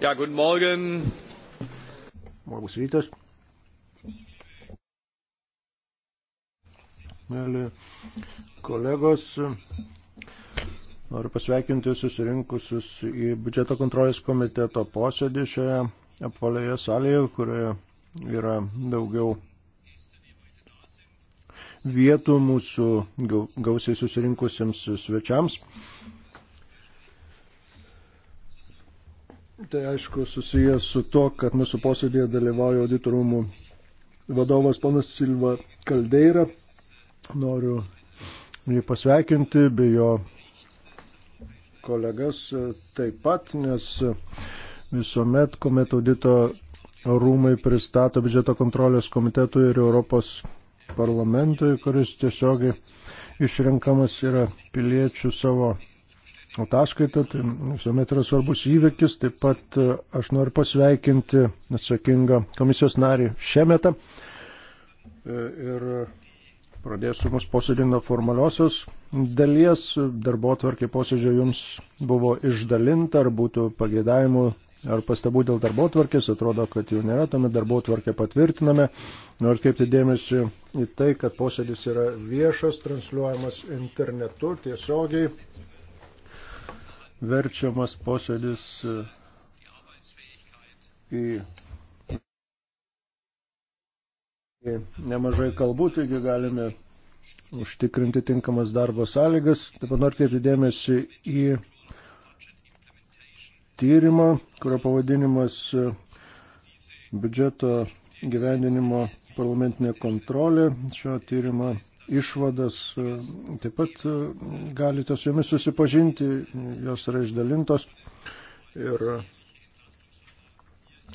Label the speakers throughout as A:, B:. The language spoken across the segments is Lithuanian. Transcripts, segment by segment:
A: Ja,
B: guten Morgen. Labas rytas. Mėly kolegos, noriu pasveikinti susirinkusius į biudžeto kontrolės komiteto posėdį šioje apvalioje salėje, kurioje yra daugiau vietų mūsų gausiai susirinkusiems svečiams. Tai aišku susijęs su to, kad mūsų posėdėje dalyvauja auditorumų vadovas ponas Silva Kaldeira. Noriu jį pasveikinti, bei jo kolegas taip pat, nes visuomet, kuomet audito rūmai pristato biudžeto kontrolės komitetui ir Europos parlamentui, kuris tiesiogiai išrenkamas yra piliečių savo ataskaitą, tai visuomet yra svarbus įvykis. Taip pat e, aš noriu pasveikinti atsakingą komisijos narį Šemetą e, ir pradėsiu mūsų posėdį nuo formaliosios dalies. Darbo tvarkė posėdžio jums buvo išdalinta, ar būtų pageidavimų ar pastabų dėl darbo tvarkės, atrodo, kad jų nėra, tuomet darbo tvarkę patvirtiname. Noriu kreipti dėmesį į tai, kad posėdis yra viešas, transliuojamas internetu tiesiogiai verčiamas posėdis e, į nemažai kalbų, taigi galime užtikrinti tinkamas darbo sąlygas. Taip pat noriu kreipti dėmesį į tyrimą, kurio pavadinimas e, biudžeto gyvendinimo parlamentinė kontrolė. Šio tyrimo išvadas. E, taip pat e, galite su jomis susipažinti, jos yra išdalintos. Ir e,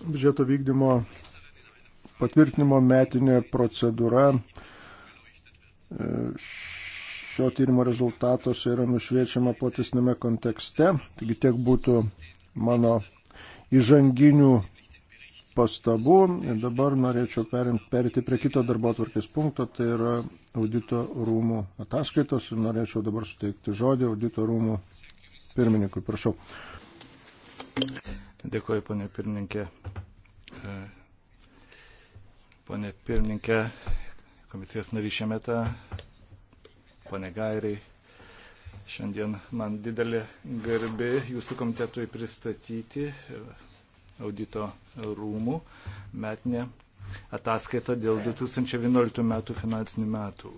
B: biudžeto vykdymo patvirtinimo metinė procedūra šio tyrimo rezultatos yra nušviečiama platesnėme kontekste. Taigi tiek būtų mano įžanginių pastabų ir dabar norėčiau perėti prie kito darbo atvarkės punkto, tai yra audito rūmų ataskaitos ir norėčiau dabar suteikti žodį audito rūmų pirmininkui. Prašau.
A: Dėkuoju, ponė pirmininkė. E, pone pirmininkė, komisijos narys šiametą, pone Gairiai, šiandien man didelė garbė jūsų komitetui pristatyti e, audito rūmų metinė ataskaita dėl 2011 metų finansinių metų.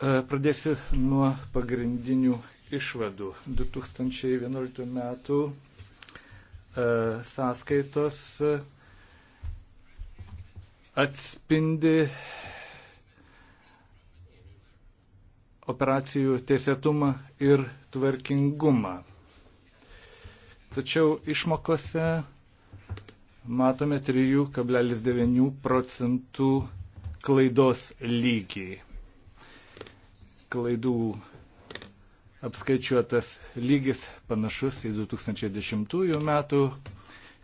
A: E, pradėsiu nuo pagrindinių išvadų. 2011 metų e, sąskaitos e, atspindi operacijų teisėtumą ir tvarkingumą. Tačiau išmokose matome 3,9 procentų klaidos lygį. Klaidų apskaičiuotas lygis panašus į 2010 metų,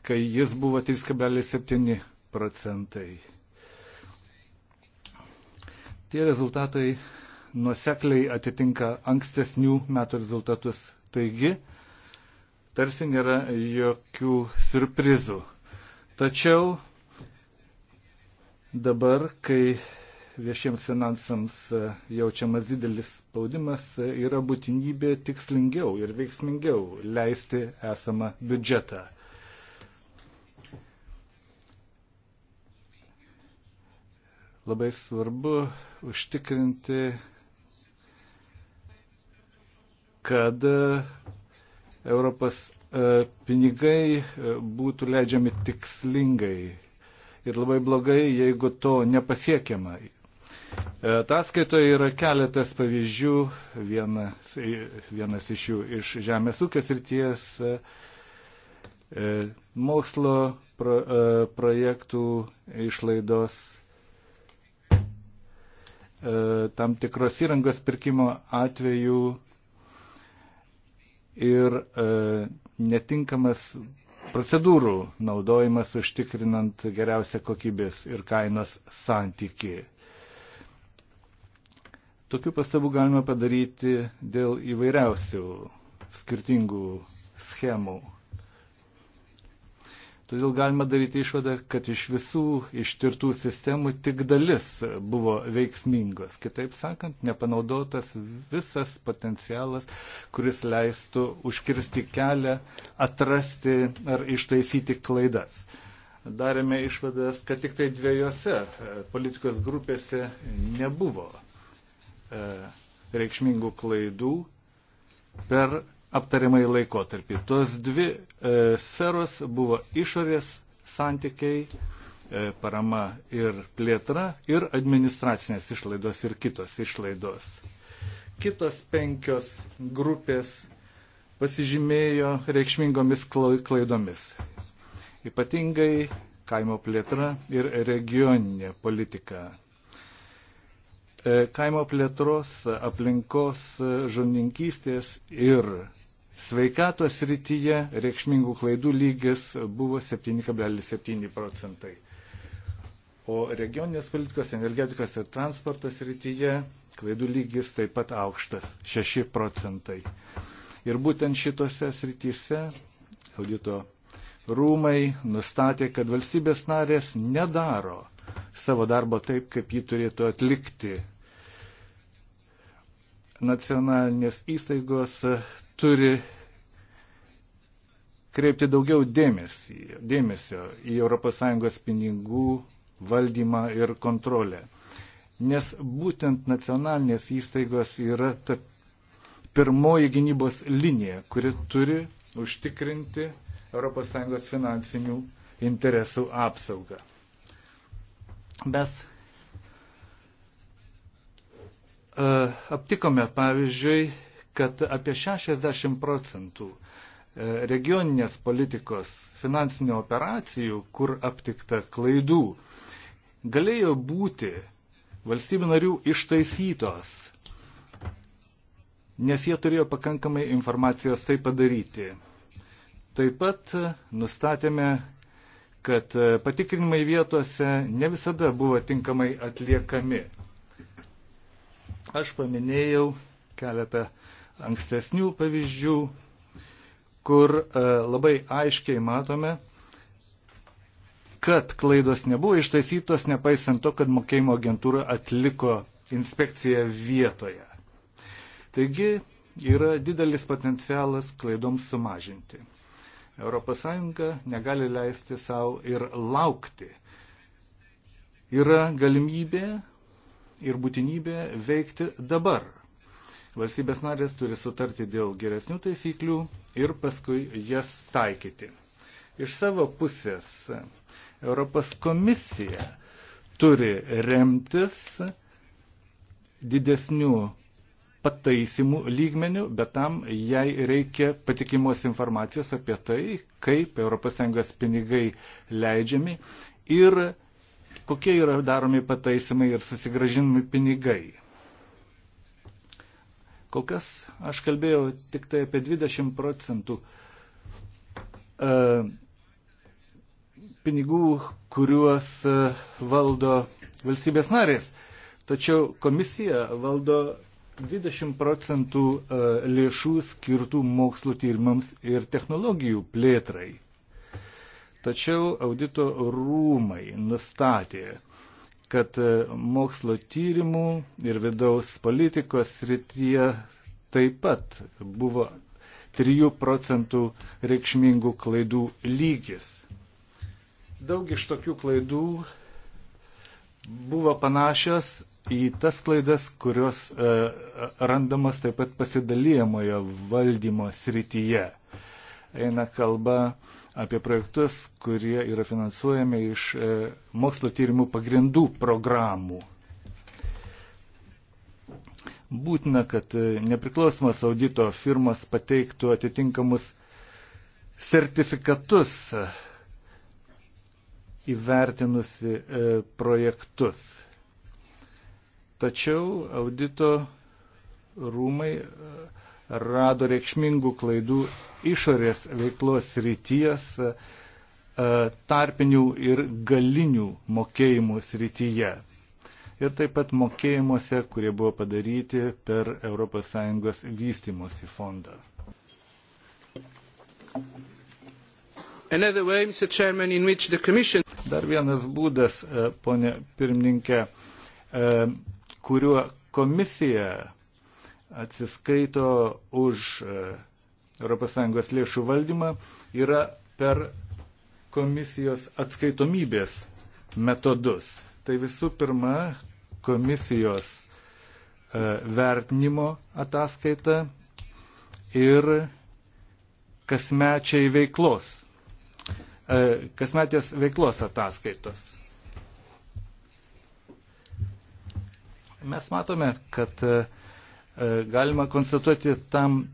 A: kai jis buvo 3,7 procentai. Tie rezultatai nuosekliai atitinka ankstesnių metų rezultatus. Taigi, tarsi nėra jokių surprizų. Tačiau dabar, kai viešiems finansams e, jaučiamas didelis spaudimas, e, yra būtinybė tikslingiau ir veiksmingiau leisti esamą biudžetą. Labai svarbu užtikrinti, kad Europos e, pinigai e, būtų leidžiami tikslingai. Ir labai blogai, jeigu to nepasiekiama. E, ataskaitoje yra keletas pavyzdžių, vienas, vienas iš jų iš žemės ūkės ryties mokslo pro, projektų išlaidos, tam tikros įrangos pirkimo atveju ir e, netinkamas procedūrų naudojimas užtikrinant geriausią kokybės ir kainos santyki. Tokių pastabų galima padaryti dėl įvairiausių skirtingų schemų Todėl galima daryti išvadą, kad iš visų ištirtų sistemų tik dalis buvo veiksmingos. Kitaip sakant, nepanaudotas visas potencialas, kuris leistų užkirsti kelią, atrasti ar ištaisyti klaidas. Darėme išvadas, kad tik tai dviejose e, politikos grupėse nebuvo e, reikšmingų klaidų per aptariamai laikotarpį. Tos dvi e, sferos buvo išorės santykiai, e, parama ir plėtra ir administracinės išlaidos ir kitos išlaidos. Kitos penkios grupės pasižymėjo reikšmingomis klaidomis. Ypatingai kaimo plėtra ir regioninė politika. E, kaimo plėtros, aplinkos, žuvininkystės ir Sveikatos rytyje reikšmingų klaidų lygis buvo 7,7 procentai. O regioninės politikos, energetikos ir transportos rytyje klaidų lygis taip pat aukštas - 6 procentai. Ir būtent šitose srityse audito rūmai nustatė, kad valstybės narės nedaro savo darbo taip, kaip jį turėtų atlikti. Nacionalinės įstaigos turi kreipti daugiau dėmesį, dėmesio į ES pinigų valdymą ir kontrolę. Nes būtent nacionalinės įstaigos yra ta pirmoji gynybos linija, kuri turi užtikrinti ES finansinių interesų apsaugą. Mes uh, aptikome, pavyzdžiui, kad apie 60 procentų e, regioninės politikos finansinių operacijų, kur aptikta klaidų, galėjo būti valstybių narių ištaisytos, nes jie turėjo pakankamai informacijos tai padaryti. Taip pat nustatėme, kad e, patikrinimai vietose ne visada buvo tinkamai atliekami. Aš paminėjau keletą ankstesnių pavyzdžių, kur e, labai aiškiai matome, kad klaidos nebuvo ištaisytos, nepaisant to, kad mokėjimo agentūra atliko inspekciją vietoje. Taigi yra didelis potencialas klaidoms sumažinti. ES negali leisti savo ir laukti. Yra galimybė ir būtinybė veikti dabar. Valstybės narės turi sutarti dėl geresnių taisyklių ir paskui jas taikyti. Iš savo pusės Europos komisija turi remtis didesnių pataisimų lygmenių, bet tam jai reikia patikimos informacijos apie tai, kaip ES pinigai leidžiami ir kokie yra daromi pataisimai ir susigražinami pinigai. Kol kas aš kalbėjau tik tai apie 20 procentų e, pinigų, kuriuos e, valdo valstybės narės. Tačiau komisija valdo 20 procentų e, lėšų skirtų mokslo tyrimams ir technologijų plėtrai. Tačiau audito rūmai nustatė, kad e, mokslo tyrimų ir vidaus politikos srityje taip pat buvo 3 procentų reikšmingų klaidų lygis. Daug iš tokių klaidų buvo panašios į tas klaidas, kurios e, randamas taip pat pasidalyjamojo valdymo srityje. Eina kalba apie projektus, kurie yra finansuojami iš e, mokslo tyrimų pagrindų programų. Būtina, kad e, nepriklausomas audito firmas pateiktų atitinkamus sertifikatus e, įvertinusi projektus. Tačiau audito rūmai rado reikšmingų klaidų išorės veiklos ryties, e, tarpinių ir galinių mokėjimų srityje. Ir taip pat mokėjimuose, kurie buvo padaryti per ES vystimosi fondą. Way, Chairman, commission... Dar vienas būdas, e, ponė pirmininkė, e, kuriuo komisija atsiskaito už e, ES lėšų valdymą yra per komisijos atskaitomybės metodus. Tai visų pirma komisijos e, vertinimo ataskaita ir kasmečiai veiklos, e, kasmetės veiklos ataskaitos. Mes matome, kad uh, E, galima konstatuoti tam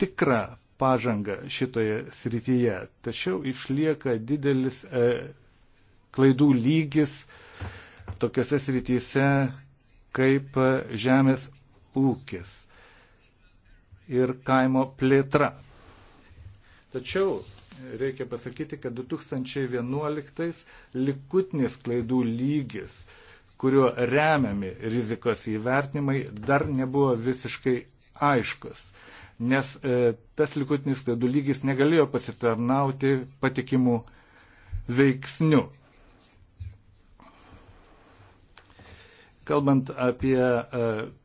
A: tikrą pažangą šitoje srityje, tačiau išlieka didelis e, klaidų lygis tokiuose srityse kaip e, žemės ūkis ir kaimo plėtra. Tačiau reikia pasakyti, kad 2011 likutinis klaidų lygis kuriuo remiami rizikos įvertinimai, dar nebuvo visiškai aiškus, nes e, tas likutinis klaidų lygis negalėjo pasitarnauti patikimų veiksnių. Kalbant apie e,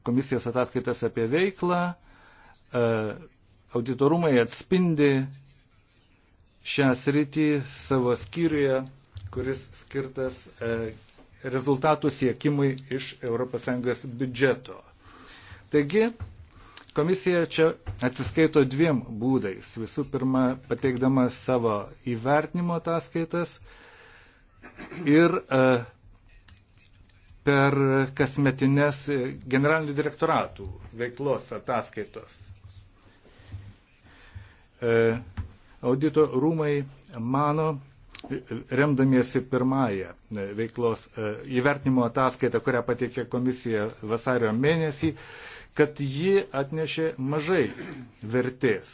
A: komisijos ataskaitas apie veiklą, e, auditorumai atspindi šią sritį savo skyriuje, kuris skirtas e, rezultatų siekimui iš ES biudžeto. Taigi, komisija čia atsiskaito dviem būdais. Visų pirma, pateikdama savo įvertinimo ataskaitas ir e, per kasmetinės generalinių direktoratų veiklos ataskaitos. E, audito rūmai mano, remdamiesi pirmąją e, veiklos e, įvertinimo ataskaitą, kurią pateikė komisija vasario mėnesį, kad ji atnešė mažai vertės.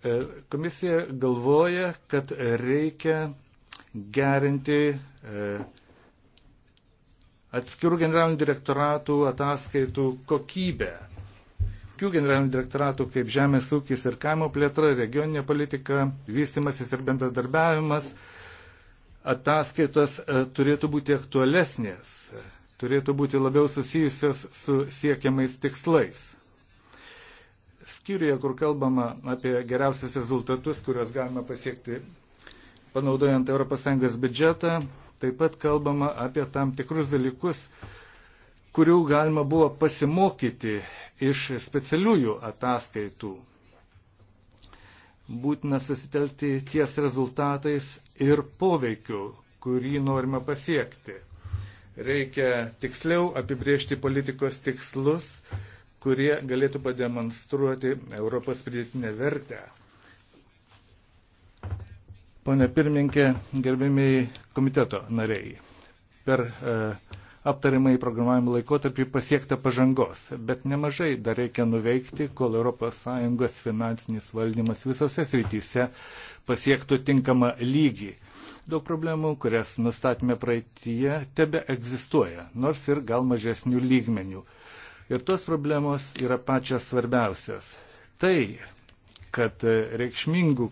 A: E, komisija galvoja, kad reikia gerinti atskirų generalinių direktoratų ataskaitų kokybę tokių generalinių direktoratų kaip Žemės ūkis ir kaimo plėtra, regioninė politika, vystimasis ir bendradarbiavimas ataskaitos e, turėtų būti aktualesnės, e, turėtų būti labiau susijusios su siekiamais tikslais. Skyriuje, kur kalbama apie geriausius rezultatus, kuriuos galima pasiekti panaudojant ES biudžetą, taip pat kalbama apie tam tikrus dalykus, kurių galima buvo pasimokyti iš specialiųjų ataskaitų. Būtina susitelti ties rezultatais ir poveikiu, kurį norima pasiekti. Reikia tiksliau apibriežti politikos tikslus, kurie galėtų pademonstruoti Europos pridėtinę vertę. Pone pirmininkė, gerbėmiai komiteto nariai, per uh, aptariamai programavimo laikotarpį pasiekta pažangos, bet nemažai dar reikia nuveikti, kol ES finansinis valdymas visose srityse pasiektų tinkamą lygį. Daug problemų, kurias nustatėme praeitie, tebe egzistuoja, nors ir gal mažesnių lygmenių. Ir tos problemos yra pačios svarbiausias. Tai, kad reikšmingų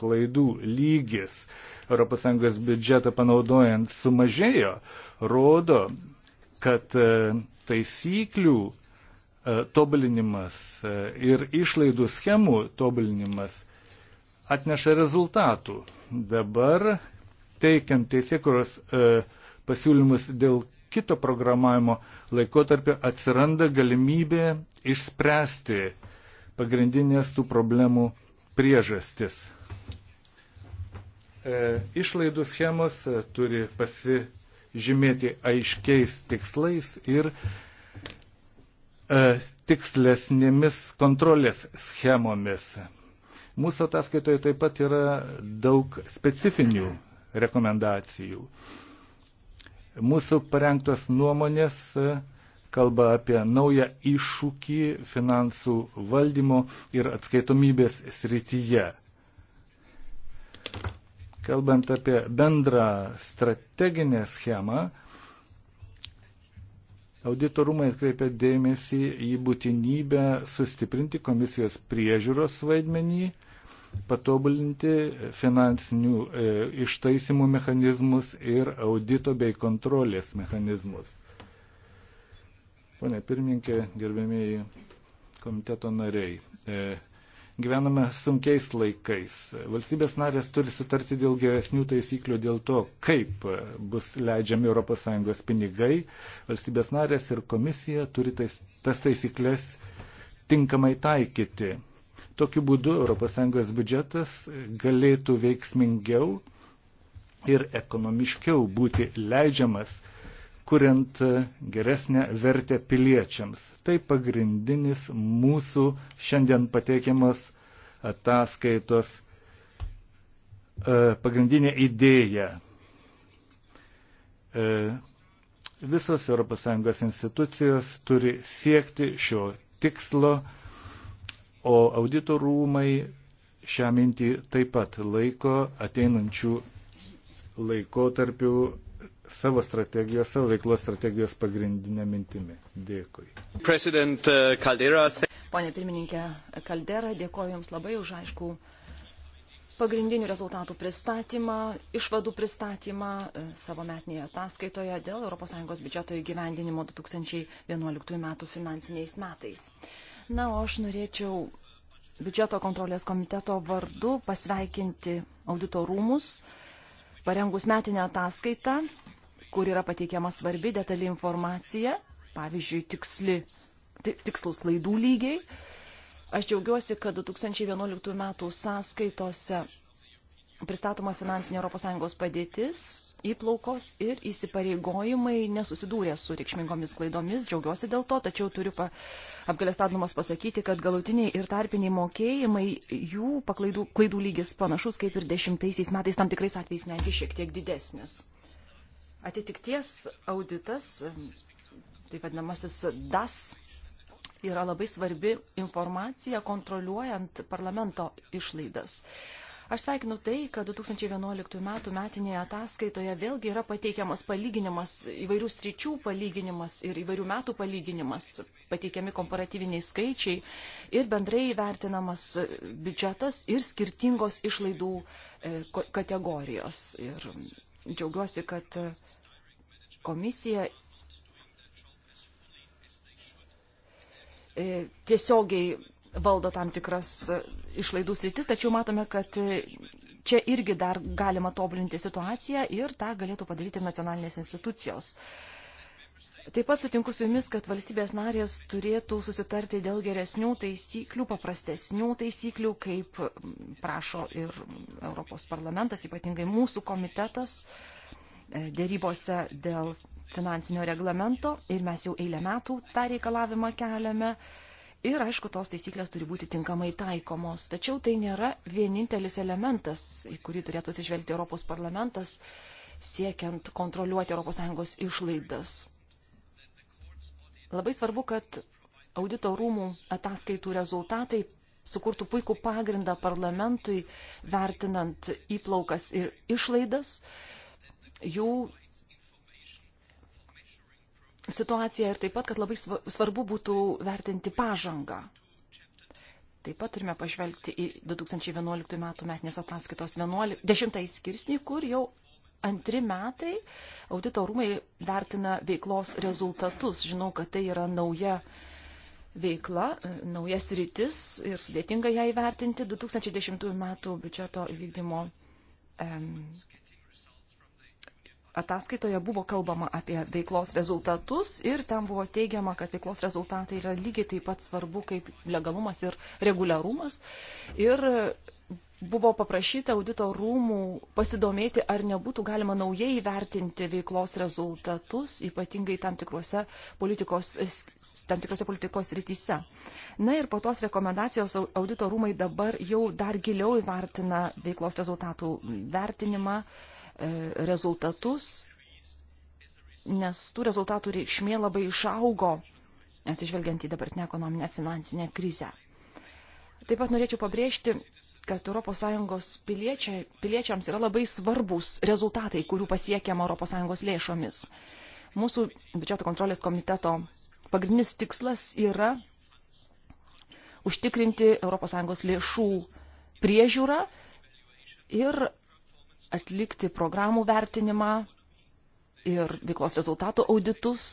A: klaidų lygis ES biudžetą panaudojant sumažėjo, rodo, kad e, taisyklių e, tobulinimas e, ir išlaidų schemų tobulinimas atneša rezultatų. Dabar teikiant teisėkuros pasiūlymus dėl kito programavimo laikotarpio atsiranda galimybė išspręsti pagrindinės tų problemų priežastis. E, išlaidų schemos e, turi pasižymėti aiškiais tikslais ir e, tikslesnėmis kontrolės schemomis. Mūsų ataskaitoje taip pat yra daug specifinių rekomendacijų. Mūsų parengtos nuomonės kalba apie naują iššūkį finansų valdymo ir atskaitomybės srityje. Kalbant apie bendrą strateginę schemą, auditorumai atkreipia dėmesį į būtinybę sustiprinti komisijos priežiūros vaidmenį, patobulinti finansinių e, ištaisimų mechanizmus ir audito bei kontrolės mechanizmus. Pone pirmininkė, gerbėmėjai komiteto nariai. E, gyvename sunkiais laikais. Valstybės narės turi sutarti dėl geresnių taisyklių, dėl to, kaip bus leidžiami ES pinigai. Valstybės narės ir komisija turi tais, tas taisyklės tinkamai taikyti. Tokiu būdu ES biudžetas galėtų veiksmingiau ir ekonomiškiau būti leidžiamas kuriant geresnę vertę piliečiams. Tai pagrindinis mūsų šiandien pateikiamas ataskaitos e, pagrindinė idėja. E, visos ES institucijos turi siekti šio tikslo, o auditorumai šią mintį taip pat laiko ateinančių laikotarpių savo strategijos, savo veiklos strategijos pagrindinę mintimį. Dėkui.
C: Uh, Pone
D: pirmininkė Kaldera, dėkoju Jums labai už aišku pagrindinių rezultatų pristatymą, išvadų pristatymą e, savo metinėje ataskaitoje dėl ES biudžeto įgyvendinimo 2011 metų finansiniais metais. Na, o aš norėčiau biudžeto kontrolės komiteto vardu pasveikinti audito rūmus, parengus metinę ataskaitą kur yra pateikiama svarbi detali informacija, pavyzdžiui, tiksli, tikslus laidų lygiai. Aš džiaugiuosi, kad 2011 metų sąskaitose pristatoma finansinė ES padėtis, įplaukos ir įsipareigojimai nesusidūrė su reikšmingomis klaidomis. Džiaugiuosi dėl to, tačiau turiu pa, apgalestadumas pasakyti, kad galutiniai ir tarpiniai mokėjimai, jų paklaidų, klaidų lygis panašus kaip ir dešimtaisiais metais, tam tikrais atvejais netgi šiek tiek didesnis. Atitikties auditas, taip vadinamasis DAS, yra labai svarbi informacija kontroliuojant parlamento išlaidas. Aš sveikinu tai, kad 2011 metų metinėje ataskaitoje vėlgi yra pateikiamas palyginimas, įvairių sričių palyginimas ir įvairių metų palyginimas, pateikiami komparatyviniai skaičiai ir bendrai vertinamas biudžetas ir skirtingos išlaidų e, kategorijos. Ir džiaugiuosi, kad komisija e, tiesiogiai valdo tam tikras e, išlaidų sritis, tačiau matome, kad e, čia irgi dar galima tobulinti situaciją ir tą galėtų padaryti nacionalinės institucijos. Uh, Taip pat sutinku su jumis, kad valstybės narės turėtų susitarti dėl geresnių taisyklių, paprastesnių taisyklių, kaip prašo ir Europos parlamentas, ypatingai mūsų komitetas e, dėrybose dėl finansinio reglamento ir mes jau eilę metų tą reikalavimą keliame. Ir aišku, tos taisyklės turi būti tinkamai taikomos. Tačiau tai nėra vienintelis elementas, į kurį turėtų atsižvelgti Europos parlamentas, siekiant kontroliuoti ES išlaidas. Labai svarbu, kad audito rūmų ataskaitų rezultatai sukurtų puikų pagrindą parlamentui, vertinant įplaukas ir išlaidas, jų situaciją ir taip pat, kad labai svarbu būtų vertinti pažangą. Taip pat turime pažvelgti į 2011 m. metinės ataskaitos 10 skirsnį, kur jau antri metai audito rūmai vertina veiklos rezultatus. Žinau, kad tai yra nauja veikla, naujas rytis ir sudėtinga ją įvertinti. 2010 metų biudžeto vykdymo em, ataskaitoje buvo kalbama apie veiklos rezultatus ir ten buvo teigiama, kad veiklos rezultatai yra lygiai taip pat svarbu kaip legalumas ir reguliarumas. Ir buvo paprašyta audito rūmų pasidomėti, ar nebūtų galima naujai įvertinti veiklos rezultatus, ypatingai tam tikrose politikos, tam tikrose politikos rytise. Na ir po tos rekomendacijos audito rūmai dabar jau dar giliau įvertina veiklos rezultatų vertinimą, e, rezultatus, nes tų rezultatų reikšmė labai išaugo, atsižvelgiant į dabartinę ekonominę finansinę krizę. Taip pat norėčiau pabrėžti, kad ES piliečia, piliečiams yra labai svarbus rezultatai, kurių pasiekiama ES lėšomis. Mūsų biudžeto kontrolės komiteto pagrindinis tikslas yra užtikrinti ES lėšų priežiūrą ir atlikti programų vertinimą ir veiklos rezultatų auditus,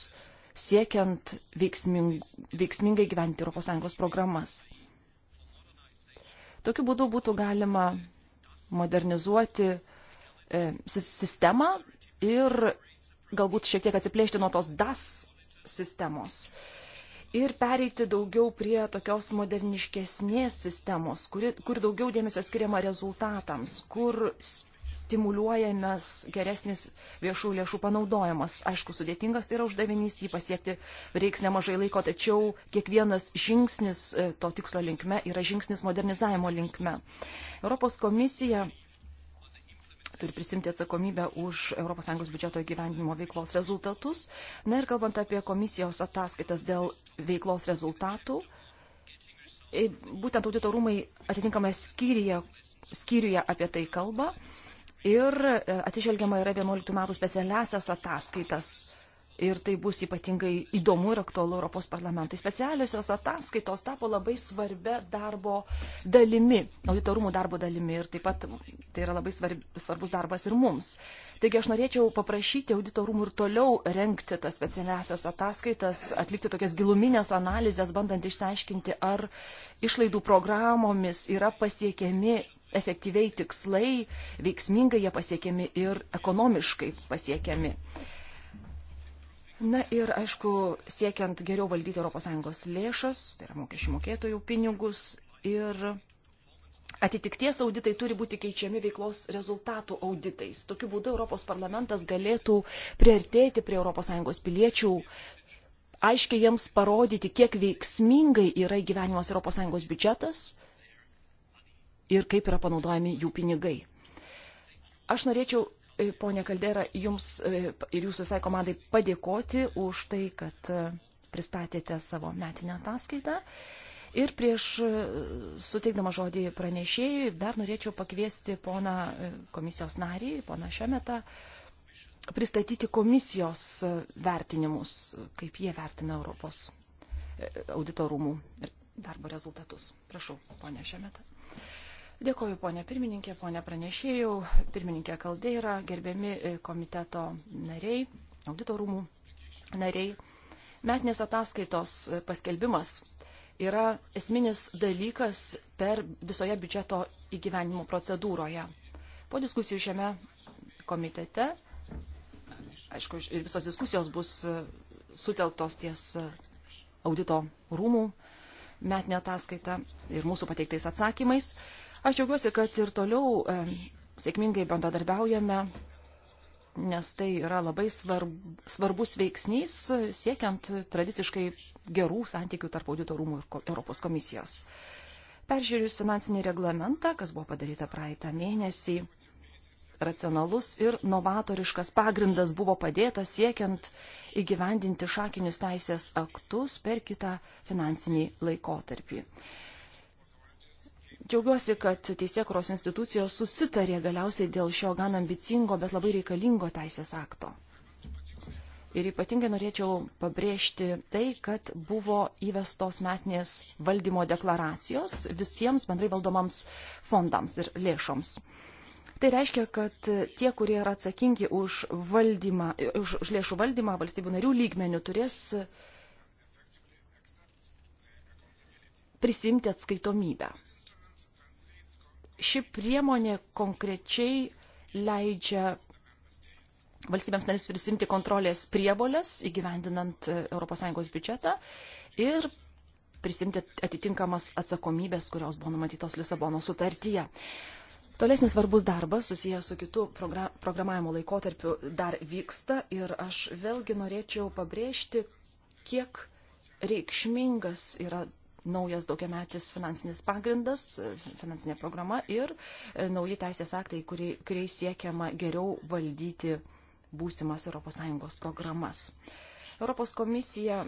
D: siekiant veiksming, veiksmingai gyventi ES programas. Tokiu būdu būtų galima modernizuoti e, sistemą ir galbūt šiek tiek atsiplėšti nuo tos DAS sistemos ir pereiti daugiau prie tokios moderniškesnės sistemos, kuri, kur daugiau dėmesio skiriama rezultatams, kur stimuliuojamas geresnis viešų lėšų panaudojimas. Aišku, sudėtingas tai yra uždavinys, jį pasiekti reiks nemažai laiko, tačiau kiekvienas žingsnis e, to tikslo linkme yra žingsnis modernizavimo linkme. Europos komisija turi prisimti atsakomybę už ES biudžeto įgyvendinimo veiklos rezultatus. Na ir kalbant apie komisijos ataskaitas dėl veiklos rezultatų, e, būtent auditorumai atitinkame skyriuje, skyriuje apie tai kalba ir e, atsižvelgiama yra 11 metų specialiasias ataskaitas. Ir tai bus ypatingai įdomu ir aktualu Europos parlamentui. Specialiosios ataskaitos tapo labai svarbia darbo dalimi, auditorumų darbo dalimi ir taip pat tai yra labai svarb, svarbus darbas ir mums. Taigi aš norėčiau paprašyti auditorumų ir toliau renkti tas specialiasias ataskaitas, atlikti tokias giluminės analizės, bandant išsiaiškinti, ar išlaidų programomis yra pasiekiami efektyviai tikslai, veiksmingai jie pasiekiami ir ekonomiškai pasiekiami. Na ir, aišku, siekiant geriau valdyti ES lėšas, tai yra mokesčių mokėtojų pinigus ir atitikties auditai turi būti keičiami veiklos rezultatų auditais. Tokiu būdu Europos parlamentas galėtų priartėti prie ES piliečių, aiškiai jiems parodyti, kiek veiksmingai yra įgyvenimas ES biudžetas, ir kaip yra panaudojami jų pinigai. Aš norėčiau, e, ponė Kaldera, jums e, ir jūsų visai komandai padėkoti už tai, kad e, pristatėte savo metinę ataskaitą. Ir prieš suteikdama žodį pranešėjui, dar norėčiau pakviesti poną komisijos narį, poną Šemetą, pristatyti komisijos vertinimus, kaip jie vertina Europos auditorumų darbo rezultatus. Prašau, ponė Šemetą. Dėkoju, ponė pirmininkė, ponė pranešėjau, pirmininkė Kaldeira, gerbiami e, komiteto nariai, auditorumų nariai. Metinės ataskaitos e, paskelbimas yra esminis dalykas per visoje biudžeto įgyvenimo procedūroje. Po diskusijų šiame komitete, aišku, ir visos diskusijos bus e, sutelktos ties audito rūmų metinė ataskaita ir mūsų pateiktais atsakymais. Aš džiaugiuosi, kad ir toliau e, sėkmingai bendradarbiaujame, nes tai yra labai svarb, svarbus veiksnys e, siekiant tradiciškai gerų santykių tarp audito rūmų ir ko, Europos komisijos. Peržiūrėjus finansinį reglamentą, kas buvo padaryta praeitą mėnesį, racionalus ir novatoriškas pagrindas buvo padėtas siekiant įgyvendinti šakinius teisės aktus per kitą finansinį laikotarpį. Džiaugiuosi, kad teisėkuros institucijos susitarė galiausiai dėl šio gan ambicingo, bet labai reikalingo teisės akto. Ir ypatingai norėčiau pabrėžti tai, kad buvo įvestos metinės valdymo deklaracijos visiems bendrai valdomams fondams ir lėšoms. Tai reiškia, kad tie, kurie yra atsakingi už, valdymą, už, už lėšų valdymą valstybių narių lygmenių, turės prisimti atskaitomybę ši priemonė konkrečiai leidžia valstybėms narės prisimti kontrolės prievolės įgyvendinant e, ES biudžetą ir prisimti atitinkamas atsakomybės, kurios buvo numatytos Lisabono sutartyje. Tolesnis svarbus darbas susijęs su kitu programavimo laikotarpiu dar vyksta ir aš vėlgi norėčiau pabrėžti, kiek reikšmingas yra naujas daugiametis finansinis pagrindas, finansinė programa ir e, nauji teisės aktai, kuriais siekiama geriau valdyti būsimas ES programas. Europos komisija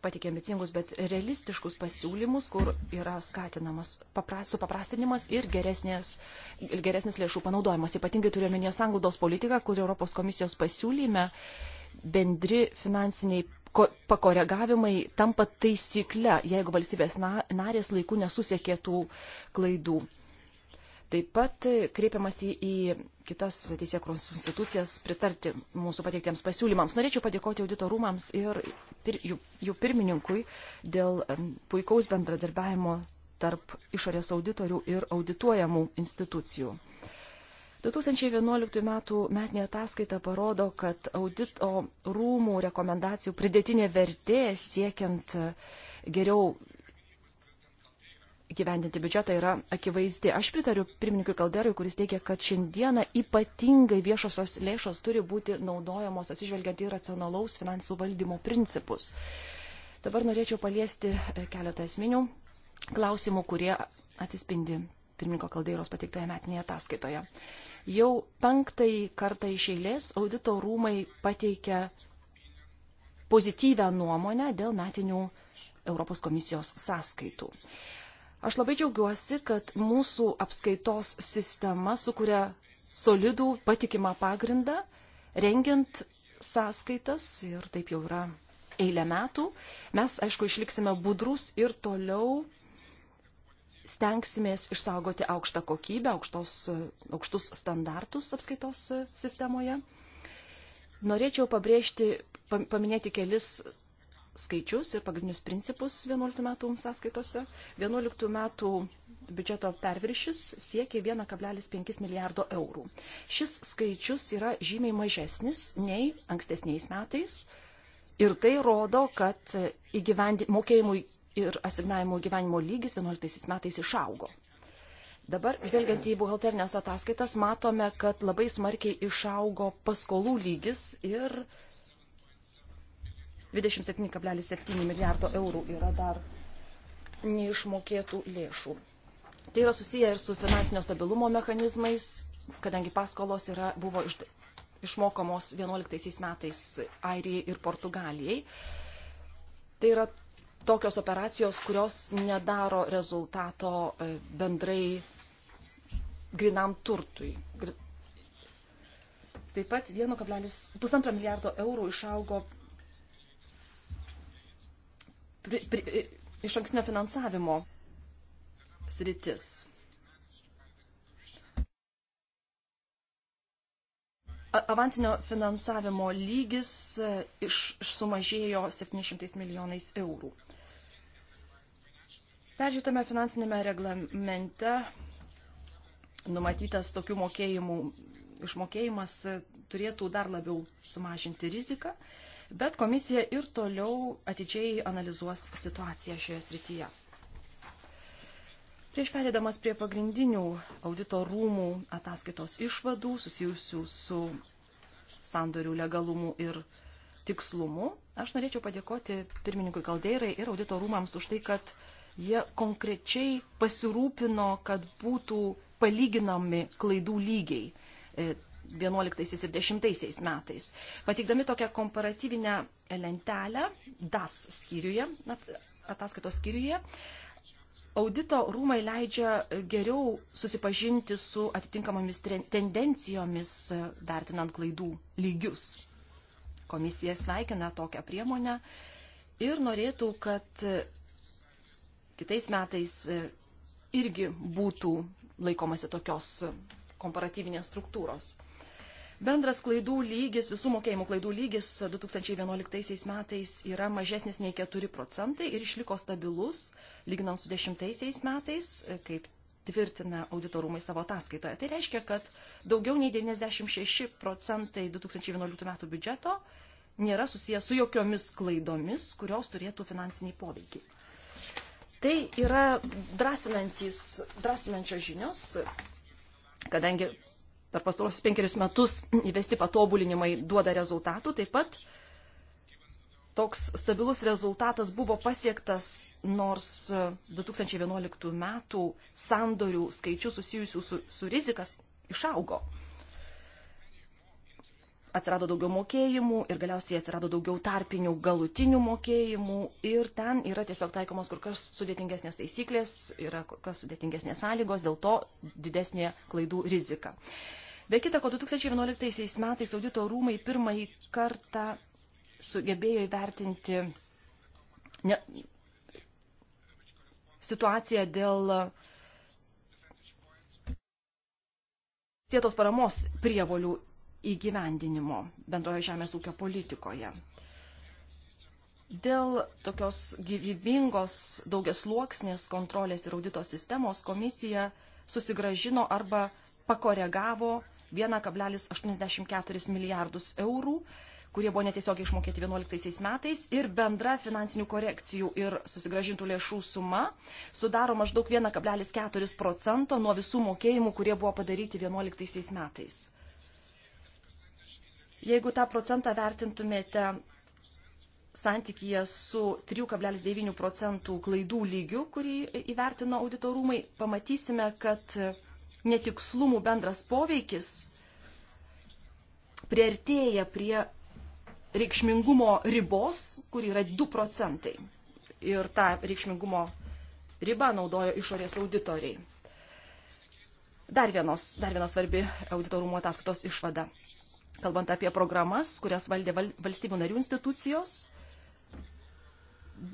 D: patikė ambicingus, bet realistiškus pasiūlymus, kur yra skatinamas supaprastinimas ir geresnės, geresnis lėšų panaudojimas. Ypatingai turiuomenė sanglaudos politiką, kur Europos komisijos pasiūlyme bendri finansiniai pakoregavimai tampa taisykle, jeigu valstybės narės laiku nesusiekė tų klaidų. Taip pat kreipiamasi į kitas teisėkros institucijas pritarti mūsų pateiktiems pasiūlymams. Norėčiau padėkoti auditorumams ir pir, jų, jų pirmininkui dėl puikaus bendradarbiavimo tarp išorės auditorių ir audituojamų institucijų. Uh, 2011 m. metinė ataskaita parodo, kad audito rūmų rekomendacijų pridėtinė vertė siekiant e, geriau gyvendinti biudžetą yra akivaizdi. Aš pritariu pirmininkui Kalderui, kuris teigia, kad šiandieną ypatingai viešosios lėšos turi būti naudojamos atsižvelgiant į racionalaus finansų valdymo principus. Dabar norėčiau paliesti e, keletą esminių klausimų, kurie atsispindi pirmininko Kaldeiros pateiktoje metinėje ataskaitoje. Jau penktąjį kartą iš eilės audito rūmai pateikia pozityvę nuomonę dėl metinių Europos komisijos sąskaitų. Aš labai džiaugiuosi, kad mūsų apskaitos sistema sukuria solidų patikimą pagrindą, rengiant sąskaitas ir taip jau yra eilę metų. Mes, aišku, išliksime budrus ir toliau stengsimės išsaugoti aukštą kokybę, aukštos, aukštus standartus apskaitos sistemoje. Norėčiau pabrėžti, paminėti kelis skaičius ir pagrindinius principus 11 metų sąskaitose. 11 metų biudžeto perviršis siekia 1,5 milijardo eurų. Šis skaičius yra žymiai mažesnis nei ankstesniais metais. Ir tai rodo, kad įgyvendi, mokėjimų ir asignavimo gyvenimo lygis 11 metais išaugo. Dabar, žvelgiant į buhalternės ataskaitas, matome, kad labai smarkiai išaugo paskolų lygis ir 27,7 milijardo eurų yra dar neišmokėtų lėšų. Tai yra susiję ir su finansinio stabilumo mechanizmais, kadangi paskolos yra, buvo iš, išmokamos 11 metais Airijai ir Portugalijai. Tai yra tokios operacijos, kurios nedaro rezultato e, bendrai grinam turtui. Taip pat 1,5 milijardo eurų išaugo pri, pri, e, iš ankstinio finansavimo sritis. avansinio finansavimo lygis e, iš, iš sumažėjo 700 milijonais eurų. Peržiūrėtame finansinėme reglamente numatytas tokių mokėjimų išmokėjimas e, turėtų dar labiau sumažinti riziką, bet komisija ir toliau atidžiai analizuos situaciją šioje srityje. Prieš perėdamas prie pagrindinių audito rūmų ataskaitos išvadų susijusių su sandorių legalumu ir tikslumu, aš norėčiau padėkoti pirmininkui Kaldeirai ir audito rūmams už tai, kad jie konkrečiai pasirūpino, kad būtų palyginami klaidų lygiai 11 e, ir 10 metais. Pateikdami tokią komparatyvinę lentelę DAS skyriuje, ataskaitos skyriuje, audito rūmai leidžia geriau susipažinti su atitinkamomis tendencijomis, e, vertinant klaidų lygius. Komisija sveikina tokią priemonę ir norėtų, kad e, kitais metais e, irgi būtų laikomasi tokios komparatyvinės struktūros. Bendras klaidų lygis, visų mokėjimų klaidų lygis 2011 metais yra mažesnis nei 4 procentai ir išliko stabilus, lyginant su 10 metais, kaip tvirtina auditorumai savo ataskaitoje. Tai reiškia, kad daugiau nei 96 procentai 2011 metų biudžeto nėra susijęs su jokiomis klaidomis, kurios turėtų finansinį poveikį. Tai yra drąsinančios žinios, kadangi per pastarosius penkerius metus įvesti patobulinimai duoda rezultatų. Taip pat toks stabilus rezultatas buvo pasiektas, nors 2011 metų sandorių skaičių susijusių su, su rizikas išaugo atsirado daugiau mokėjimų ir galiausiai atsirado daugiau tarpinių galutinių mokėjimų ir ten yra tiesiog taikomos kur kas sudėtingesnės taisyklės, yra kur kas sudėtingesnės sąlygos, dėl to didesnė klaidų rizika. Be kita ko, 2011 metais audito rūmai pirmąjį kartą sugebėjo įvertinti ne, situaciją dėl sėtos paramos prievolių įgyvendinimo bendroje žemės ūkio politikoje. Dėl tokios gyvybingos daugiasluoksnės kontrolės ir audito sistemos komisija susigražino arba pakoregavo 1,84 milijardus eurų, kurie buvo netiesiogiai išmokėti 2011 metais ir bendra finansinių korekcijų ir susigražintų lėšų suma sudaro maždaug 1,4 procento nuo visų mokėjimų, kurie buvo padaryti 2011 metais. Jeigu tą procentą vertintumėte santykyje su 3,9 procentų klaidų lygiu, kurį įvertino auditorumai, pamatysime, kad netikslumų bendras poveikis priartėja prie reikšmingumo ribos, kur yra 2 procentai. Ir tą reikšmingumo ribą naudojo išorės auditoriai. Dar, vienos, dar viena svarbi auditorumo ataskaitos išvada kalbant apie programas, kurias valdė valstybių narių institucijos,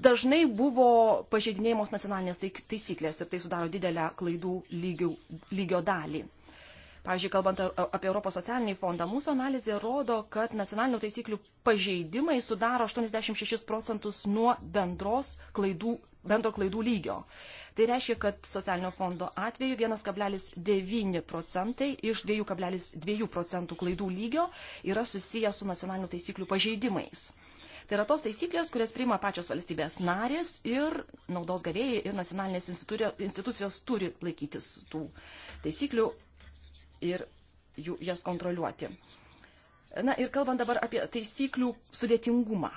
D: dažnai buvo pažeidinėjimos nacionalinės taisyklės ir tai sudaro didelę klaidų lygių, lygio dalį. Pavyzdžiui, kalbant apie Europos socialinį fondą, mūsų analizė rodo, kad nacionalinių taisyklių pažeidimai sudaro 86 procentus nuo bendros klaidų, bendro klaidų lygio. Tai reiškia, kad socialinio fondo atveju 1,9 procentai iš 2,2 procentų klaidų lygio yra susiję su nacionalinių taisyklių pažeidimais. Tai yra tos taisyklės, kurias priima pačios valstybės narės ir naudos gavėjai ir nacionalinės institucijos turi laikytis tų taisyklių, ir jų, jas kontroliuoti. Na ir kalbant dabar apie taisyklių sudėtingumą,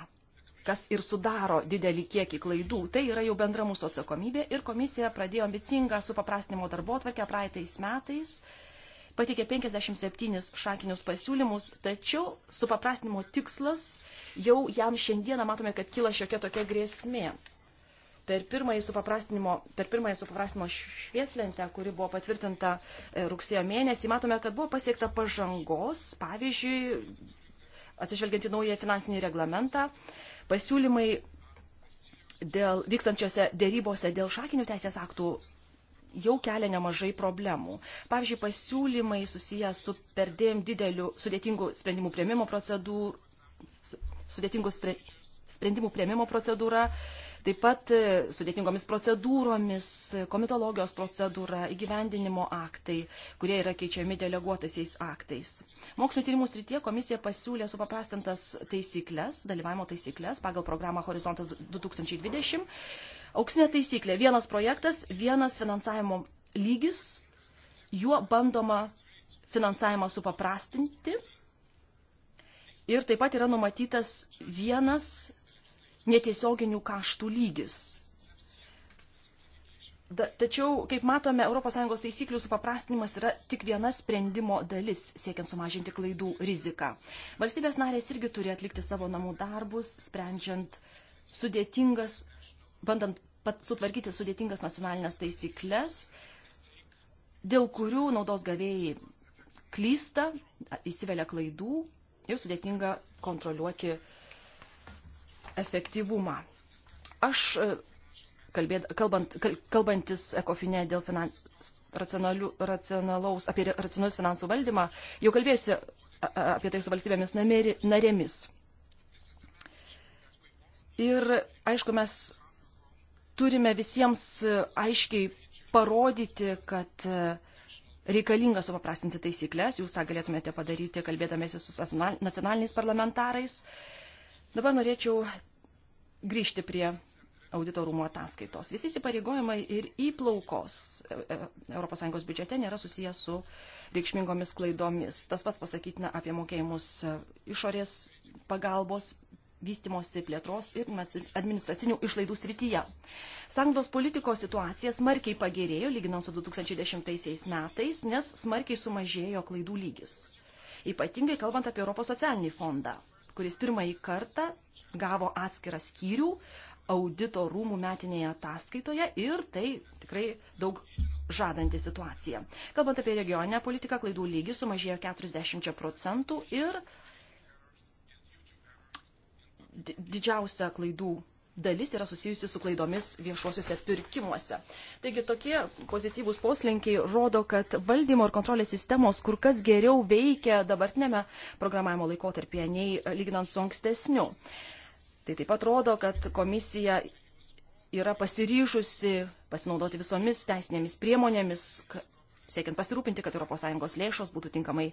D: kas ir sudaro didelį kiekį klaidų, tai yra jau bendra mūsų atsakomybė ir komisija pradėjo ambicingą supaprastinimo darbo atvarkę praeitais metais, pateikė 57 šakinius pasiūlymus, tačiau supaprastinimo tikslas jau jam šiandieną matome, kad kyla šiokia tokia grėsmė. Per pirmąją supaprastinimo, per pirmąją supaprastinimo švieslentę, kuri buvo patvirtinta e, rugsėjo mėnesį, matome, kad buvo pasiekta pažangos, pavyzdžiui, atsižvelgiant į naują finansinį reglamentą, pasiūlymai dėl vykstančiose dėrybose dėl šakinių teisės aktų jau kelia nemažai problemų. Pavyzdžiui, pasiūlymai susiję su perdėm dideliu sudėtingu sprendimų prieimimo procedūrų, sudėtingų spre, sprendimų prieimimo procedūra, taip pat e, sudėtingomis procedūromis, komitologijos procedūra, įgyvendinimo aktai, kurie yra keičiami deleguotaisiais aktais. Mokslo tyrimų srityje komisija pasiūlė supaprastintas taisyklės, dalyvavimo taisyklės pagal programą Horizontas 2020. Auksinė taisyklė - vienas projektas, vienas finansavimo lygis, juo bandoma finansavimą supaprastinti. Ir taip pat yra numatytas vienas netiesioginių kaštų lygis. Da, tačiau, kaip matome, ES taisyklių supaprastinimas yra tik viena sprendimo dalis, siekiant sumažinti klaidų riziką. Valstybės narės irgi turi atlikti savo namų darbus, sprendžiant sudėtingas, bandant sutvarkyti sudėtingas nacionalinės taisyklės, dėl kurių naudos gavėjai klysta, įsivelia klaidų ir sudėtinga kontroliuoti uh, efektyvumą. Aš, e, kalbėd, kalbant, kal, kalbantis ekofinė dėl finans, racionalaus, apie racionalus finansų valdymą, jau kalbėsiu apie tai su valstybėmis nameri, narėmis. Ir, aišku, mes turime visiems e, aiškiai parodyti, kad e, reikalinga supaprastinti taisyklės, jūs tą galėtumėte padaryti kalbėdamėsi su nacionaliniais parlamentarais. Dabar norėčiau grįžti prie audito rūmų ataskaitos. Visi įsipareigojimai ir įplaukos e, e, ES biudžete nėra susijęs su reikšmingomis klaidomis. Tas pats pasakytina apie mokėjimus e, išorės pagalbos vystimosi plėtros ir administracinių išlaidų srityje. Sanglos politikos situacija smarkiai pagerėjo lyginant su 2010 metais, nes smarkiai sumažėjo klaidų lygis. Ypatingai kalbant apie Europos socialinį fondą kuris pirmąjį kartą gavo atskirą skyrių audito rūmų metinėje ataskaitoje ir tai tikrai daug žadanti situacija. Kalbant apie regioninę politiką, klaidų lygis sumažėjo 40 procentų ir didžiausia klaidų dalis yra susijusi su klaidomis viešuosiuose pirkimuose. Taigi tokie pozityvūs poslinkiai rodo, kad valdymo ir kontrolės sistemos kur kas geriau veikia dabartinėme programavimo laikotarpyje nei lyginant su ankstesniu. Tai taip pat rodo, kad komisija yra pasiryžusi pasinaudoti visomis teisinėmis priemonėmis, siekiant pasirūpinti, kad ES lėšos būtų tinkamai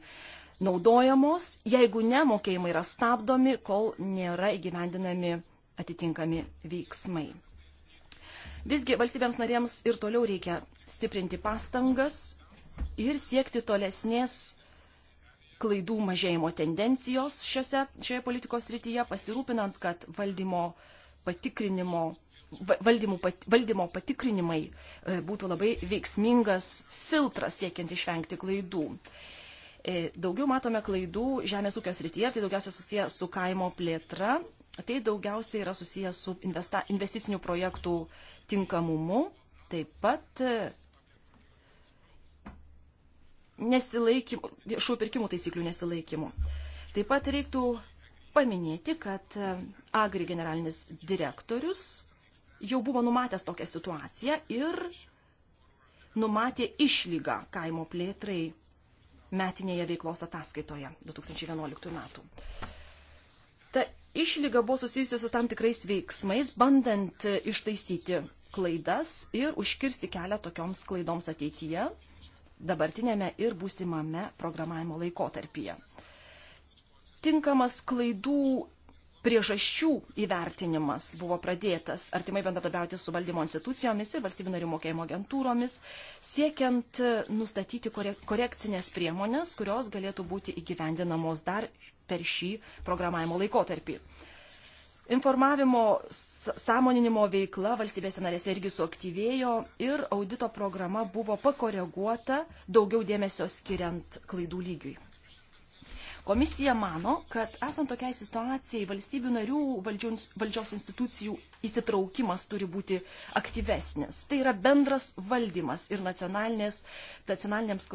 D: naudojamos. Jeigu ne, mokėjimai yra stabdomi, kol nėra įgyvendinami atitinkami veiksmai. Visgi valstybėms narėms ir toliau reikia stiprinti pastangas ir siekti tolesnės klaidų mažėjimo tendencijos šiose, šioje politikos srityje, pasirūpinant, kad valdymo patikrinimo, valdymų, pat, valdymo patikrinimai e, būtų labai veiksmingas filtras siekiant išvengti klaidų. E, daugiau matome klaidų žemės ūkio srityje, tai daugiausia susiję su kaimo plėtra tai daugiausiai yra susijęs su investa, investicinių projektų tinkamumu, taip pat nesilaikymu, viešų pirkimų taisyklių nesilaikymu. Taip pat reiktų paminėti, kad Agri generalinis direktorius jau buvo numatęs tokią situaciją ir numatė išlygą kaimo plėtrai metinėje veiklos ataskaitoje 2011 metų ta išlyga buvo susijusi su tam tikrais veiksmais, bandant e, ištaisyti klaidas ir užkirsti kelią tokioms klaidoms ateityje, dabartinėme ir būsimame programavimo laikotarpyje. Tinkamas klaidų priežasčių įvertinimas buvo pradėtas artimai bendradarbiauti su valdymo institucijomis ir valstybių narių mokėjimo agentūromis, siekiant nustatyti korekcinės priemonės, kurios galėtų būti įgyvendinamos dar per šį programavimo laikotarpį. Informavimo sąmoninimo veikla valstybėse narėse irgi suaktyvėjo ir audito programa buvo pakoreguota daugiau dėmesio skiriant klaidų lygiui. Komisija mano, kad esant tokiai situacijai valstybių narių valdžios, valdžios institucijų įsitraukimas turi būti aktyvesnis. Tai yra bendras valdymas ir nacionalinėms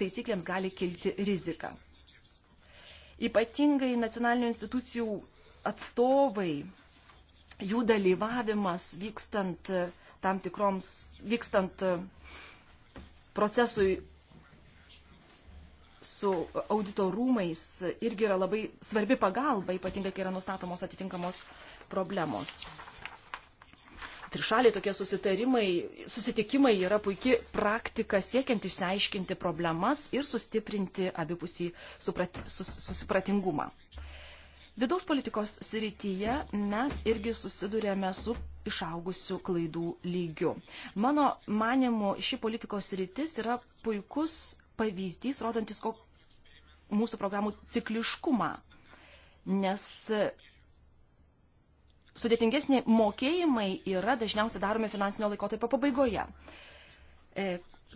D: taisyklėms gali kilti rizika. Ypatingai nacionalinių institucijų atstovai, jų dalyvavimas vykstant e, tam tikroms, vykstant e, procesui su audito rūmais irgi yra labai svarbi pagalba, ypatingai kai yra nustatomos atitinkamos problemos. Trišaliai tokie susitarimai, susitikimai yra puikia praktika siekiant išsiaiškinti problemas ir sustiprinti abipusį suprat, sus, susipratingumą. Vidaus politikos srityje mes irgi susidurėme su išaugusiu klaidų lygiu. Mano manimu, ši politikos sritis yra puikus pavyzdys, rodantis kok... mūsų programų cikliškumą, nes sudėtingesnė mokėjimai yra dažniausiai daromi finansinio laikotarpio pabaigoje. E,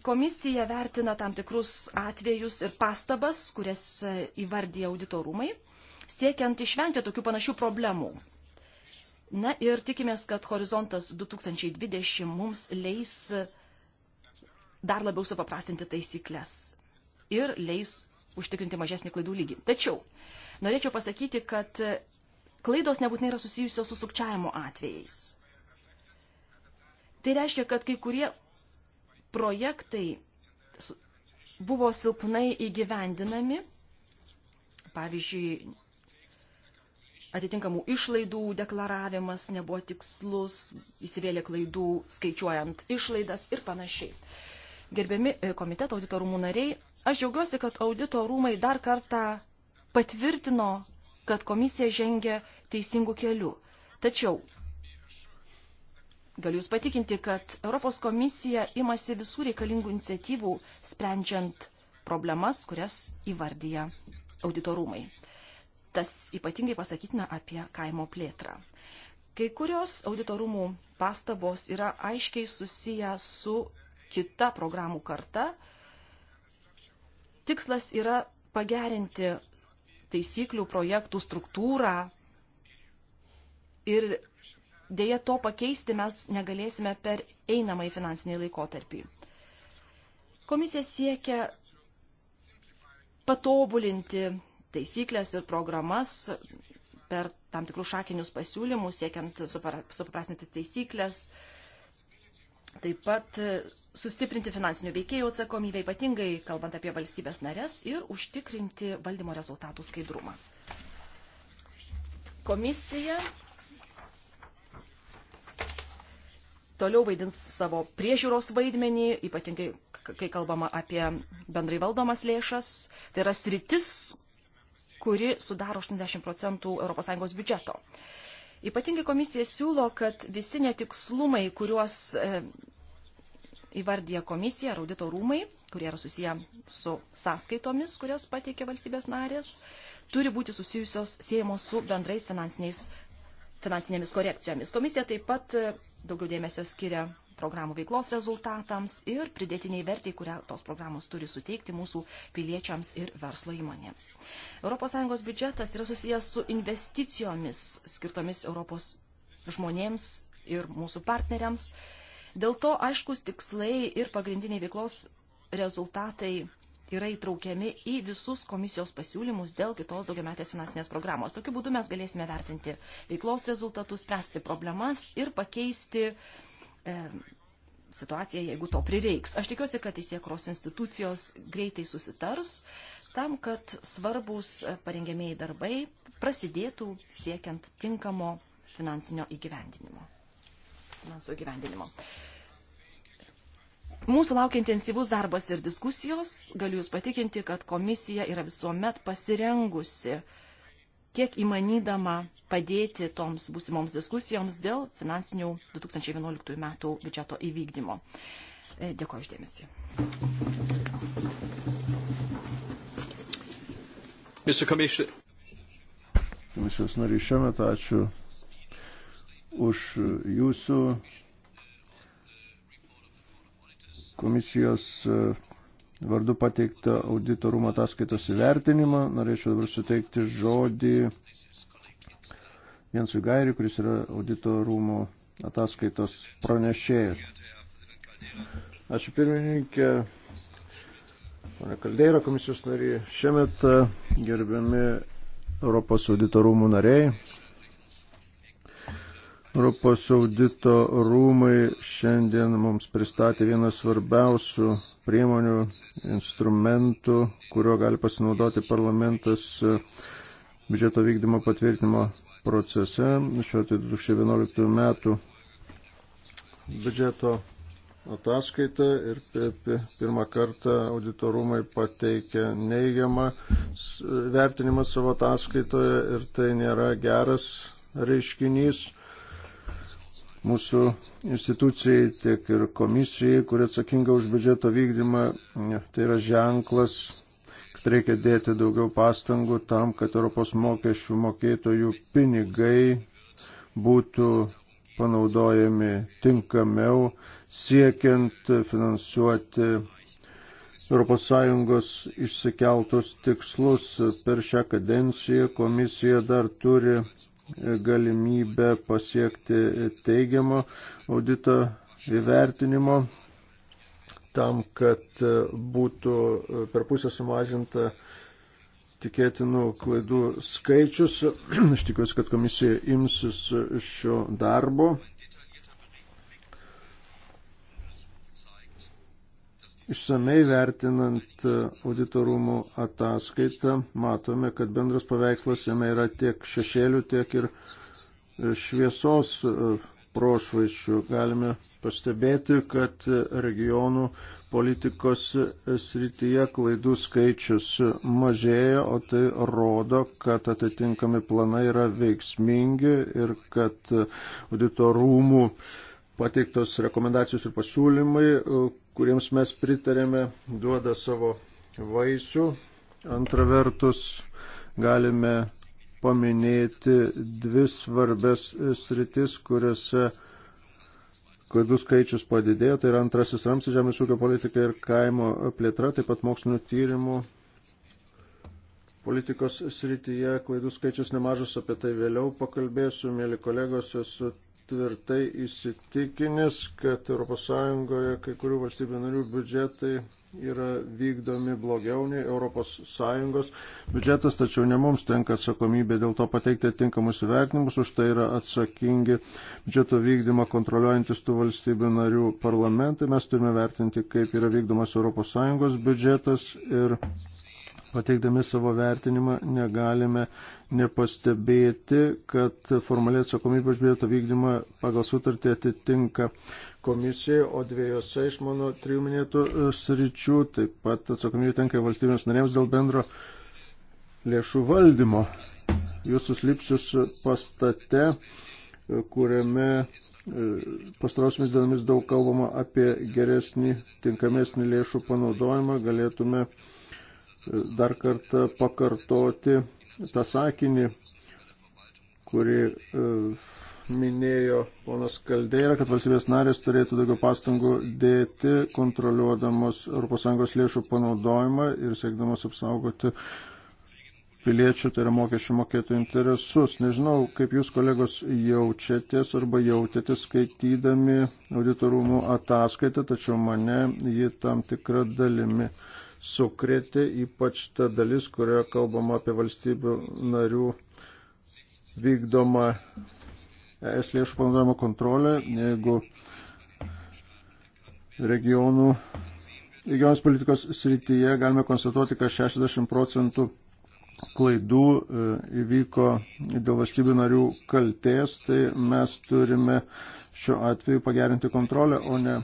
D: komisija vertina tam tikrus atvejus ir pastabas, kurias įvardyja auditorumai, siekiant išvengti tokių panašių problemų. Na ir tikimės, kad horizontas 2020 mums leis uh, dar labiau supaprastinti taisyklės ir leis užtikrinti mažesnį klaidų lygį. Tačiau norėčiau pasakyti, kad klaidos nebūtinai yra susijusios su sukčiavimo atvejais. Tai reiškia, kad kai kurie projektai buvo silpnai įgyvendinami, pavyzdžiui, atitinkamų išlaidų deklaravimas nebuvo tikslus, įsivėlė klaidų skaičiuojant išlaidas ir panašiai. Gerbiami e, komiteto audito rūmų nariai, aš džiaugiuosi, kad audito rūmai dar kartą patvirtino, kad komisija žengia teisingų kelių. Tačiau galiu Jūs patikinti, kad Europos komisija imasi visų reikalingų iniciatyvų sprendžiant problemas, kurias įvardyja auditorumai. Tas ypatingai pasakytina apie kaimo plėtrą. Kai kurios auditorumų pastabos yra aiškiai susiję su kita programų karta. Tikslas yra pagerinti taisyklių projektų struktūrą ir dėja to pakeisti mes negalėsime per einamąjį finansinį laikotarpį. Komisija siekia patobulinti taisyklės ir programas per tam tikrus šakinius pasiūlymus, siekiant supaprastinti taisyklės, uh, Taip pat e, sustiprinti finansinių veikėjų atsakomybę, ypatingai kalbant apie valstybės narės ir užtikrinti valdymo rezultatų skaidrumą. Komisija toliau vaidins savo priežiūros vaidmenį, ypatingai kai kalbama apie bendrai valdomas lėšas. Tai yra sritis, kuri sudaro 80 procentų ES biudžeto. Uh, Ypatingai komisija siūlo, kad visi netikslumai, kuriuos e, įvardyja komisija ar audito rūmai, kurie yra susiję su sąskaitomis, kurias pateikia valstybės narės, turi būti susijusios siejamos su bendrais finansinėmis korekcijomis. Komisija taip pat e, daugiau dėmesio skiria programų veiklos rezultatams ir pridėtiniai vertėjai, kurią tos programos turi suteikti mūsų piliečiams ir verslo įmonėms. ES biudžetas yra susijęs su investicijomis skirtomis Europos žmonėms ir mūsų partneriams. Dėl to aiškus tikslai ir pagrindiniai veiklos rezultatai yra įtraukiami į visus komisijos pasiūlymus dėl kitos daugiametės finansinės programos. Tokiu būdu mes galėsime vertinti veiklos rezultatus, spręsti problemas ir pakeisti uh, e, situaciją, jeigu to prireiks. Aš tikiuosi, kad įsiekros institucijos greitai susitars tam, kad svarbus parengiamieji darbai prasidėtų siekiant tinkamo finansinio įgyvendinimo. Finansų įgyvendinimo. Mūsų laukia intensyvus darbas ir diskusijos. Galiu Jūs patikinti, kad komisija yra visuomet pasirengusi uh, kiek įmanydama padėti toms būsimoms diskusijoms dėl finansinių 2011 metų biudžeto įvykdymo. E, Dėkuoju uždėmesi.
B: Komisijos nariai šiame ačiū už jūsų komisijos e, vardu pateiktą auditorumo ataskaitos įvertinimą. Norėčiau dabar suteikti žodį Jensui Gairiui, kuris yra auditorumo ataskaitos pranešėjas. Ačiū pirmininkė, pane Kaldeiro komisijos nariai. Šiemet gerbiami Europos auditorumų nariai, Europos audito rūmai šiandien mums pristatė vieną svarbiausių priemonių, instrumentų, kurio gali pasinaudoti parlamentas e, biudžeto vykdymo patvirtinimo procese. Šiuo atveju 2011 metų biudžeto ataskaita ir pirmą kartą auditorumai pateikė neigiamą vertinimą savo ataskaitoje ir tai nėra geras reiškinys mūsų institucijai, tiek ir komisijai, kuri atsakinga už biudžeto vykdymą. Tai yra ženklas, kad reikia dėti daugiau pastangų tam, kad Europos mokesčių mokėtojų pinigai būtų panaudojami tinkamiau, siekiant finansuoti ES išsikeltus tikslus per šią kadenciją. Komisija dar turi galimybę pasiekti teigiamo audito įvertinimo tam, kad būtų per pusę sumažinta tikėtinų klaidų skaičius. Aš tikiuosi, kad komisija imsis šio darbo Išsamei vertinant auditorumų ataskaitą, matome, kad bendras paveikslas jame yra tiek šešėlių, tiek ir e, šviesos e, prošvaiščių. Galime pastebėti, kad regionų politikos e, srityje klaidų skaičius mažėja, o tai rodo, kad atitinkami planai yra veiksmingi ir kad auditorumų pateiktos rekomendacijos ir pasiūlymai, kuriems mes pritarėme, duoda savo vaisių. Antra vertus, galime paminėti dvi svarbes sritis, kuriuose klaidų skaičius padidėjo. Tai yra antrasis ramsis žemės ūkio politika ir kaimo plėtra, taip pat mokslinio tyrimų politikos srityje klaidų skaičius nemažas, apie tai vėliau pakalbėsiu, mėly kolegos, esu tvirtai įsitikinęs, kad ES kai kurių valstybių narių biudžetai yra vykdomi blogiau nei ES biudžetas, tačiau ne mums tenka atsakomybė dėl to pateikti atinkamus įvertinimus, už tai yra atsakingi biudžeto vykdymą kontroliuojantis tų valstybių narių parlamentai. Mes turime vertinti, kaip yra vykdomas ES biudžetas ir pateikdami savo vertinimą negalime nepastebėti, kad formaliai atsakomybė už biudžeto vykdymą pagal sutartį atitinka komisijai, o dviejose iš mano trijų minėtų e, sričių taip pat atsakomybė tenka valstybėms narėms dėl bendro lėšų valdymo. Jūsų slipsius pastate, e, kuriame e, pastarosiamis dienomis daug kalbama apie geresnį, tinkamesnį lėšų panaudojimą, galėtume dar kartą pakartoti tą sakinį, kurį uh, minėjo ponas Kaldeira, kad valstybės narės turėtų daugiau pastangų dėti kontroliuodamos ES lėšų panaudojimą ir siekdamos apsaugoti piliečių, tai yra mokesčių mokėtų interesus. Nežinau, kaip jūs kolegos jaučiatės arba jautėtės skaitydami auditorumų ataskaitą, tačiau mane ji tam tikra dalimi sukrėtė, ypač ta dalis, kurioje kalbama apie valstybių narių vykdomą es lėšų panaudojimo kontrolę, jeigu regionų, regionos politikos srityje galime konstatuoti, kad 60 procentų klaidų e, įvyko dėl valstybių narių kalties, tai mes turime šiuo atveju pagerinti kontrolę, o ne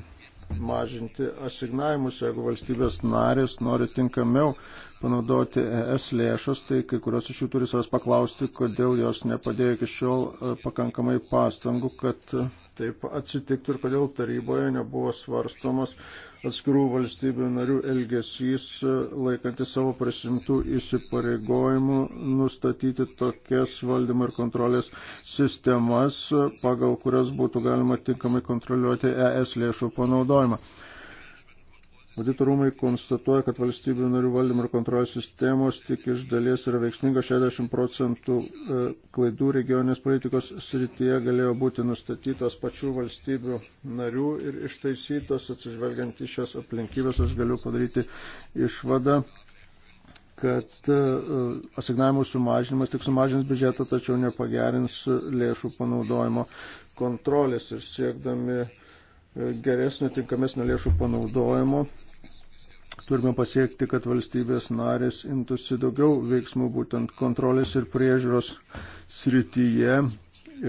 B: mažinti asignavimus, jeigu valstybės narės nori tinkamiau panaudoti ES lėšas, tai kai kurios iš jų turi savęs paklausti, kodėl jos nepadėjo iki šiol e, pakankamai pastangų, kad e, taip atsitiktų ir kodėl taryboje nebuvo svarstomas atskirų valstybių narių elgesys, e, laikantis savo prisimtų įsipareigojimų nustatyti tokias valdymo ir kontrolės sistemas, e, pagal kurias būtų galima tinkamai kontroliuoti ES lėšų panaudojimą. Auditorumai konstatuoja, kad valstybių narių valdymo ir kontrolės sistemos tik iš dalies yra veiksmingos 60 procentų e, klaidų regioninės politikos srityje galėjo būti nustatytos pačių valstybių narių ir ištaisytos, atsižvelgiant į šias aplinkybės, aš galiu padaryti išvadą kad e, asignavimų sumažinimas tik sumažins biudžetą, tačiau nepagerins lėšų panaudojimo kontrolės ir siekdami geresnio, tinkamesnio lėšų panaudojimo. Turime pasiekti, kad valstybės narės imtųsi daugiau veiksmų būtent kontrolės ir priežiūros srityje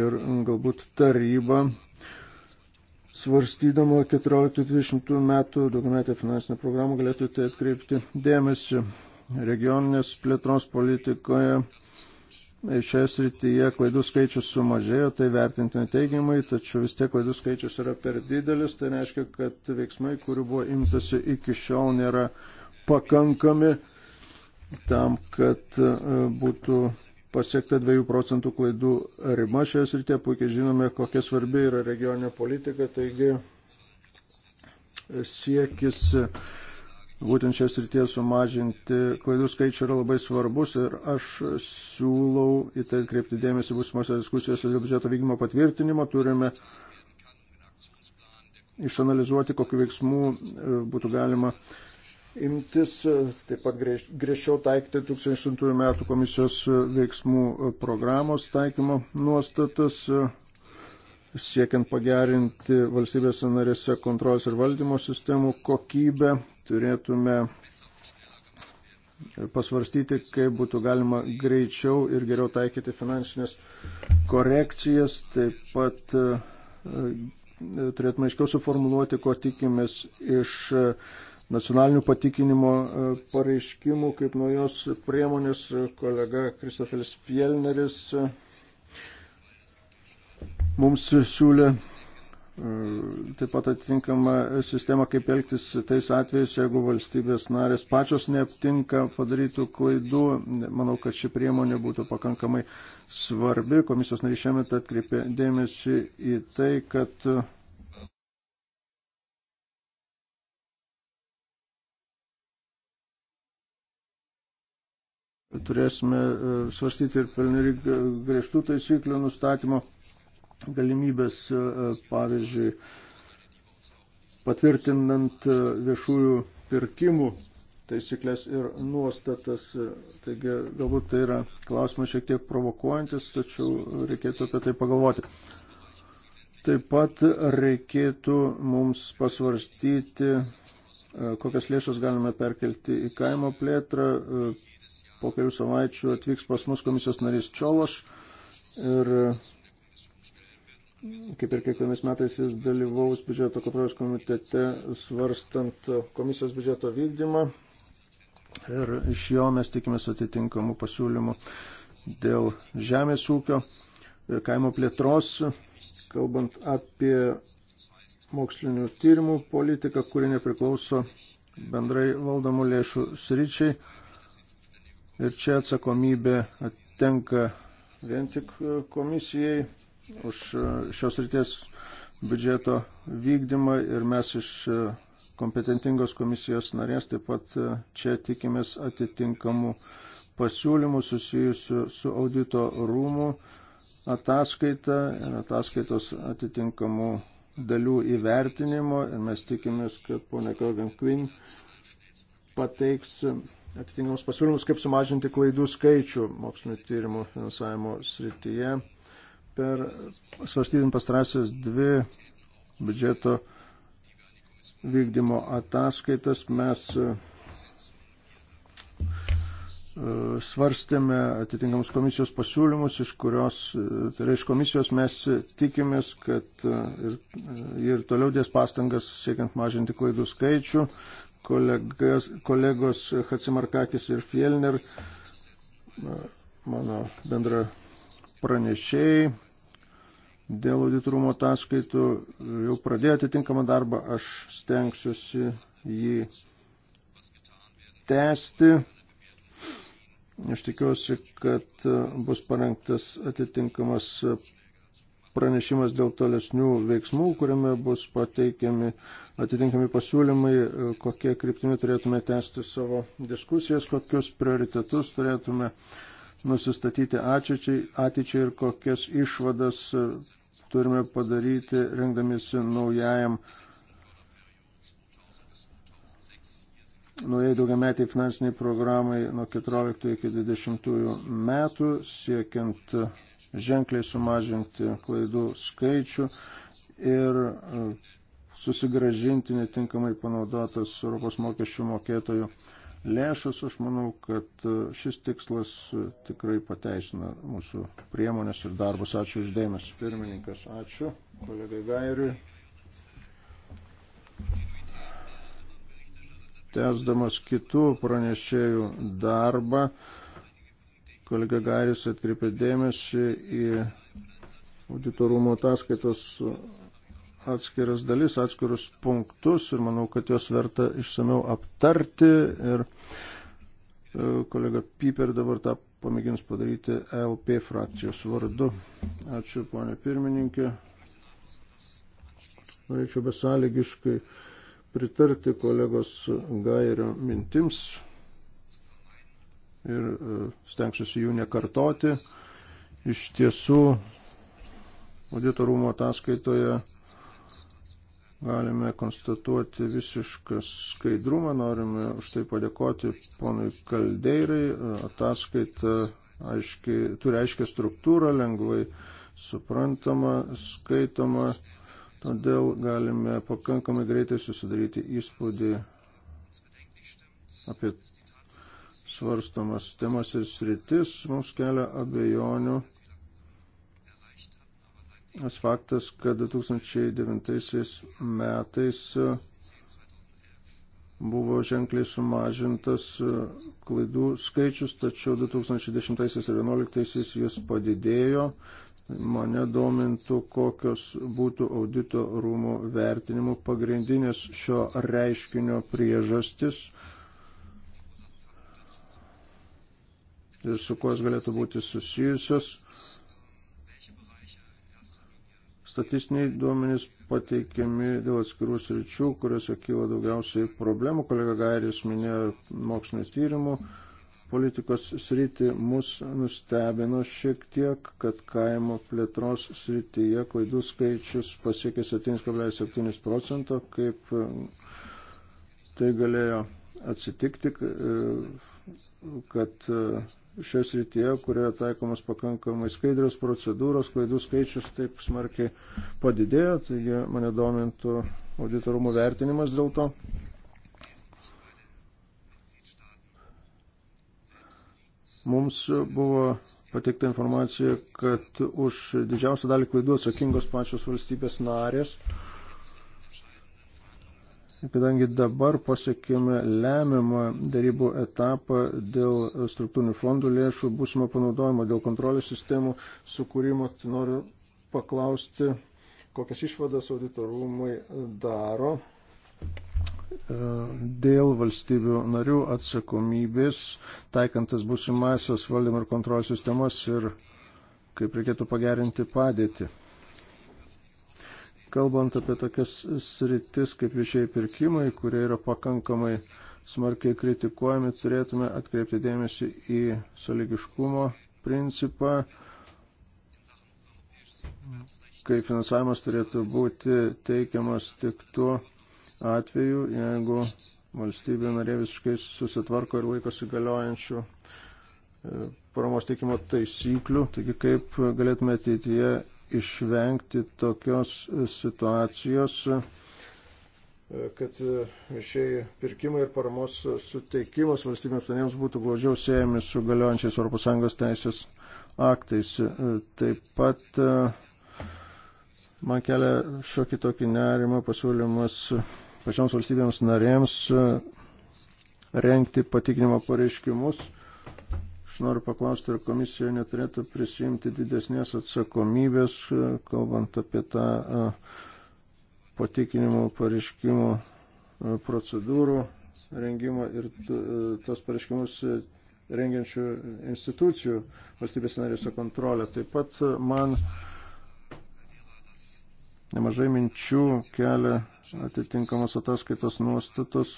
B: ir galbūt taryba svarstydama 14-20 metų daugiametę finansinę programą galėtų tai atkreipti dėmesį regioninės plėtros politikoje šioje srityje klaidų skaičius sumažėjo, tai vertintina teigiamai, tačiau vis tiek klaidų skaičius yra per didelis, tai reiškia, kad veiksmai, kurių buvo imtasi iki šiol, nėra pakankami tam, kad e, būtų pasiekta 2 procentų klaidų rima šioje srityje. Puikiai žinome, kokia svarbi yra regioninė politika, taigi siekis būtent šią srityje sumažinti klaidų skaičių yra labai svarbus ir aš siūlau į tai kreipti dėmesį būsimose diskusijose dėl biudžeto vykdymo patvirtinimo. Turime išanalizuoti, kokiu veiksmu e, būtų galima imtis, e, taip pat griežčiau taikyti 2008 metų komisijos e, veiksmų programos taikymo nuostatas siekiant pagerinti valstybės narėse kontrolės ir valdymo sistemų kokybę, turėtume pasvarstyti, kaip būtų galima greičiau ir geriau taikyti finansinės korekcijas, taip pat e, e, turėtume aiškiau suformuluoti, ko tikimės iš e, nacionalinių patikinimo pareiškimų, kaip nuo jos priemonės kolega Kristofelis Fielneris mums siūlė e, taip pat atitinkama sistema, kaip elgtis tais atvejais, jeigu valstybės narės pačios neaptinka padarytų klaidų. Manau, kad ši priemonė būtų pakankamai svarbi. Komisijos nariai šiemet atkreipė dėmesį į tai, kad e, turėsime e, svarstyti ir pelnerį griežtų taisyklių nustatymo galimybės, e, e, pavyzdžiui, patvirtinant e, viešųjų pirkimų taisyklės ir nuostatas. Taigi, galbūt tai yra klausimas šiek tiek provokuojantis, tačiau reikėtų apie tai pagalvoti. Taip pat reikėtų mums pasvarstyti, kokias lėšas galime perkelti į kaimo plėtrą. Po kelių savaičių atvyks pas mus komisijos narys Čiološ ir kaip ir kiekvienais metais jis dalyvaus biudžeto kontrolės komitete svarstant komisijos biudžeto vykdymą ir iš jo mes tikimės atitinkamų pasiūlymų dėl žemės ūkio ir kaimo plėtros, kalbant apie mokslinių tyrimų politiką, kuri nepriklauso bendrai valdomų lėšų sričiai. Ir čia atsakomybė tenka vien tik komisijai už e, šios ryties biudžeto vykdymą ir mes iš e, kompetentingos komisijos narės taip pat e, čia tikimės atitinkamų pasiūlymų susijusių su audito rūmų ataskaita ir ataskaitos atitinkamų dalių įvertinimo ir mes tikimės, kad ponė Kogan Quinn pateiks atitinkamus pasiūlymus, kaip sumažinti klaidų skaičių mokslinio tyrimo finansavimo srityje per svarstydami pastarąsias dvi biudžeto vykdymo ataskaitas mes e, svarstėme atitinkamus komisijos pasiūlymus, iš kurios, e, tai yra iš komisijos mes tikimės, kad e, ir, ir toliau dės pastangas siekiant mažinti klaidų skaičių. Kolegas, kolegos Hatsimarkakis ir Fielner, mano bendra pranešėjai, dėl auditorumo ataskaitų jau pradėjo atitinkamą darbą, aš stengsiuosi jį tęsti. Aš tikiuosi, kad bus parengtas atitinkamas pranešimas dėl tolesnių veiksmų, kuriame bus pateikiami atitinkami pasiūlymai, kokie kryptimi turėtume tęsti savo diskusijas, kokius prioritetus turėtume nusistatyti ateičiai, ateičiai ir kokias išvadas turime padaryti, rengdamiesi naujajam, naujai daugiametiai finansiniai programai nuo 14 iki 20 metų, siekiant ženkliai sumažinti klaidų skaičių ir e, susigražinti netinkamai panaudotas Europos mokesčių mokėtojų lėšas. Aš manau, kad e, šis tikslas e, tikrai pateisina mūsų priemonės ir darbus. Ačiū uždėmesi. Pirmininkas, ačiū. Kolegai Gairiui. Tęsdamas kitų pranešėjų darbą, kolega Gairis atkreipė dėmesį į auditorumo ataskaitos atskiras dalis, atskirus punktus ir manau, kad juos verta išsameu aptarti ir e, kolega Piper dabar tą pamėgins padaryti LP frakcijos vardu. Ačiū, ponė pirmininkė. Norėčiau besąlygiškai pritarti kolegos Gairio mintims ir e, stengsiuosi jų nekartoti. Iš tiesų, audito rūmo ataskaitoje galime konstatuoti visišką skaidrumą. Norime už tai padėkoti ponui Kaldeirai. Ataskaita aiškiai, turi aiškę struktūrą, lengvai suprantama, skaitoma. Todėl galime pakankamai greitai susidaryti įspūdį apie svarstomas temas ir sritis. Mums kelia abejonių tas faktas, kad 2009 metais buvo ženkliai sumažintas klaidų skaičius, tačiau 2010 ir 2011 jis padidėjo. Mane domintų, kokios būtų audito rūmų vertinimų pagrindinės šio reiškinio priežastis ir su kuo galėtų būti susijusios. Statistiniai duomenys pateikiami dėl atskirų sričių, kuriuose kyla daugiausiai problemų. Kolega Gairis minėjo mokslinio tyrimų politikos sritį. Mus nustebino šiek tiek, kad kaimo plėtros srityje klaidų skaičius pasiekė 7,7 procento, kaip e, tai galėjo atsitikti, e, kad e, šios rytyje, kurioje taikomas pakankamai skaidrios procedūros, klaidų skaičius taip smarkiai padidėjo, taigi mane domintų auditorumų vertinimas dėl to. Mums buvo pateikta informacija, kad už didžiausią dalį klaidų atsakingos pačios valstybės narės kadangi dabar pasiekėme lemiamą darybų etapą dėl struktūrinių fondų lėšų būsimo panaudojimo, dėl kontrolės sistemų sukūrimo, tai noriu paklausti, kokias išvadas auditorumai daro e, dėl valstybių narių atsakomybės, taikantas būsimasios valdymo ir kontrolės sistemas ir kaip reikėtų pagerinti padėtį kalbant apie tokias sritis kaip viešieji pirkimai, kurie yra pakankamai smarkiai kritikuojami, turėtume atkreipti dėmesį į saligiškumo principą, kai finansavimas turėtų būti teikiamas tik tuo atveju, jeigu valstybė narė visiškai susitvarko ir laikosi galiojančių e, paramos teikimo taisyklių, taigi kaip galėtume ateityje išvengti tokios situacijos, kad viešieji pirkimai ir paramos suteikimas valstybėms narėms būtų glaudžiau siejami su galiojančiais ES teisės aktais. Taip pat man kelia šiokį tokį nerimą pasiūlymas pačioms valstybėms narėms rengti patikinimo pareiškimus noriu paklausti, ar komisija neturėtų prisimti didesnės atsakomybės, e, kalbant apie tą e, patikinimo pareiškimo e, procedūrų rengimą ir tos pareiškimus rengiančių institucijų valstybės narėse kontrolę. Taip pat man uh, Nemažai minčių kelia atitinkamos ataskaitos nuostatos,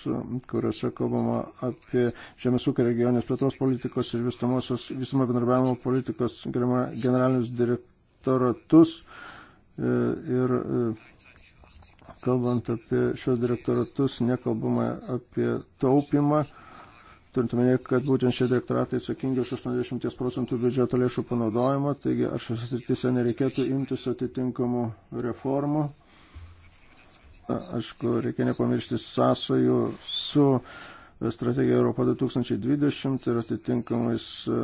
B: kuriuose kalbama apie žemės ūkio regionės plėtros politikos ir visamo bendarbiavimo politikos generalinius direktoratus. E, ir e, kalbant apie šios direktoratus, nekalbama apie taupimą turint omenyje, kad būtent šie direktoratai atsakingi už 80 procentų biudžeto lėšų panaudojimą, taigi ar šiose srityse nereikėtų imtis atitinkamų reformų. Aišku, reikia nepamiršti sąsojų su strategija Europa 2020 ir atitinkamais e,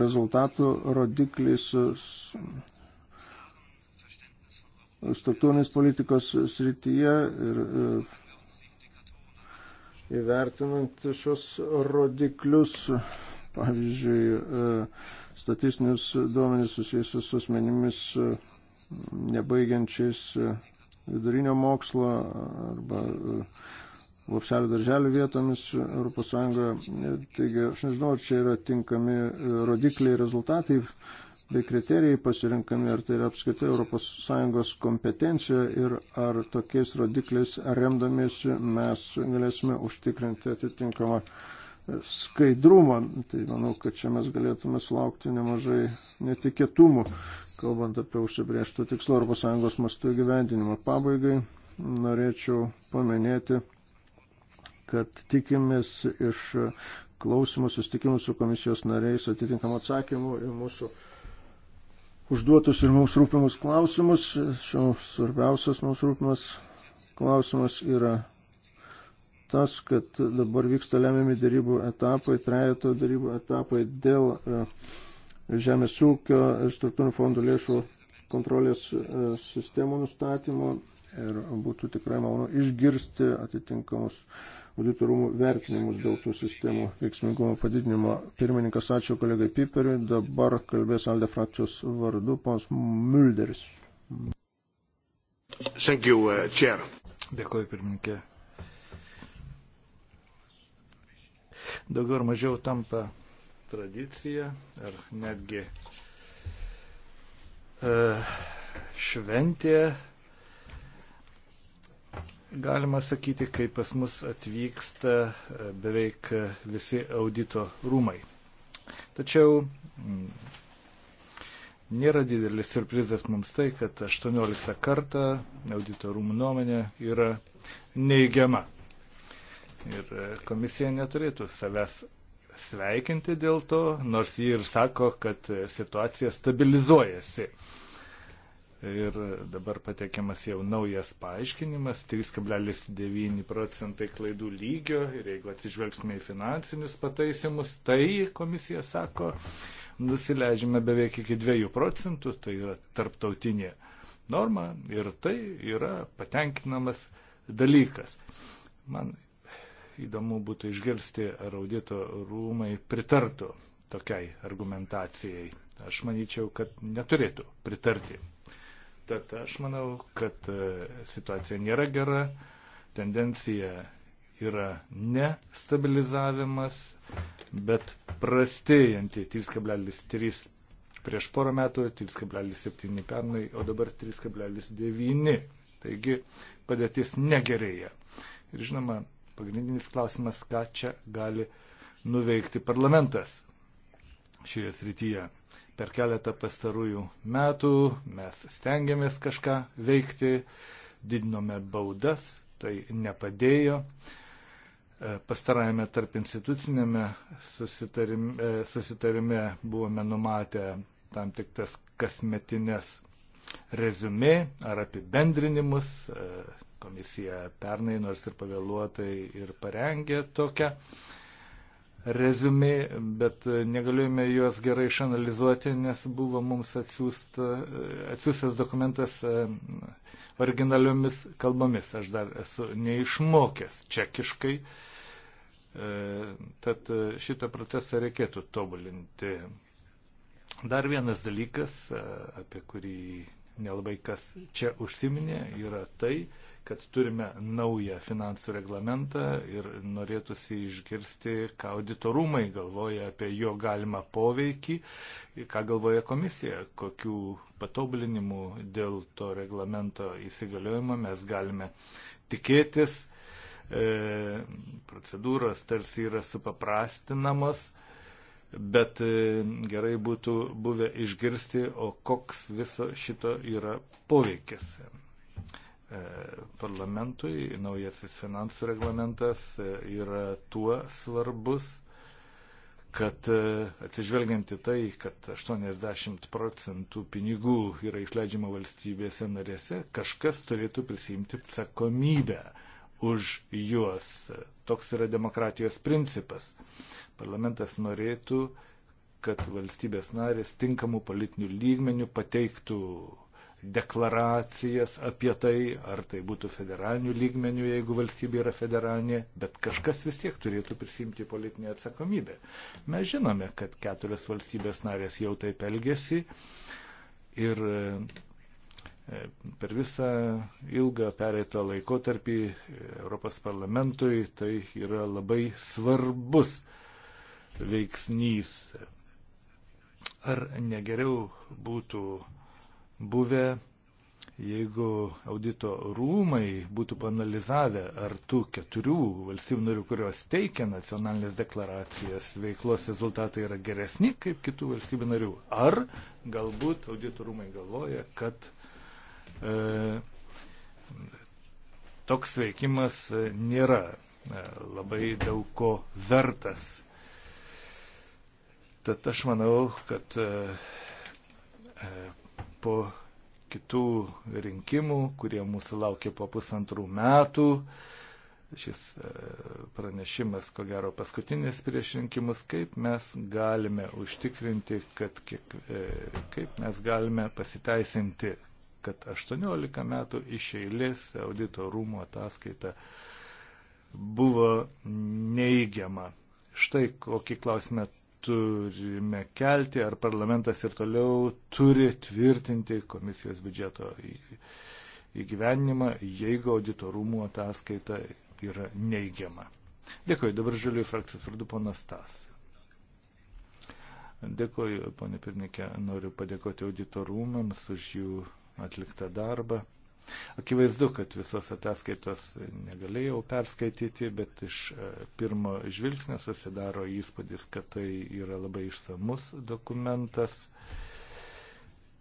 B: rezultatų rodikliais e, e, struktūrinės politikos srityje ir įvertinant šios rodiklius, pavyzdžiui, e, statistinius duomenys susijusius su asmenimis e, nebaigiančiais e, vidurinio mokslo arba lopšelio darželio vietomis ES. Taigi, aš nežinau, čia yra tinkami e, rodikliai, rezultatai bei kriterijai pasirinkami, ar tai yra apskaitai ES kompetencija ir ar tokiais rodikliais remdamiesi mes galėsime užtikrinti atitinkamą e, skaidrumą. Tai manau, kad čia mes galėtume sulaukti nemažai netikėtumų, kalbant apie užsibriežtą tikslą ES mastų gyvendinimą. Pabaigai norėčiau paminėti kad tikimės iš klausimų, sustikimų su komisijos nariais atitinkamų atsakymų į mūsų užduotus ir mums rūpimus klausimus. Šio svarbiausias mums rūpimas klausimas yra tas, kad dabar vyksta lemiami darybų etapai, trejato darybų etapai dėl e, žemės ūkio ir struktūrinių fondų lėšų kontrolės e, sistemų nustatymo ir būtų tikrai malonu išgirsti atitinkamus auditorumų vertinimus dėl tų sistemų veiksmingumo padidinimo. Pirmininkas, ačiū kolegai Piperiui. Dabar kalbės Alde frakcijos vardu pons Mulderis.
A: Thank you, uh, chair. Dėkuoju, pirmininkė. Daugiau ar mažiau tampa tradicija ar netgi uh, šventė galima sakyti, kai pas mus atvyksta e, beveik e, visi audito rūmai. Tačiau nėra didelis surprizas mums tai, kad 18 kartą audito rūmų nuomonė yra neigiama. Ir e, komisija neturėtų savęs sveikinti dėl to, nors ji ir sako, kad situacija stabilizuojasi ir dabar patekiamas jau naujas paaiškinimas - 3,9 procentai klaidų lygio ir jeigu atsižvelgsime į finansinius pataisimus, tai komisija sako, nusileidžiame beveik iki 2 procentų, tai yra tarptautinė norma ir tai yra patenkinamas dalykas. Man įdomu būtų išgirsti, ar audito rūmai pritartų tokiai argumentacijai. Aš manyčiau, kad neturėtų pritarti Tad aš manau, kad e, situacija nėra gera, tendencija yra ne stabilizavimas, bet prastėjanti 3,3 prieš porą metų, 3,7 pernai, o dabar 3,9. Taigi padėtis negerėja. Ir žinoma, pagrindinis klausimas, ką čia gali nuveikti parlamentas šioje srityje. Per keletą pastarųjų metų mes stengiamės kažką veikti, didinome baudas, tai nepadėjo. E, pastarajame tarp institucinėme susitarime, susitarime buvome numatę tam tik tas kasmetinės rezumė ar apibendrinimus. E, komisija pernai nors ir pavėluotai ir parengė tokią rezumė, bet negalėjome juos gerai išanalizuoti, nes buvo mums atsiųsta, atsiųstas dokumentas e, originaliomis kalbomis. Aš dar esu neišmokęs čekiškai, e, tad šitą procesą reikėtų tobulinti. Dar vienas dalykas, e, apie kurį nelabai kas čia užsiminė, yra tai, kad turime naują finansų reglamentą ir norėtųsi išgirsti, ką auditorumai galvoja apie jo galimą poveikį, ką galvoja komisija, kokių patobulinimų dėl to reglamento įsigaliojimo mes galime tikėtis. E, procedūros tarsi yra supaprastinamos bet e, gerai būtų buvę išgirsti, o koks viso šito yra poveikis parlamentui. Naujasis finansų reglamentas e, yra tuo svarbus, kad e, atsižvelgiant į tai, kad 80 procentų pinigų yra išleidžiama valstybėse narėse, kažkas turėtų prisimti atsakomybę už juos. Toks yra demokratijos principas. Parlamentas norėtų, kad valstybės narės tinkamų politinių lygmenių pateiktų deklaracijas apie tai, ar tai būtų federalinių lygmenių, jeigu valstybė yra federalinė, bet kažkas vis tiek turėtų prisimti politinę atsakomybę. Mes žinome, kad keturios valstybės narės jau taip elgesi ir e, e, per visą ilgą pereitą laikotarpį e, Europos parlamentui tai yra labai svarbus veiksnys. Ar negeriau būtų uh, buvę, jeigu audito rūmai būtų panalizavę, ar tų keturių valstybių narių, kurios teikia nacionalinės deklaracijas, veiklos rezultatai yra geresni kaip kitų valstybių narių, ar galbūt audito rūmai galvoja, kad e, toks veikimas e, nėra e, labai daug ko vertas. Tad aš manau, kad e, po kitų rinkimų, kurie mūsų laukia po pusantrų metų. Šis e, pranešimas, ko gero, paskutinis prieš rinkimus, kaip mes galime užtikrinti, kad kiek, e, kaip mes galime pasiteisinti, kad 18 metų iš eilės audito rūmų ataskaita buvo neigiama. Štai kokį klausimą turime kelti, ar parlamentas ir toliau turi tvirtinti komisijos biudžeto įgyvenimą, jeigu auditorumų ataskaita yra neigiama. Dėkuoju, dabar žaliųjų frakcijos vardu ponas Tas. Dėkuoju, ponė pirmininkė, noriu padėkoti auditorumams už jų atliktą darbą. Akivaizdu, kad visos ataskaitos negalėjau perskaityti, bet iš e, pirmo žvilgsnio susidaro įspūdis, kad tai yra labai išsamus dokumentas.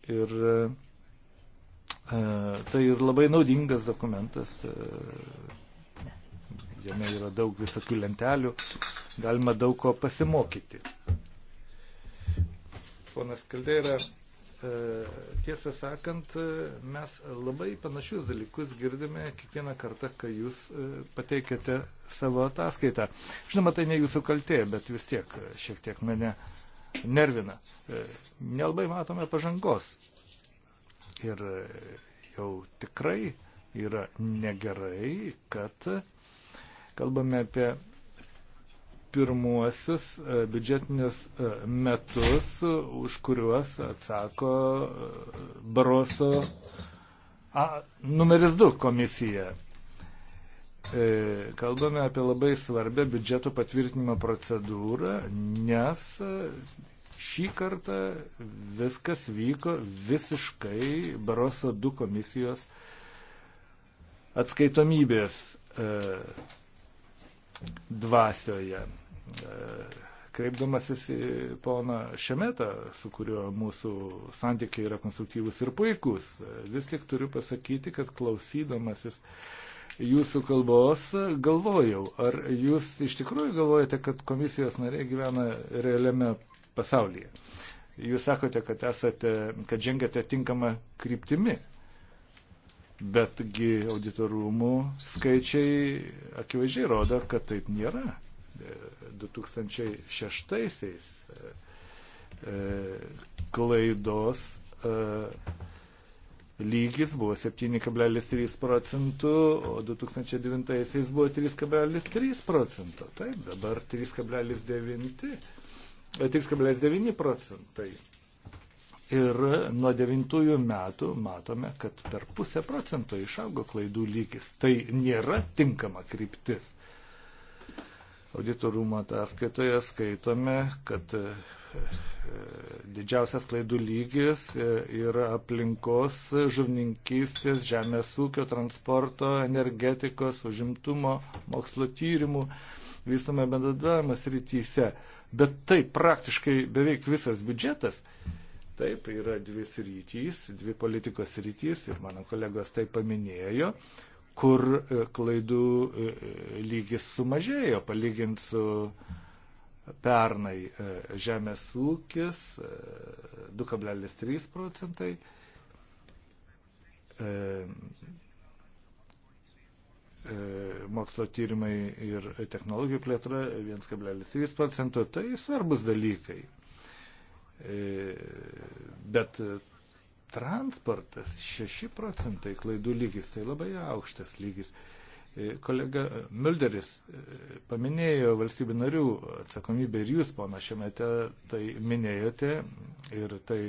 A: Ir e, e, tai ir labai naudingas dokumentas. Jame yra daug visokių lentelių, galima daug ko pasimokyti. Ponas Kaldeira E, tiesą sakant, e, mes labai panašius dalykus girdime kiekvieną kartą, kai jūs e, pateikėte savo ataskaitą. Žinoma, tai ne jūsų kaltė, bet vis tiek šiek tiek mane nervina. Nelabai matome pažangos. Ir jau tikrai yra negerai, kad kalbame apie pirmuosius e, biudžetinius e, metus, už kuriuos atsako e, Baroso A, numeris 2 komisija. Kalbame apie labai svarbę biudžeto patvirtinimo procedūrą, nes šį kartą viskas vyko visiškai Baroso 2 komisijos atskaitomybės dvasioje. Kreipdamasis į poną Šemetą, su kuriuo mūsų santykiai yra konstruktyvus ir puikus, vis tik turiu pasakyti, kad klausydamasis jūsų kalbos galvojau, ar jūs iš tikrųjų galvojate, kad komisijos nariai gyvena realiame pasaulyje. Jūs sakote, kad esate, kad žengiate tinkamą kryptimi betgi auditorumų skaičiai akivaizdžiai rodo, kad taip nėra. 2006-aisiais e, e, e, klaidos lygis buvo 7,3 procentų, o 2009-aisiais buvo 3,3 procento. Taip, dabar 3,9 procentai. Ir nuo devintųjų metų matome, kad per pusę procento išaugo klaidų lygis. Tai nėra tinkama kryptis. Auditorumo ataskaitoje skaitome, kad e, e, didžiausias klaidų lygis e, yra aplinkos, žuvininkystės, žemės ūkio, transporto, energetikos, užimtumo, mokslo tyrimų, vystome bendradavimas rytyse. Bet tai praktiškai beveik visas biudžetas Taip, yra dvi srytys, dvi politikos srytys ir mano kolegos tai paminėjo, kur e, klaidų e, e, lygis sumažėjo palygint su pernai žemės ūkis 2,3 procentai. Mokslo tyrimai ir technologijų plėtra 1,3 procentų, tai svarbus dalykai. E, bet transportas 6 procentai klaidų lygis, tai labai aukštas lygis. E, kolega Mulderis e, paminėjo valstybių narių atsakomybę ir jūs, pana Šemete, tai minėjote ir tai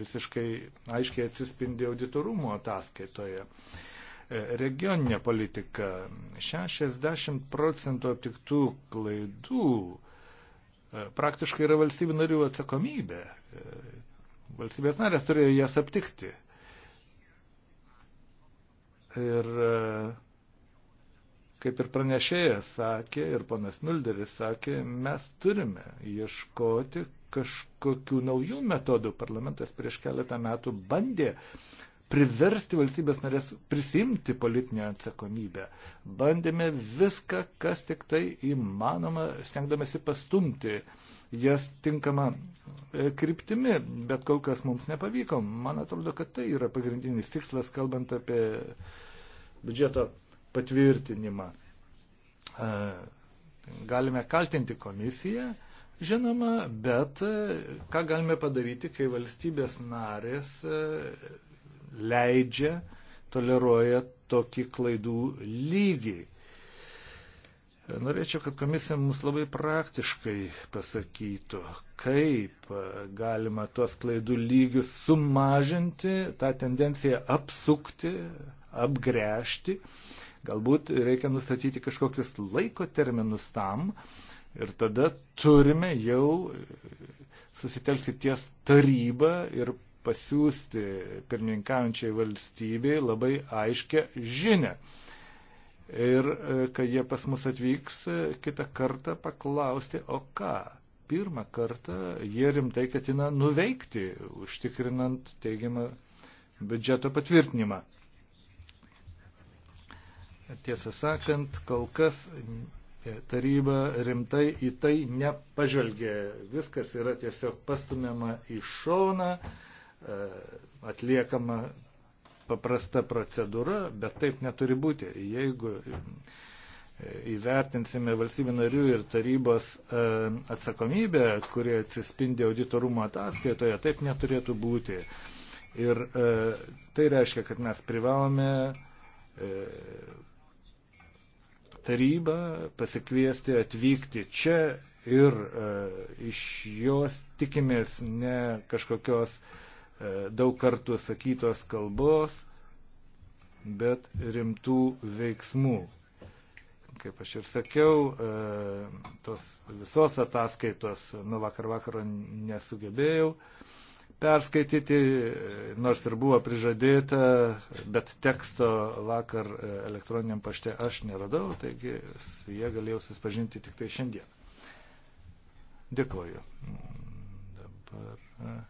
A: visiškai aiškiai atsispindi auditorumo ataskaitoje. Regioninė politika 60 procentų aptiktų klaidų E, praktiškai yra valstybių narių atsakomybė. E, valstybės narės turėjo jas aptikti. Ir e, kaip ir pranešėjas sakė, ir ponas Mulderis sakė, mes turime ieškoti kažkokių naujų metodų. Parlamentas prieš keletą metų bandė uh, priversti valstybės narės prisimti politinę atsakomybę. Bandėme viską, kas tik tai įmanoma, stengdamėsi pastumti jas tinkama e, kryptimi, bet kol kas mums nepavyko. Man atrodo, kad tai yra pagrindinis tikslas, kalbant apie biudžeto patvirtinimą. E, galime kaltinti komisiją, žinoma, bet e, ką galime padaryti, kai valstybės narės leidžia, toleruoja tokį klaidų lygį. Norėčiau, kad komisija mums labai praktiškai pasakytų, kaip galima tuos klaidų lygius sumažinti, tą tendenciją apsukti, apgręžti. Galbūt reikia nustatyti kažkokius laiko terminus tam ir tada turime jau susitelkti ties taryba ir pasiūsti pirmininkaujančiai valstybei labai aiškę žinę. Ir e, kai jie pas mus atvyks, e, kitą kartą paklausti, o ką pirmą kartą jie rimtai ketina nuveikti, užtikrinant teigiamą biudžeto patvirtinimą. Tiesą sakant, kol kas e, taryba rimtai į tai nepažvelgė. Viskas yra tiesiog pastumiama į šoną. E, atliekama paprasta procedūra, bet taip neturi būti. Jeigu e, įvertinsime valstybių narių ir tarybos e, atsakomybę, kurie atsispindi auditorumo ataskaitoje, taip neturėtų būti. Ir tai reiškia, kad mes privalome tarybą pasikviesti atvykti čia ir iš jos tikimės ne kažkokios uh, E, daug kartų sakytos kalbos, bet rimtų veiksmų. Kaip aš ir sakiau, e, tos visos ataskaitos nuo vakar vakaro nesugebėjau perskaityti, e, nors ir buvo prižadėta, bet teksto vakar elektroniniam pašte aš neradau, taigi su jie galėjau suspažinti tik tai šiandien. Dėkoju. Dabar.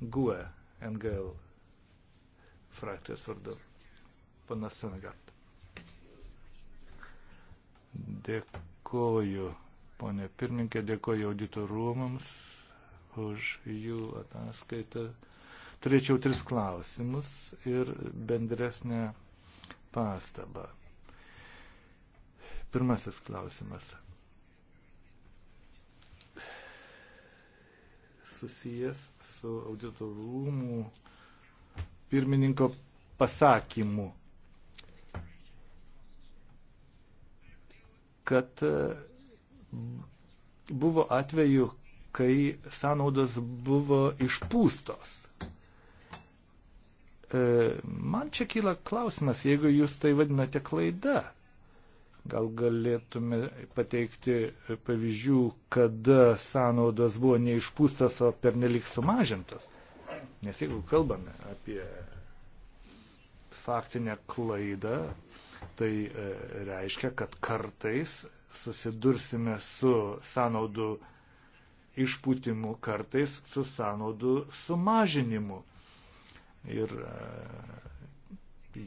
A: GUE NGL frakcijos vardu. Panas Senegard. Dėkoju, ponė pirmininkė, dėkoju auditorumams už jų ataskaitą. Turėčiau tris klausimus ir bendresnę pastabą. Pirmasis klausimas. susijęs su auditorumų pirmininko pasakymu, kad e, buvo atveju, kai sąnaudos buvo išpūstos. E, man čia kyla klausimas, jeigu jūs tai vadinate klaida, Gal galėtume pateikti pavyzdžių, kada sąnaudos buvo neišpūstas, o pernelik sumažintas. Nes jeigu kalbame apie faktinę klaidą, tai e, reiškia, kad kartais susidursime su sąnaudų išpūtimu, kartais su sąnaudų sumažinimu. Ir e,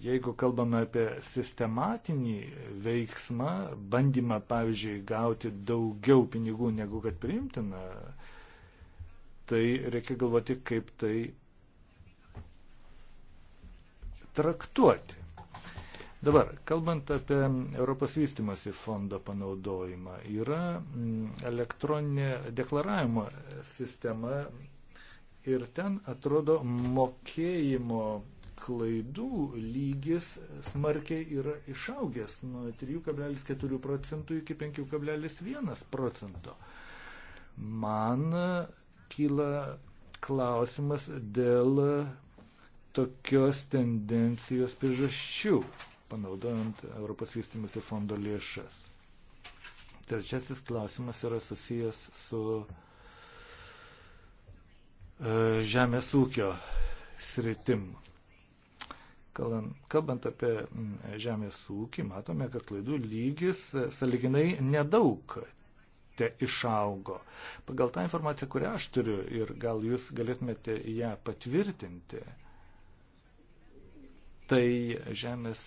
A: Jeigu kalbame apie sistematinį veiksmą, bandymą, pavyzdžiui, gauti daugiau pinigų negu kad priimtina, tai reikia galvoti, kaip tai traktuoti. Dabar, kalbant apie Europos vystimosi fondo panaudojimą, yra mm, elektroninė deklaravimo sistema ir ten atrodo mokėjimo klaidų lygis smarkiai yra išaugęs nuo 3,4 procentų iki 5,1 procento. Man kyla klausimas dėl tokios tendencijos priežasčių, panaudojant Europos vystimusi fondo lėšas. Trečiasis klausimas yra susijęs su e, žemės ūkio sritim. Kalbant apie mm, žemės ūkį, matome, kad klaidų lygis e, saliginai nedaug te išaugo. Pagal tą informaciją, kurią aš turiu ir gal jūs galėtumėte ją patvirtinti, tai žemės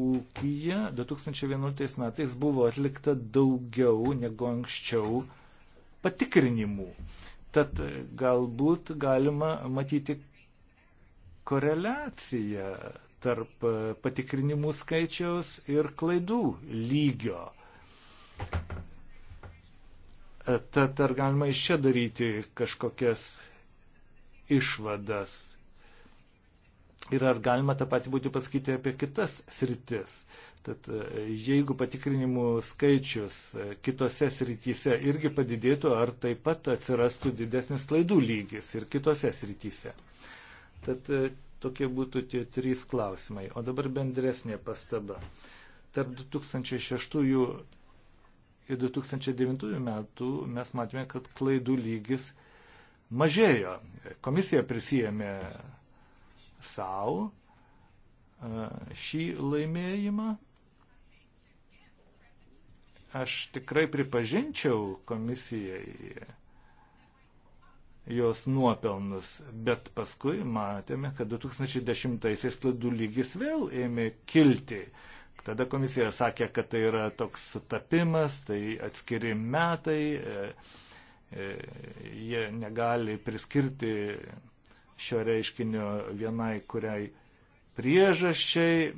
A: ūkija 2011 metais buvo atlikta daugiau negu anksčiau patikrinimų. Tad e, galbūt galima matyti koreliacija tarp patikrinimų skaičiaus ir klaidų lygio. Tad ar galima iš čia daryti kažkokias išvadas? Ir ar galima tą patį būti pasakyti apie kitas sritis? Tad e, jeigu patikrinimų skaičius e, kitose srityse irgi padidėtų, ar taip pat atsirastų didesnis klaidų lygis ir kitose srityse. Tad e, tokie būtų tie trys klausimai. O dabar bendresnė pastaba. Tarp 2006 ir 2009 metų mes matėme, kad klaidų lygis mažėjo. Komisija prisijėmė savo e, šį laimėjimą. Aš tikrai pripažinčiau komisijai jos nuopelnus, bet paskui matėme, kad 2010-aisiais klaidų lygis vėl ėmė kilti. Tada komisija sakė, kad tai yra toks sutapimas, tai atskiri metai, e, e, jie negali priskirti šio reiškinio vienai kuriai priežasčiai.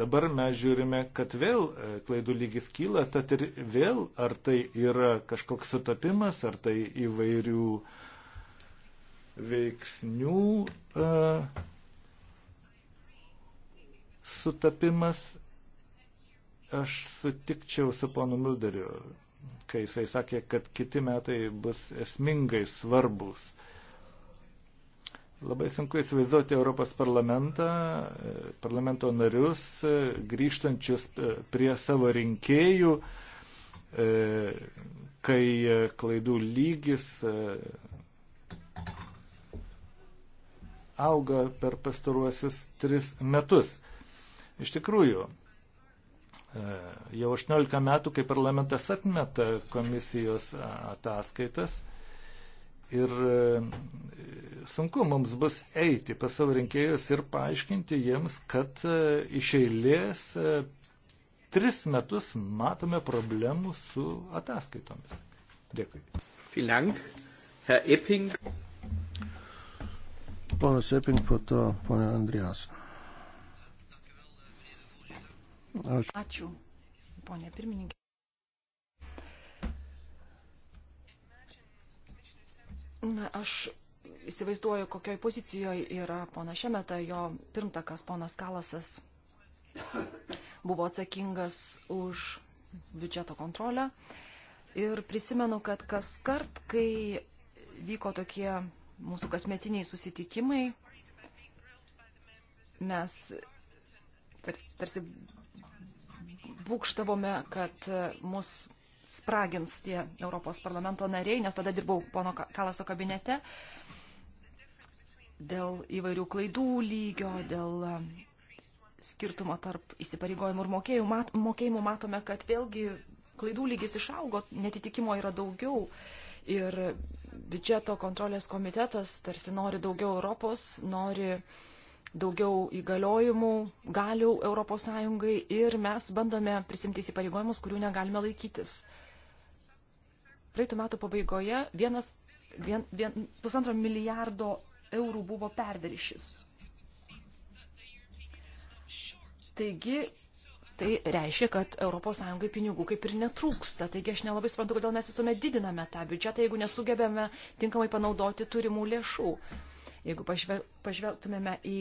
A: Dabar mes žiūrime, kad vėl e, klaidų lygis kyla, tad ir vėl ar tai yra kažkoks sutapimas, ar tai įvairių uh, veiksnių e, sutapimas. Aš sutikčiau su ponu Mulderiu, kai jisai sakė, kad kiti metai bus esmingai svarbus. Labai sunku įsivaizduoti Europos parlamentą, e, parlamento narius, e, grįžtančius prie savo rinkėjų, kai klaidų lygis auga per pastaruosius tris metus. Iš tikrųjų, e, jau 18 metų, kai parlamentas atmeta komisijos ataskaitas ir e, sunku mums bus eiti pas savo rinkėjus ir paaiškinti jiems, kad e, iš eilės tris metus matome problemų su ataskaitomis. Dėkui. Vielen Dank,
C: Herr Epping.
B: Ponas Epink, po to ponė Andrijas.
D: Ačiū. Ačiū, ponė pirmininkė. Na, aš įsivaizduoju, kokioj pozicijoje yra pona Šemeta, jo pirmtakas ponas Kalasas buvo atsakingas už biudžeto kontrolę. Ir prisimenu, kad kas kart, kai vyko tokie mūsų kasmetiniai susitikimai mes tarsi būkštavome, kad e, mus spragins tie Europos parlamento nariai, nes tada dirbau pono Kalaso kabinete dėl įvairių klaidų lygio, dėl e, skirtumo tarp įsipareigojimų ir mokėjimų. Mat, mokėjimų matome, kad vėlgi klaidų lygis išaugo, netitikimo yra daugiau. Uh, Ir biudžeto kontrolės komitetas tarsi nori daugiau Europos, nori daugiau įgaliojimų, galių ES ir mes bandome prisimti įsipareigojimus, kurių negalime laikytis. Praeitų metų pabaigoje vienas, vien, vien, pusantro milijardo eurų buvo perviršis. Taigi tai reiškia, kad ES pinigų kaip ir netrūksta. Taigi aš nelabai suprantu, kodėl mes visuomet didiname tą biudžetą, jeigu nesugebėme tinkamai panaudoti turimų lėšų. Jeigu pažvel, pažvelgtumėme į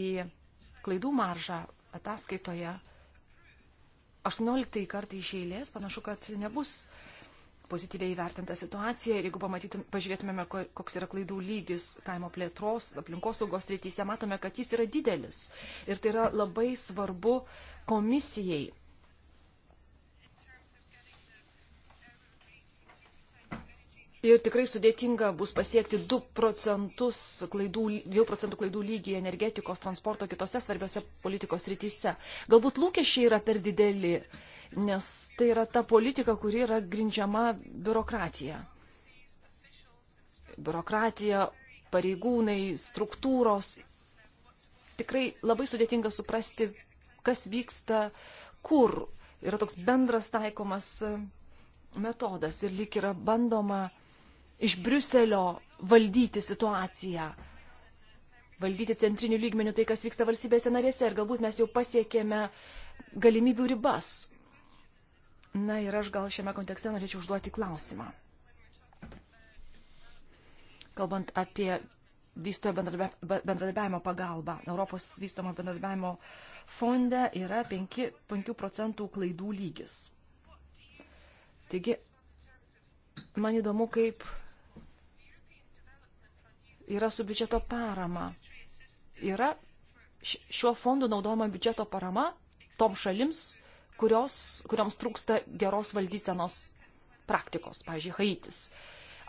D: klaidų maržą ataskaitoje, 18 kartai iš eilės panašu, kad nebus pozityviai įvertinta situacija ir jeigu pamatytum, pažiūrėtumėme, koks yra klaidų lygis kaimo plėtros, aplinkosaugos rytyse, matome, kad jis yra didelis. Ir tai yra labai svarbu komisijai Ir tikrai sudėtinga bus pasiekti 2 procentus klaidų, 2 procentų klaidų lygį energetikos, transporto, kitose svarbiose politikos rytise. Galbūt lūkesčiai yra per dideli, nes tai yra ta politika, kuri yra grindžiama biurokratija. Biurokratija, pareigūnai, struktūros. Tikrai labai sudėtinga suprasti, kas vyksta, kur. Yra toks bendras taikomas metodas ir lyg yra bandoma uh, iš Briuselio valdyti situaciją, valdyti centrinių lygmenių tai, kas vyksta valstybėse narėse ir galbūt mes jau pasiekėme galimybių ribas. Na ir aš gal šiame kontekste norėčiau užduoti klausimą. Kalbant apie vystojo bendradarbiavimo pagalbą, Europos vystomo bendradarbiavimo fonde yra 5, 5 procentų klaidų lygis. Taigi, man įdomu, kaip yra su biudžeto parama. Yra šiuo fondu naudojama biudžeto parama tom šalims, kurios, kurioms trūksta geros valdysenos praktikos, pavyzdžiui, Haitis.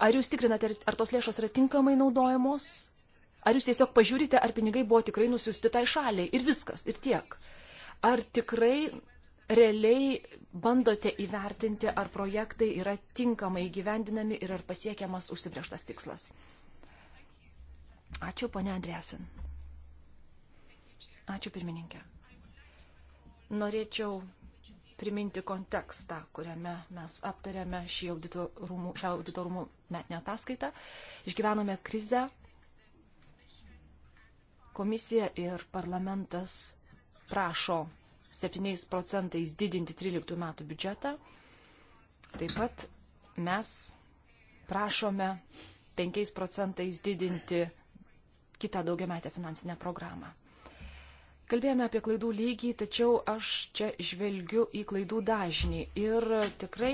D: Ar jūs tikrinate, ar tos lėšos yra tinkamai naudojamos, ar jūs tiesiog pažiūrite, ar pinigai buvo tikrai nusiųsti tai šaliai ir viskas, ir tiek. Ar tikrai realiai bandote įvertinti, ar projektai yra tinkamai įgyvendinami ir ar pasiekiamas užsibrieštas tikslas. Ačiū, ponia Andresen. Ačiū, pirmininkė. Norėčiau priminti kontekstą, kuriame mes aptarėme šį audito rūmų, šią audito rūmų metinę ataskaitą. Išgyvenome krizę. Komisija ir parlamentas prašo 7 procentais didinti 13 metų biudžetą. Taip pat mes prašome 5 procentais didinti kitą daugiametę finansinę programą. Kalbėjome apie klaidų lygį, tačiau aš čia žvelgiu į klaidų dažnį ir tikrai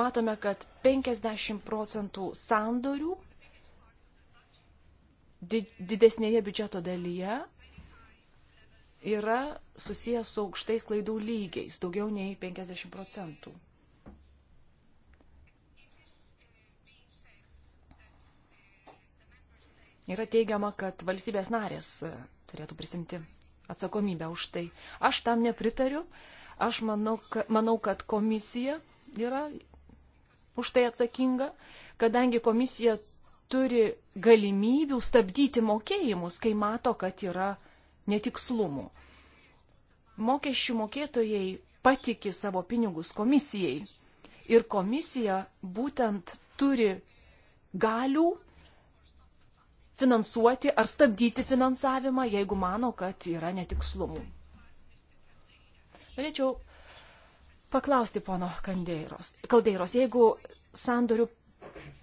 D: matome, kad 50 procentų sandorių didesnėje biudžeto dalyje yra susijęs su aukštais klaidų lygiais, daugiau nei 50 procentų. yra teigiama, kad valstybės narės e, turėtų prisimti atsakomybę už tai. Aš tam nepritariu. Aš manau, ka, manau kad komisija yra už tai atsakinga, kadangi komisija turi galimybių stabdyti mokėjimus, kai mato, kad yra netikslumų. Mokesčių mokėtojai patiki savo pinigus komisijai ir komisija būtent turi galių finansuoti ar stabdyti finansavimą, jeigu mano, kad yra netikslumų. Norėčiau paklausti pono Kandeiros, Kaldeiros, jeigu sandorių,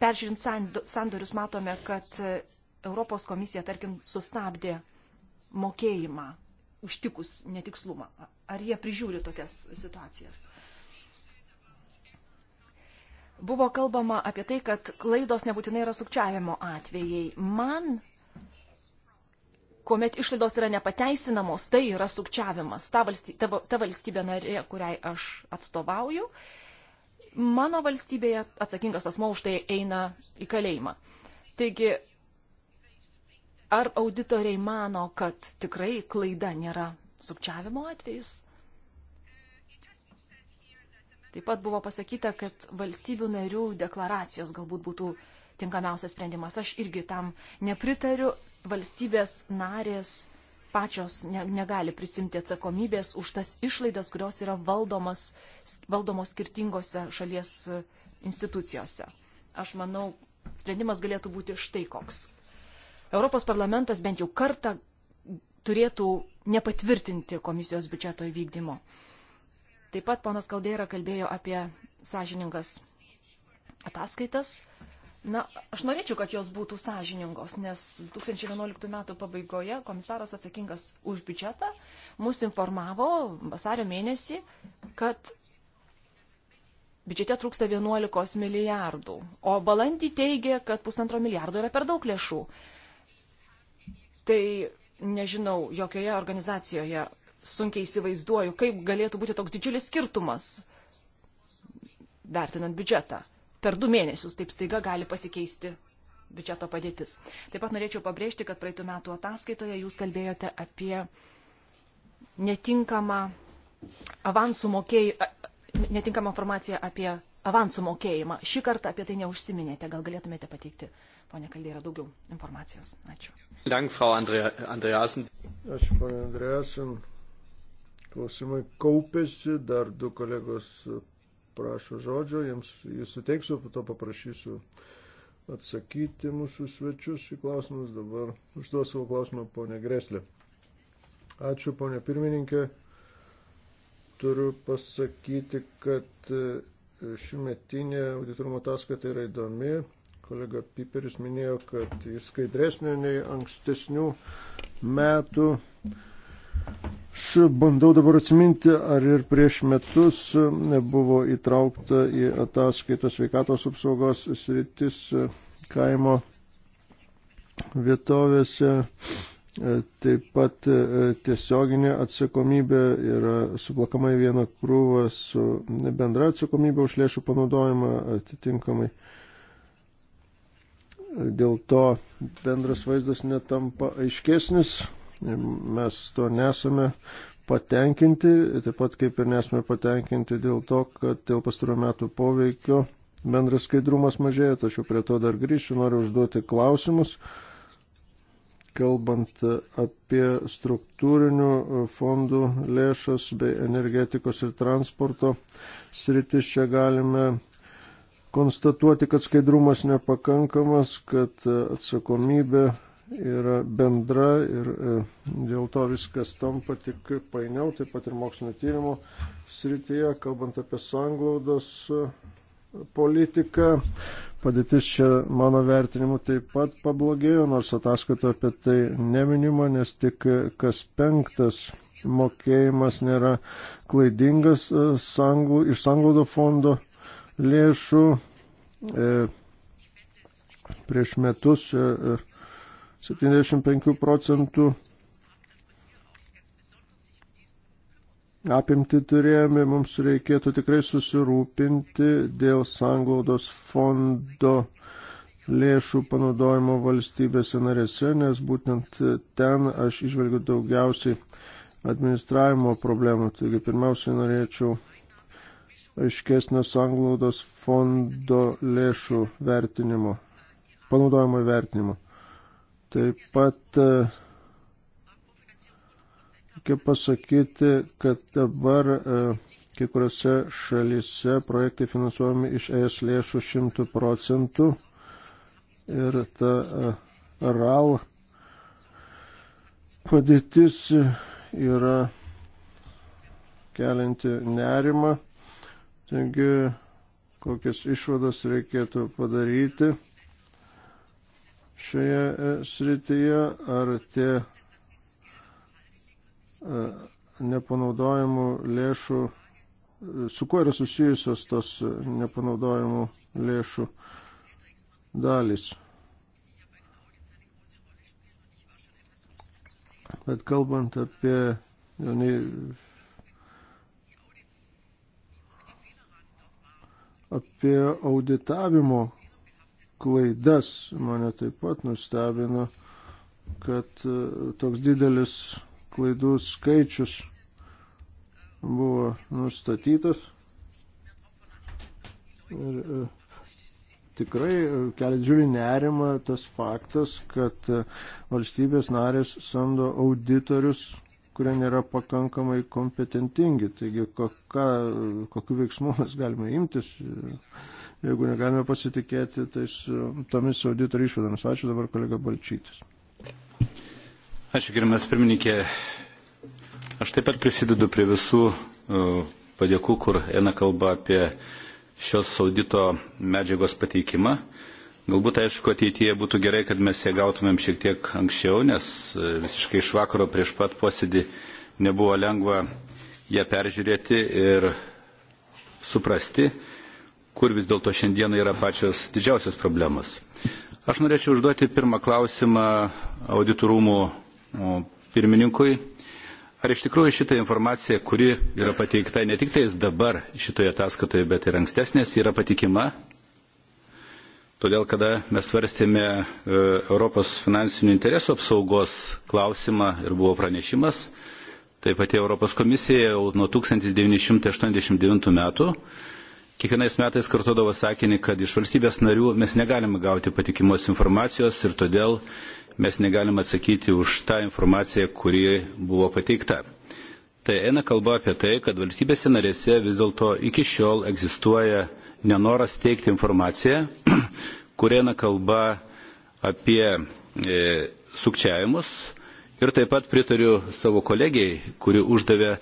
D: peržiūrint sandorius, matome, kad Europos komisija, tarkim, sustabdė mokėjimą užtikus netikslumą. Ar jie prižiūri tokias situacijas? Buvo kalbama apie tai, kad klaidos nebūtinai yra sukčiavimo atvejai. Man, kuomet išlaidos yra nepateisinamos, tai yra sukčiavimas. Ta valstybė, ta, ta valstybė narė, kuriai aš atstovauju, mano valstybėje atsakingas asmo už tai eina į kalėjimą. Taigi, ar auditoriai mano, kad tikrai klaida nėra sukčiavimo atvejis? Taip pat buvo pasakyta, kad valstybių narių deklaracijos galbūt būtų tinkamiausias sprendimas. Aš irgi tam nepritariu. Valstybės narės pačios ne, negali prisimti atsakomybės už tas išlaidas, kurios yra valdomas, valdomos skirtingose šalies institucijose. Aš manau, sprendimas galėtų būti štai koks. Europos parlamentas bent jau kartą turėtų nepatvirtinti komisijos biudžeto įvykdymo. Uh, Taip pat ponas Kaldeira kalbėjo apie sąžiningas ataskaitas. Na, aš norėčiau, kad jos būtų sąžiningos, nes 2011 metų pabaigoje komisaras atsakingas už biudžetą mus informavo vasario mėnesį, kad biudžete trūksta 11 milijardų, o balandį teigia, kad pusantro milijardo yra per daug lėšų. Tai nežinau, jokioje organizacijoje sunkiai įsivaizduoju, kaip galėtų būti toks didžiulis skirtumas, vertinant biudžetą. Per du mėnesius taip staiga gali pasikeisti biudžeto padėtis. Taip pat norėčiau pabrėžti, kad praeitų metų ataskaitoje jūs kalbėjote apie netinkamą avansų mokėjimą netinkama informacija apie avansų mokėjimą. Šį kartą apie tai neužsiminėte. Gal galėtumėte pateikti, ponė Kaldeira, daugiau informacijos. Ačiū.
C: Dank, Frau Andreasen.
B: Ačiū, ponė Andreasen. Klausimai kaupėsi, dar du kolegos prašo žodžio, jiems jį suteiksiu, po to paprašysiu atsakyti mūsų svečius į klausimus. Dabar užduos savo klausimą ponė Greslė. Ačiū ponė pirmininkė. Turiu pasakyti, kad e, šimetinė auditorumo ataskaita yra įdomi. Kolega Piperis minėjo, kad jis skaidresnė nei ankstesnių metų. Mm Aš bandau dabar atsiminti, ar ir prieš metus e, buvo įtraukta į ataskaitą sveikatos apsaugos sritis e, kaimo vietovėse. E, taip pat tiesioginė atsakomybė yra suplakama į vieną krūvą su bendra atsakomybė už lėšų panaudojimą atitinkamai. Dėl to bendras vaizdas netampa aiškesnis, Mes to nesame patenkinti, taip pat kaip ir nesame patenkinti dėl to, kad dėl pastarų metų poveikio bendras skaidrumas mažėja, tačiau prie to dar grįšiu, noriu užduoti klausimus, kalbant apie struktūrinių fondų lėšas bei energetikos ir transporto sritis, čia galime konstatuoti, kad skaidrumas nepakankamas, kad atsakomybė yra bendra ir e, dėl to viskas tampa tik painiau, taip pat ir mokslinio tyrimo srityje, kalbant apie sanglaudos e, politiką. Padėtis čia mano vertinimu taip pat pablogėjo, nors ataskaito apie tai neminima, nes tik kas penktas mokėjimas nėra klaidingas e, sanglų, iš sanglaudo fondo lėšų. E, prieš metus e, 75 procentų apimti turėjome, mums reikėtų tikrai susirūpinti dėl sanglaudos fondo lėšų panaudojimo valstybėse narėse, nes būtent ten aš išvelgiu daugiausiai administravimo problemų. Taigi pirmiausiai norėčiau aiškesnio sanglaudos fondo lėšų vertinimo, panaudojimo vertinimo. Taip pat e, reikia pasakyti, kad dabar e, kai kuriuose šalyse projektai finansuojami iš ES lėšų 100 procentų ir ta e, RAL padėtis yra kelinti nerimą. Taigi, kokias išvadas reikėtų padaryti šioje e, srityje, ar tie e, nepanaudojimų lėšų, e, su kuo yra susijusios tos nepanaudojimų lėšų dalys. Bet kalbant apie jaunį apie auditavimo klaidas. Mane taip pat nustebino, kad e, toks didelis klaidų skaičius buvo nustatytas. Ir e, tikrai e, kelia džiulį nerimą tas faktas, kad valstybės narės samdo auditorius kurie nėra pakankamai kompetentingi. Taigi, kokiu veiksmu mes galime imtis, jeigu negalime pasitikėti tais, e, tomis auditorių išvadomis. Ačiū dabar kolega
C: Balčytis. Ačiū, gerimas pirmininkė. Aš taip pat prisidedu prie visų e, padėkų, kur eina kalba apie šios audito medžiagos pateikimą. Galbūt, aišku, ateityje būtų gerai, kad mes ją gautumėm šiek tiek anksčiau, nes e, visiškai iš vakaro prieš pat posėdį nebuvo lengva ją peržiūrėti ir suprasti kur vis dėlto šiandieną yra pačios didžiausios problemos. Aš norėčiau užduoti pirmą klausimą auditorumų pirmininkui. Ar iš tikrųjų šitą informaciją, kuri yra pateikta ne tik tais dabar šitoje ataskatoje, bet ir ankstesnės, yra patikima? Todėl, kada mes svarstėme e, Europos finansinių interesų apsaugos klausimą ir buvo pranešimas, tai pati Europos komisija jau nuo 1989 metų kiekvienais metais kartuodavo sakinį, kad iš valstybės narių mes negalime gauti patikimos informacijos ir todėl mes negalime atsakyti už tą informaciją, kuri buvo pateikta. Tai eina kalba apie tai, kad valstybėse narėse vis dėlto iki šiol egzistuoja nenoras teikti informaciją, kur eina kalba apie e, sukčiavimus. Ir taip pat pritariu savo kolegijai, kuri uždavė,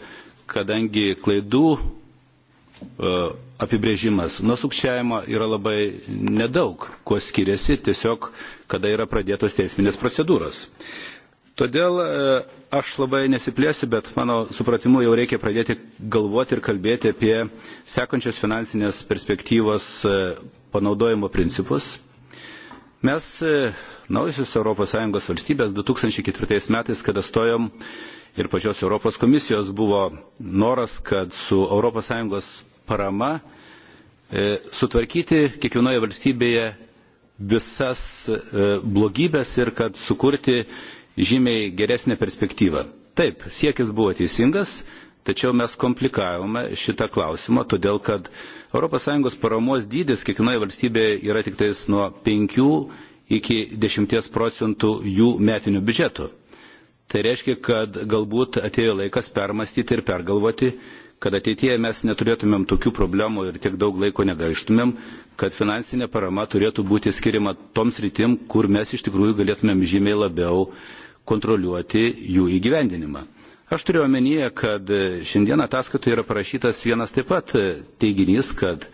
C: kadangi klaidų e, apibrėžimas nuo sukčiavimo yra labai nedaug, kuo skiriasi tiesiog, kada yra pradėtos teisminės procedūros. Todėl e, aš labai nesiplėsiu, bet mano supratimu jau reikia pradėti galvoti ir kalbėti apie sekančios finansinės perspektyvos e, panaudojimo principus. Mes, e, naujusios ES valstybės, 2004 metais, kada stojom ir pačios Europos komisijos buvo noras, kad su ES parama e, sutvarkyti kiekvienoje valstybėje visas e, blogybės ir kad sukurti žymiai geresnę perspektyvą. Taip, siekis buvo teisingas, tačiau mes komplikavome šitą klausimą, todėl kad ES paramos dydis kiekvienoje valstybėje yra tik tais nuo 5 iki 10 procentų jų metinių biudžetų. Tai reiškia, kad galbūt atėjo laikas permastyti ir pergalvoti, kad ateityje mes neturėtumėm tokių problemų ir tiek daug laiko negaištumėm, kad finansinė parama turėtų būti skiriama toms rytim, kur mes iš tikrųjų galėtumėm žymiai labiau kontroliuoti jų įgyvendinimą. Aš turiu omenyje, kad šiandien ataskaitoje yra parašytas vienas taip pat teiginys, kad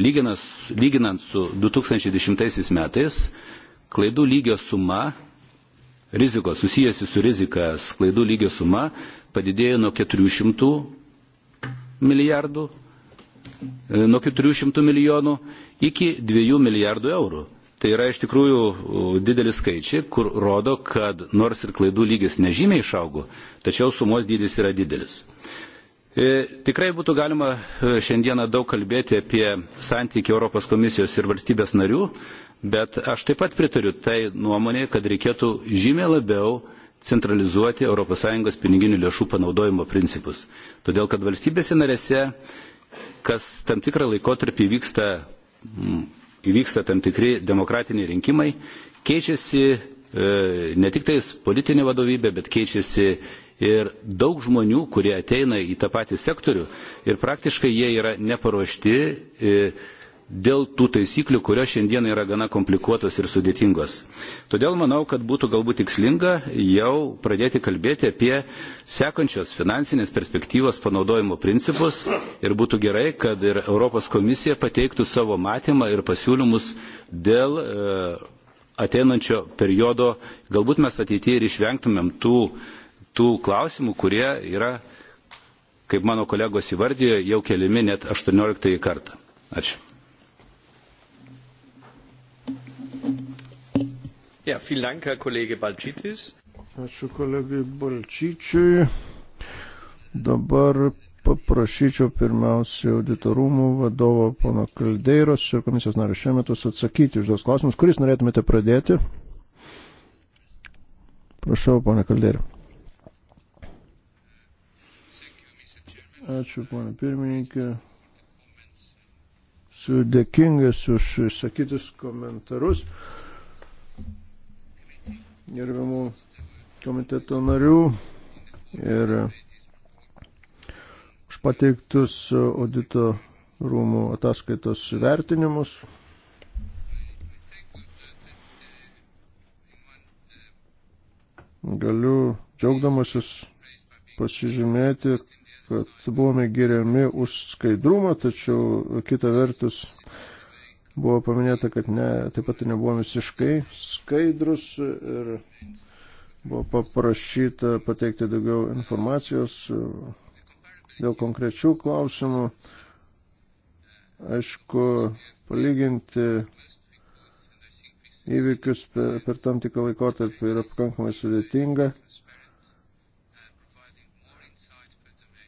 C: lyginant su 2010 metais klaidų lygio suma, rizikos susijusi su rizika klaidų lygio suma padidėjo nuo 400 milijardų, e, nuo 400 milijonų iki 2 milijardų eurų. Tai yra iš tikrųjų didelis skaičiai, kur rodo, kad nors ir klaidų lygis nežymiai išaugo, tačiau sumos dydis yra didelis. E, tikrai būtų galima e, šiandieną daug kalbėti apie santykį Europos komisijos ir valstybės narių, bet aš taip pat pritariu tai nuomonė, kad reikėtų žymiai labiau centralizuoti ES piniginių lėšų panaudojimo principus. Todėl, kad valstybėse narėse, kas tam tikrą laikotarpį vyksta, mm, įvyksta tam tikri demokratiniai rinkimai, keičiasi e, ne tik tais politinė vadovybė, bet keičiasi ir daug žmonių, kurie ateina į tą patį sektorių ir praktiškai jie yra neparuošti. E, dėl tų taisyklių, kurios šiandien yra gana komplikuotos ir sudėtingos. Todėl manau, kad būtų galbūt tikslinga jau pradėti kalbėti apie sekančios finansinės perspektyvos panaudojimo principus ir būtų gerai, kad ir Europos komisija pateiktų savo matymą ir pasiūlymus dėl e, ateinančio periodo. Galbūt mes ateityje ir išvengtumėm tų, tų klausimų, kurie yra, kaip mano kolegos įvardijo, jau keliami net 18 kartą. Ačiū. Ja, vielen Dank, Herr Kollege Balčytis.
B: Ačiū kolegai Balčyčiui. Dabar paprašyčiau pirmiausia auditorumų vadovo pono Kaldeiros ir komisijos nario šiuo metu atsakyti iš tos klausimus. Kuris norėtumėte pradėti? Prašau, pone Kaldeirio. Ačiū, pone pirmininkė. Esu dėkingas už išsakytus komentarus. Uh, gerbiamų komiteto narių ir už pateiktus audito rūmų ataskaitos vertinimus. Galiu džiaugdamasis pasižymėti, kad buvome geriami už skaidrumą, tačiau kita vertus Buvo paminėta, kad ne, taip pat nebuvo visiškai skaidrus ir buvo paprašyta pateikti daugiau informacijos dėl konkrečių klausimų. Aišku, palyginti įvykius per, per tam tikrą laikotarpį yra pakankamai sudėtinga.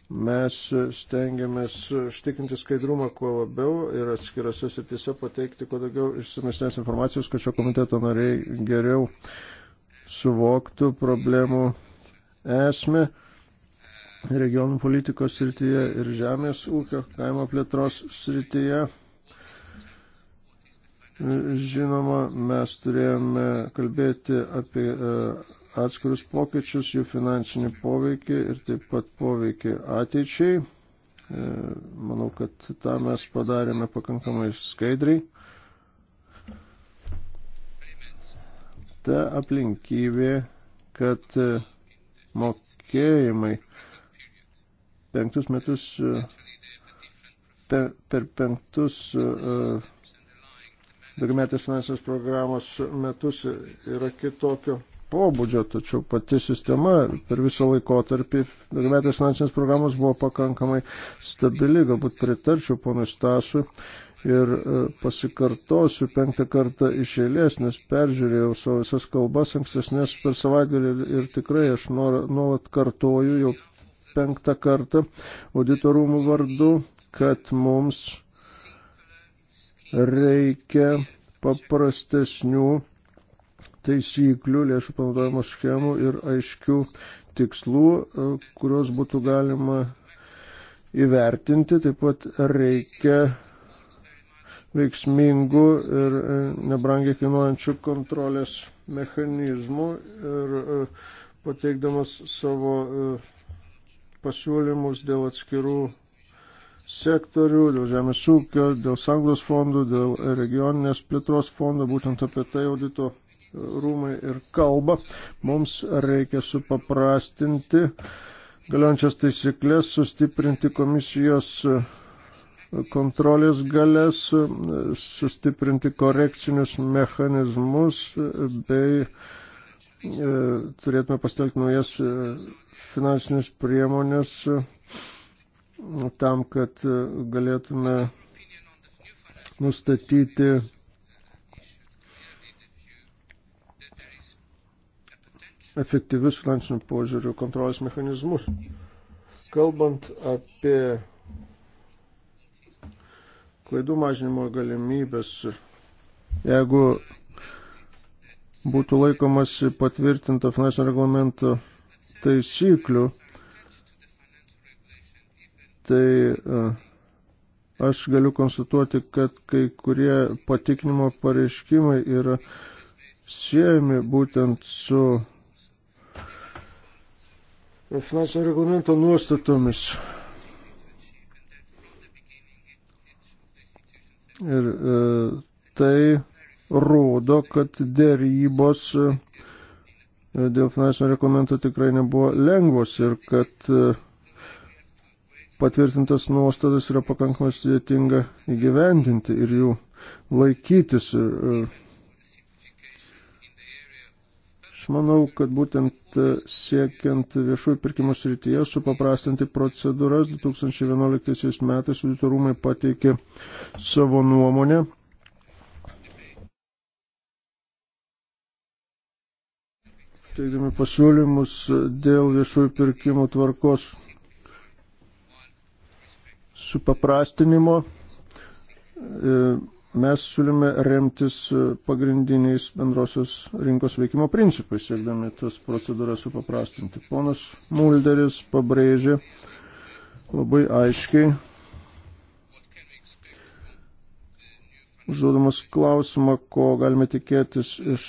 B: Mes stengiamės užtikrinti skaidrumą kuo labiau ir atskirose sritise pateikti kuo daugiau išsamesnės informacijos, kad šio komiteto nariai geriau suvoktų problemų esmę regionų politikos srityje ir žemės ūkio kaimo plėtros srityje. Žinoma, mes turėjome kalbėti apie atskirus pokyčius, jų finansinį poveikį ir taip pat poveikį ateičiai. E, manau, kad tą mes padarėme pakankamai skaidriai. Ta aplinkybė, kad e, mokėjimai penktus metus, e, per, per penktus daugiametės finansinės programos metus yra kitokio pobūdžio, tačiau pati sistema per visą laikotarpį daugiametės finansinės programos buvo pakankamai stabili, galbūt pritarčiau ponui Stasui ir e, pasikartosiu penktą kartą iš eilės, nes peržiūrėjau savo visas kalbas ankstesnės per savaitgalį ir, ir tikrai aš nor, nuolat kartoju jau penktą kartą auditorumų vardu, kad mums reikia paprastesnių taisyklių, lėšų panaudojimo schemų ir aiškių tikslų, e, kuriuos būtų galima įvertinti. Taip pat reikia veiksmingų ir e, nebrangiai kainuojančių kontrolės mechanizmų ir e, pateikdamas savo pasiūlymus dėl atskirų sektorių, dėl žemės ūkio, dėl sanglos fondų, dėl regioninės plėtros fondų, būtent apie tai audito rūmai ir kalba. Mums reikia supaprastinti galiojančias taisyklės, sustiprinti komisijos kontrolės galės, sustiprinti korekcinius mechanizmus bei e, turėtume pastelti naujas e, finansinės priemonės e, tam, kad galėtume nustatyti efektyvius finansinių požiūrių kontrolės mechanizmus. Kalbant apie klaidų mažinimo galimybės, jeigu būtų laikomasi patvirtinto finansinio reglamento taisyklių, tai e, aš galiu konstatuoti, kad kai kurie patikinimo pareiškimai yra siejami būtent su finansinio reglamento nuostatomis. Ir e, tai rodo, kad dėrybos e, dėl finansinio reglamento tikrai nebuvo lengvos ir kad e, patvirtintas nuostatas yra pakankamai sudėtinga įgyvendinti ir jų laikytis. Ir, e, Aš manau, kad būtent e, siekiant viešųjų pirkimų srityje supaprastinti procedūras 2011 metais auditorumai pateikė savo nuomonę. Teikdami pasiūlymus dėl viešųjų pirkimų tvarkos supaprastinimo. E, Mes siūlime remtis pagrindiniais bendrosios rinkos veikimo principais, siekdami tas procedūras supaprastinti. Ponas Mulderis pabrėžė labai aiškiai, užduodamas klausimą, ko galime tikėtis iš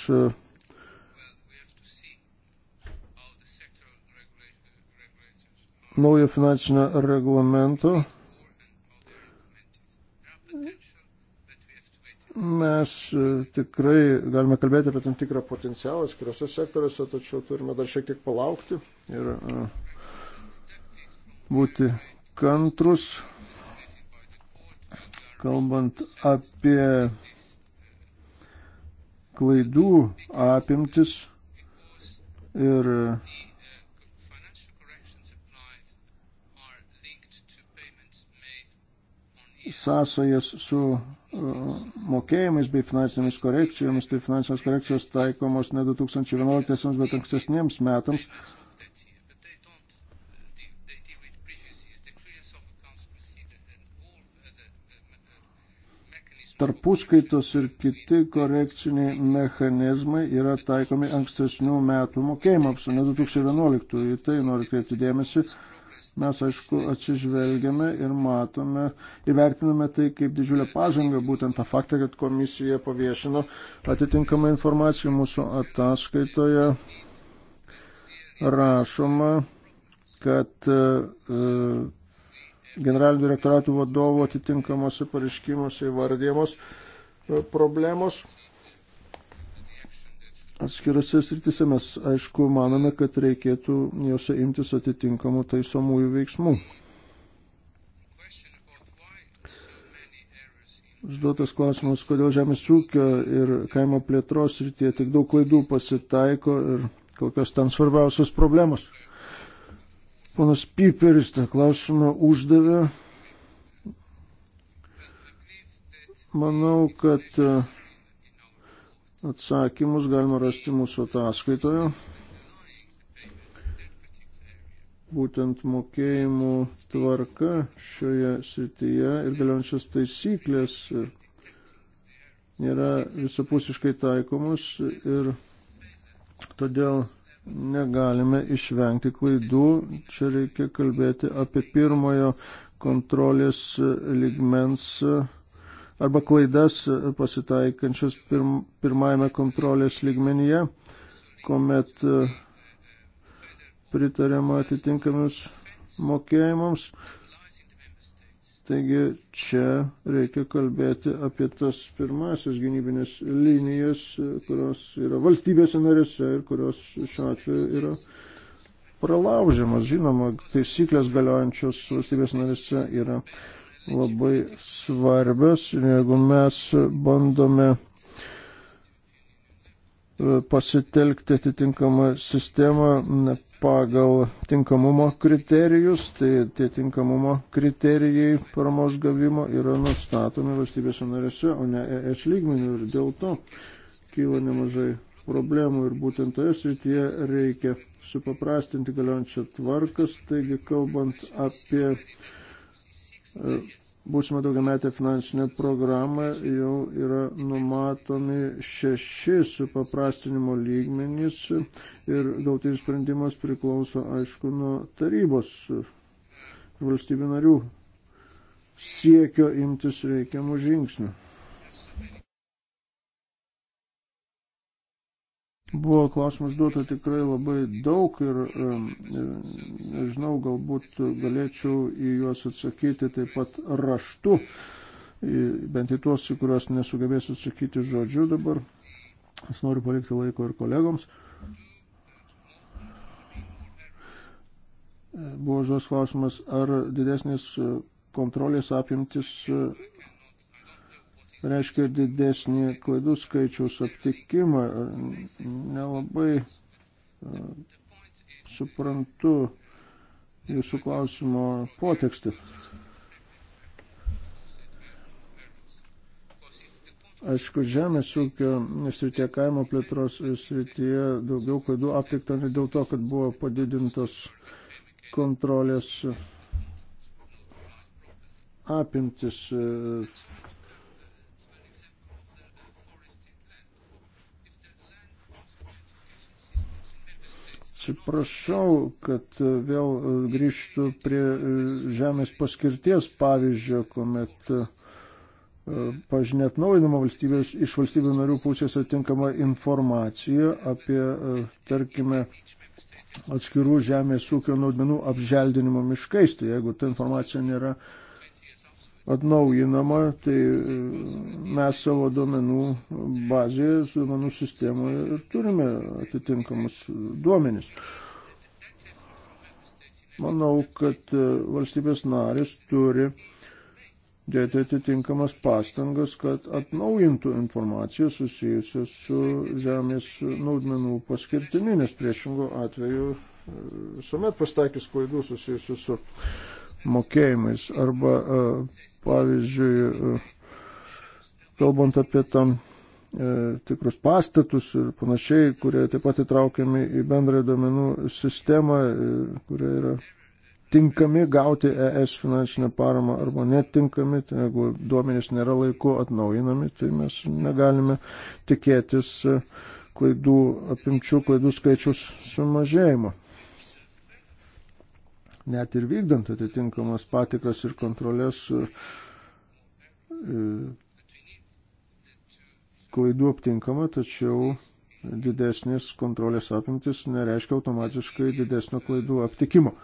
B: naujo finansinio reglamento mes e, tikrai galime kalbėti apie tam tikrą potencialą skiriuose sektoriuose, tačiau turime dar šiek tiek palaukti ir e, būti kantrus, kalbant apie klaidų apimtis ir sąsajas su e, mokėjimais bei finansinėmis korekcijomis, tai finansinės korekcijos taikomos ne 2011, bet ankstesniems metams. Tarpuskaitos ir kiti korekciniai mechanizmai yra taikomi ankstesnių metų mokėjimams, o ne 2011. Į tai noriu kreipti dėmesį. Mes, aišku, atsižvelgiame ir matome ir vertiname tai kaip didžiulę pažangą, būtent tą faktą, kad komisija paviešino atitinkamą informaciją mūsų ataskaitoje. Rašoma, kad uh, e, e, generalinių direktoratų vadovų atitinkamuose pareiškimuose įvardėmos e, problemos Atskirose sritise mes, aišku, manome, kad reikėtų jose imtis atitinkamų taisomųjų veiksmų. Užduotas klausimas, kodėl žemės ūkio ir kaimo plėtros srityje tik daug klaidų pasitaiko ir kokios ten svarbiausios problemos. Ponas Piperis tą klausimą uždavė. Manau, kad Atsakymus galima rasti mūsų ataskaitoje. Būtent mokėjimų tvarka šioje srityje ir galiojančios taisyklės nėra visapusiškai taikomus ir todėl negalime išvengti klaidų. Čia reikia kalbėti apie pirmojo kontrolės ligmens arba klaidas pasitaikančius pirm, pirmajame kontrolės lygmenyje, kuomet e, pritariama atitinkamius mokėjimams. Taigi čia reikia kalbėti apie tas pirmasis gynybinės linijas, e, kurios yra valstybėse narėse ir kurios šiuo atveju yra pralaužiamas. Žinoma, taisyklės galiojančios valstybės narėse yra labai svarbios ir jeigu mes bandome e, pasitelkti atitinkamą sistemą pagal tinkamumo kriterijus, tai tie tinkamumo kriterijai paramos gavimo yra nustatomi valstybėse narėse, o ne ES lygmenių ir dėl to kyla nemažai problemų ir būtent toje srityje reikia supaprastinti galiojančią tvarkas, taigi kalbant apie e, būsimą daugiametę finansinę programą jau yra numatomi šeši supaprastinimo lygmenys ir gautinis sprendimas priklauso, aišku, nuo tarybos valstybių narių siekio imtis reikiamų žingsnių. Buvo klausimų užduota tikrai labai daug ir, nežinau, galbūt galėčiau į juos atsakyti taip pat raštu, bent į tuos, į kuriuos nesugebėsiu atsakyti žodžiu dabar. Aš noriu palikti laiko ir kolegoms. Buvo užduos klausimas, ar didesnės kontrolės apimtis reiškia ir didesnį klaidų skaičiaus aptikimą. Nelabai e, suprantu jūsų klausimo potekstį. Aišku, žemės ūkio srityje, kaimo plėtros srityje daugiau klaidų aptikta ne dėl to, kad buvo padidintos kontrolės apimtis e, Atsiprašau, kad e, vėl e, grįžtų prie e, žemės paskirties pavyzdžio, kuomet, pažiūrėjau, atnaujinama valstybės, iš valstybių narių pusės atinkama informacija apie, tarkime, atskirų žemės ūkio naudmenų apželdinimo miškais. Tai jeigu ta informacija nėra atnaujinama, tai mes savo duomenų bazėje, duomenų sistemoje ir turime atitinkamus duomenis. Manau, kad e, valstybės narės turi dėti atitinkamas pastangas, kad atnaujintų informaciją susijusią su žemės naudmenų paskirtimi, nes priešingų atveju e, visuomet pastakius klaidų susijusių su mokėjimais arba uh, Pavyzdžiui, e, kalbant apie tam e, tikrus pastatus ir panašiai, kurie taip pat įtraukiami į bendrąją domenų sistemą, e, kurie yra tinkami gauti ES finansinę paramą arba netinkami, tai jeigu duomenys nėra laiku atnaujinami, tai mes negalime tikėtis klaidų apimčių, klaidų skaičius sumažėjimo net ir vykdant atitinkamas patikras ir kontrolės e, klaidų aptinkama, tačiau didesnis kontrolės apimtis nereiškia automatiškai didesnio klaidų aptikimo.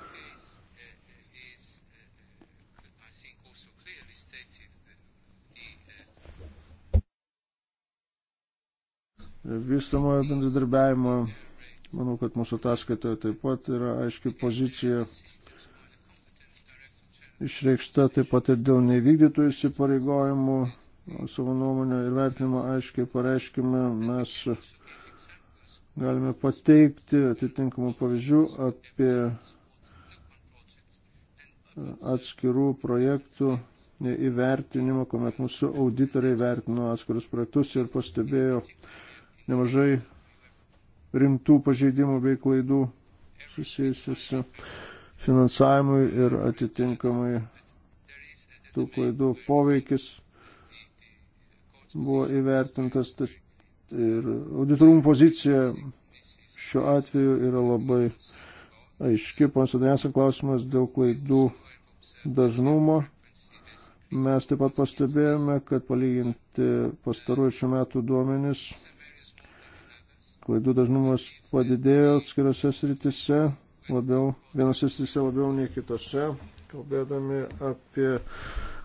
B: vystamojo bendradarbiavimo. Manau, kad mūsų ataskaitoje taip pat yra aiški pozicija išreikšta taip pat ir dėl nevykdytų įsipareigojimų savo nuomonę ir vertinimą aiškiai pareiškime, mes galime pateikti atitinkamų pavyzdžių apie atskirų projektų įvertinimą, kuomet mūsų auditoriai vertino atskirus projektus ir pastebėjo nemažai rimtų pažeidimų bei klaidų susijusius su finansavimui ir atitinkamai tų klaidų poveikis buvo įvertintas ir auditorum pozicija šiuo atveju yra labai aiški. Ponsadrėsio klausimas dėl klaidų dažnumo. Mes taip pat pastebėjome, kad palyginti pastaruoju šių metų duomenis, klaidų dažnumas padidėjo atskirose sritise, labiau, vienose srityse labiau nei kitose. Kalbėdami apie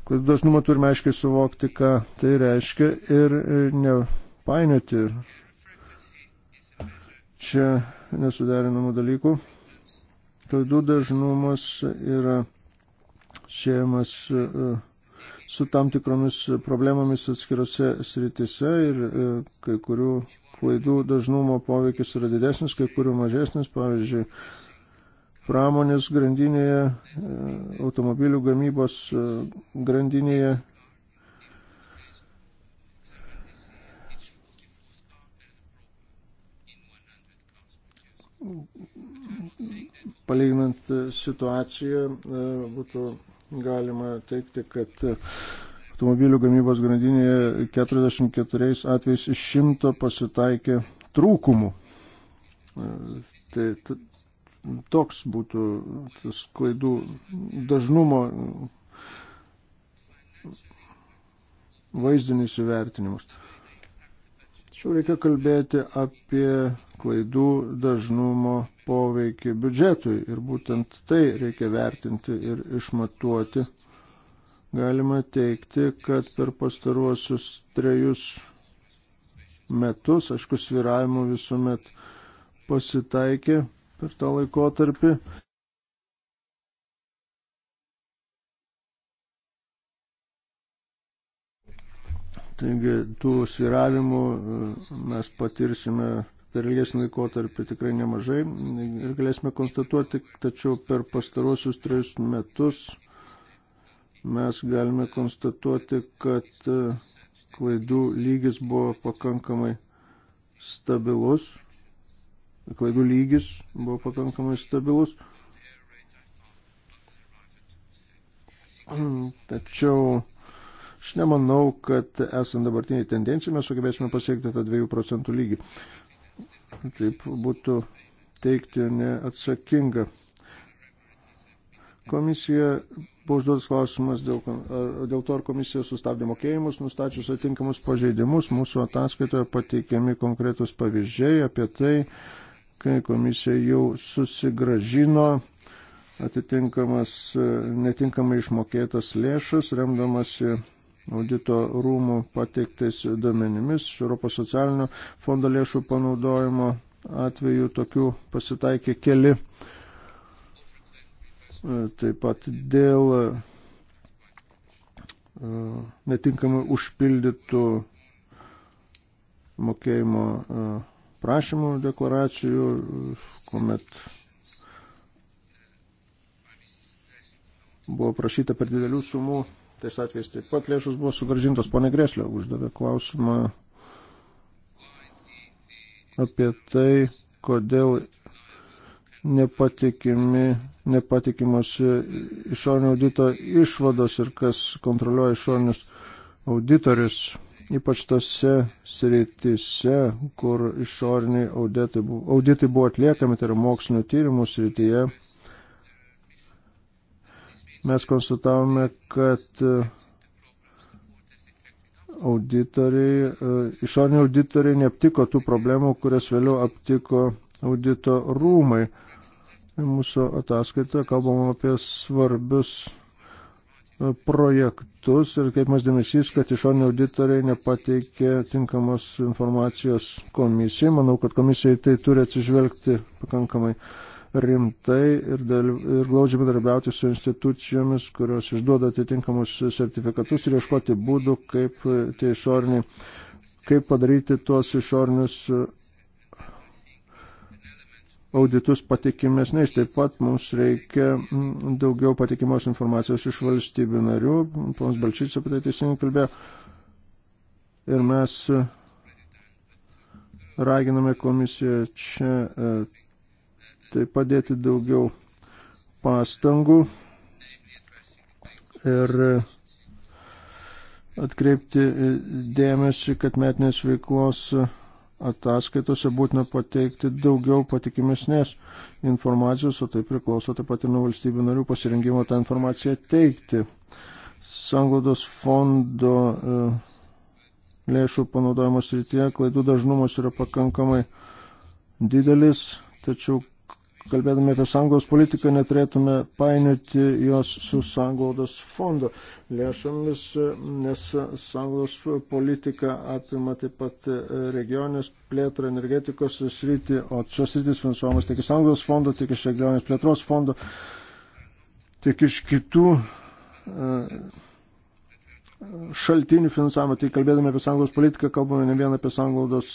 B: klaidų dažnumą turime aiškiai suvokti, ką tai reiškia ir e, nepainioti čia nesuderinamų dalykų. Klaidų dažnumas yra siejamas e, su tam tikromis problemomis atskirose sritise ir e, kai kurių klaidų dažnumo poveikis yra didesnis, kai kurių mažesnis, pavyzdžiui, pramonės grandinėje, e, automobilių gamybos e, grandinėje. Palyginant situaciją, e, būtų galima teikti, kad automobilių gamybos grandinėje 44 atvejais iš šimto pasitaikė trūkumų. Tai toks būtų tas klaidų dažnumo vaizdinis įvertinimas. Tačiau reikia kalbėti apie klaidų dažnumo poveikį biudžetui ir būtent tai reikia vertinti ir išmatuoti. Galima teikti, kad per pastaruosius trejus metus, aišku, sviravimų visuomet pasitaikė, per tą laikotarpį. Taigi tų sviravimų e, mes patirsime per ilgesnį laikotarpį tikrai nemažai ir galėsime konstatuoti, tačiau per pastarosius trejus metus mes galime konstatuoti, kad e, klaidų lygis buvo pakankamai stabilus klaidų lygis buvo pakankamai stabilus. Tačiau aš nemanau, kad esant dabartiniai tendencijai mes sugebėsime pasiekti tą 2 procentų lygį. Taip būtų teikti neatsakinga. Komisija buvo užduotas klausimas dėl, dėl to, ar komisija sustabdė mokėjimus, nustačius atinkamus pažeidimus. Mūsų ataskaitoje pateikiami konkretus pavyzdžiai apie tai, komisija jau susigražino atitinkamas netinkamai išmokėtas lėšas, remdamasi audito rūmų pateiktais duomenimis, Europos socialinio fondo lėšų panaudojimo atveju tokių pasitaikė keli. Taip pat dėl e, netinkamai užpildytų mokėjimo e, prašymų deklaracijų, kuomet buvo prašyta per didelių sumų, tais atvejais taip pat lėšus buvo sugražintos. Pone Greslė uždavė klausimą apie tai, kodėl nepatikimi, nepatikimos išorinio audito išvados ir kas kontroliuoja išorinius auditorius ypač tose sritise, kur išoriniai auditai, auditai buvo atliekami, tai yra mokslinio tyrimų srityje, mes konstatavome, kad e, auditoriai, e, išoriniai auditoriai neaptiko tų problemų, kurias vėliau aptiko audito rūmai. Mūsų ataskaitoje kalbam apie svarbius projektus ir kaip mas dėmesys, kad išorinio auditoriai nepateikė tinkamos informacijos komisijai. Manau, kad komisijai tai turi atsižvelgti pakankamai rimtai ir, dėl, ir glaudžiai bendrabiauti su institucijomis, kurios išduoda atitinkamus sertifikatus ir ieškoti būdų, kaip tie išoriniai, kaip padaryti tuos išorinius auditus patikimesniais. Taip pat mums reikia mm, daugiau patikimos informacijos iš valstybių narių. Ponas Balčytis apie tai teisingai kalbėjo. Ir mes e, raginame komisiją čia e, taip padėti daugiau pastangų ir e, atkreipti dėmesį, kad metinės veiklos ataskaitose būtina pateikti daugiau patikimesnės informacijos, o tai priklauso taip pat ir nuo valstybių narių pasirinkimo tą informaciją teikti. Sanglaudos fondo e, lėšų panaudojimo srityje klaidų dažnumas yra pakankamai didelis, tačiau kalbėdami apie sąjungos politiką, neturėtume painioti jos su sąjungos fondo lėšomis, nes sąjungos politika apima taip pat regionės plėtrą, energetikos sritį, o šios sritis finansuojamas tiek iš sąjungos fondo, tiek iš regionės plėtros fondo, tiek iš kitų. Uh, šaltinių finansavimo, tai kalbėdami apie sanglaudos politiką, kalbame ne vien apie sanglaudos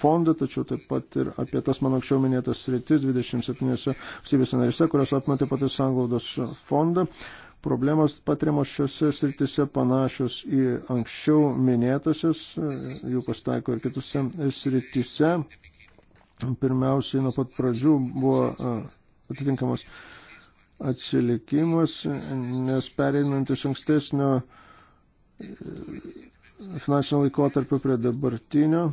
B: fondą, tačiau taip pat ir apie tas mano anksčiau minėtas sritis 27 valstybės narėse, kurios apima taip pat ir sanglaudos fondą. Problemos patiriamos šiuose sritise panašios į anksčiau minėtasias, jų pasitaiko ir kitose sritise. Pirmiausiai nuo pat pradžių buvo atitinkamas atsilikimas, nes pereinant iš ankstesnio finansinio laikotarpio prie dabartinio.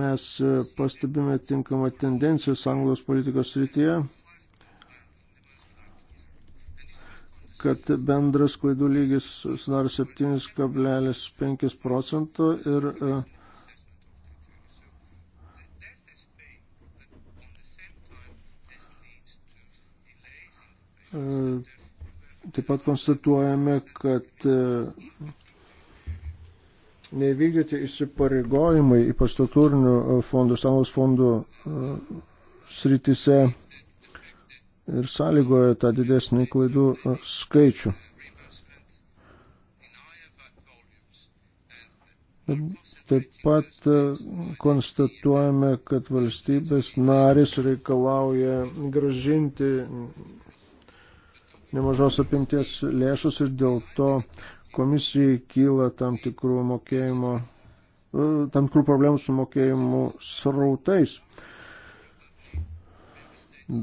B: Mes e, pastebime tinkamą tendenciją sąjungos politikos rytyje, kad bendras klaidų lygis sudaro 7,5 procento ir Uh, Taip pat konstatuojame, kad e, neįvykdyti įsipareigojimai, ypač struktūrinių e, fondų, salos fondų e, sritise ir sąlygoja tą didesnį klaidų skaičių. Taip pat konstatuojame, kad valstybės narės reikalauja gražinti nemažos apimties lėšus ir dėl to komisijai kyla tam tikrų mokėjimo, e, tam tikrų problemų su mokėjimu srautais.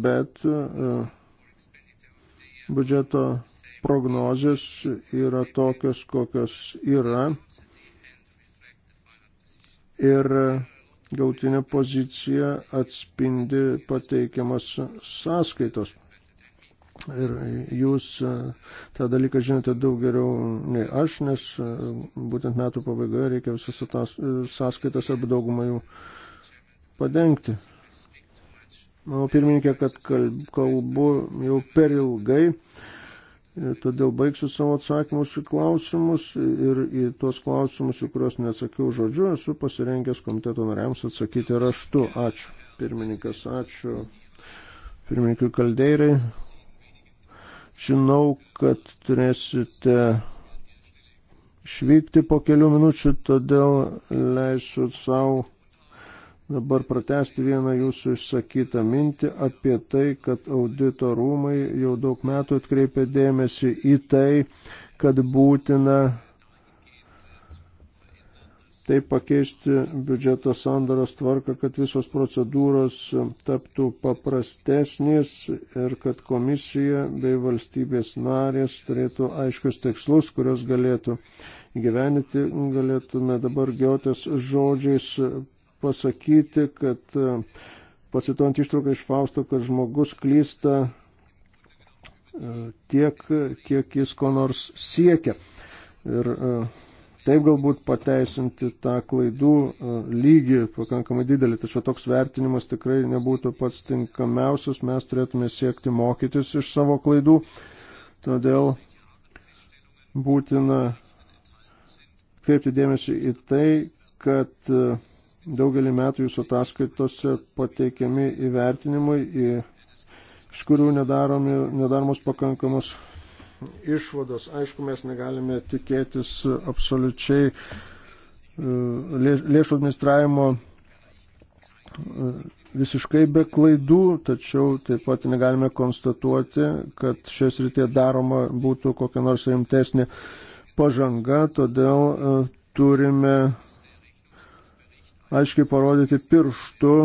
B: Bet e, biudžeto prognozės yra tokios, kokios yra. Ir gautinė pozicija atspindi pateikiamas sąskaitos. Ir jūs e, tą dalyką žinote daug geriau nei aš, nes e, būtent metų pabaigoje reikia visas tas e, sąskaitas arba daugumą jų padengti. Manau, pirmininkė, kad kalbu jau per ilgai, todėl baigsiu savo atsakymus į klausimus ir į tuos klausimus, į kuriuos neatsakiau žodžiu, esu pasirengęs komiteto nariams atsakyti raštu. Ačiū. Pirmininkas, ačiū. Pirmininkui Kaldeirai. Žinau, kad turėsite išvykti po kelių minučių, todėl leisiu savo dabar pratesti vieną jūsų išsakytą mintį apie tai, kad audito rūmai jau daug metų atkreipia dėmesį į tai, kad būtina tai pakeisti biudžeto sandaros tvarką, kad visos procedūros taptų paprastesnės ir kad komisija bei valstybės narės turėtų aiškius tikslus, kurios galėtų gyveninti. Galėtume dabar geotės žodžiais pasakyti, kad e, pasituojant ištrauką iš Fausto, kad žmogus klysta e, tiek, kiek jis ko nors siekia. Ir uh, taip galbūt pateisinti tą klaidų e, lygį pakankamai didelį, tačiau toks vertinimas tikrai nebūtų pats tinkamiausias, mes turėtume siekti mokytis iš savo klaidų, todėl būtina kreipti dėmesį į tai, kad e, daugelį metų jūsų ataskaitose pateikiami įvertinimai, iš kurių nedaromi, nedaromos pakankamos išvados. Aišku, mes negalime tikėtis absoliučiai e, lėšų administravimo e, visiškai be klaidų, tačiau taip pat negalime konstatuoti, kad šios rytie daroma būtų kokia nors rimtesnė pažanga, todėl e, turime aiškiai parodyti pirštu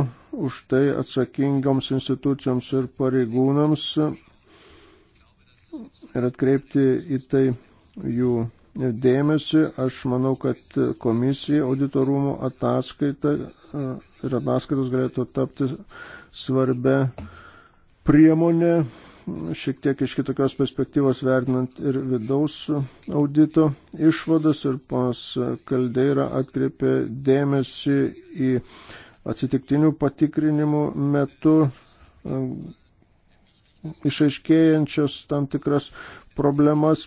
B: už tai atsakingoms institucijoms ir pareigūnams ir atkreipti į tai jų dėmesį. Aš manau, kad komisija auditorumo ataskaita e, ir ataskaitos galėtų tapti svarbia priemonė, šiek tiek iš kitokios perspektyvos vertinant ir vidaus audito išvadas ir pas Kaldeira atkreipė dėmesį į atsitiktinių patikrinimų metu išaiškėjančias tam tikras problemas,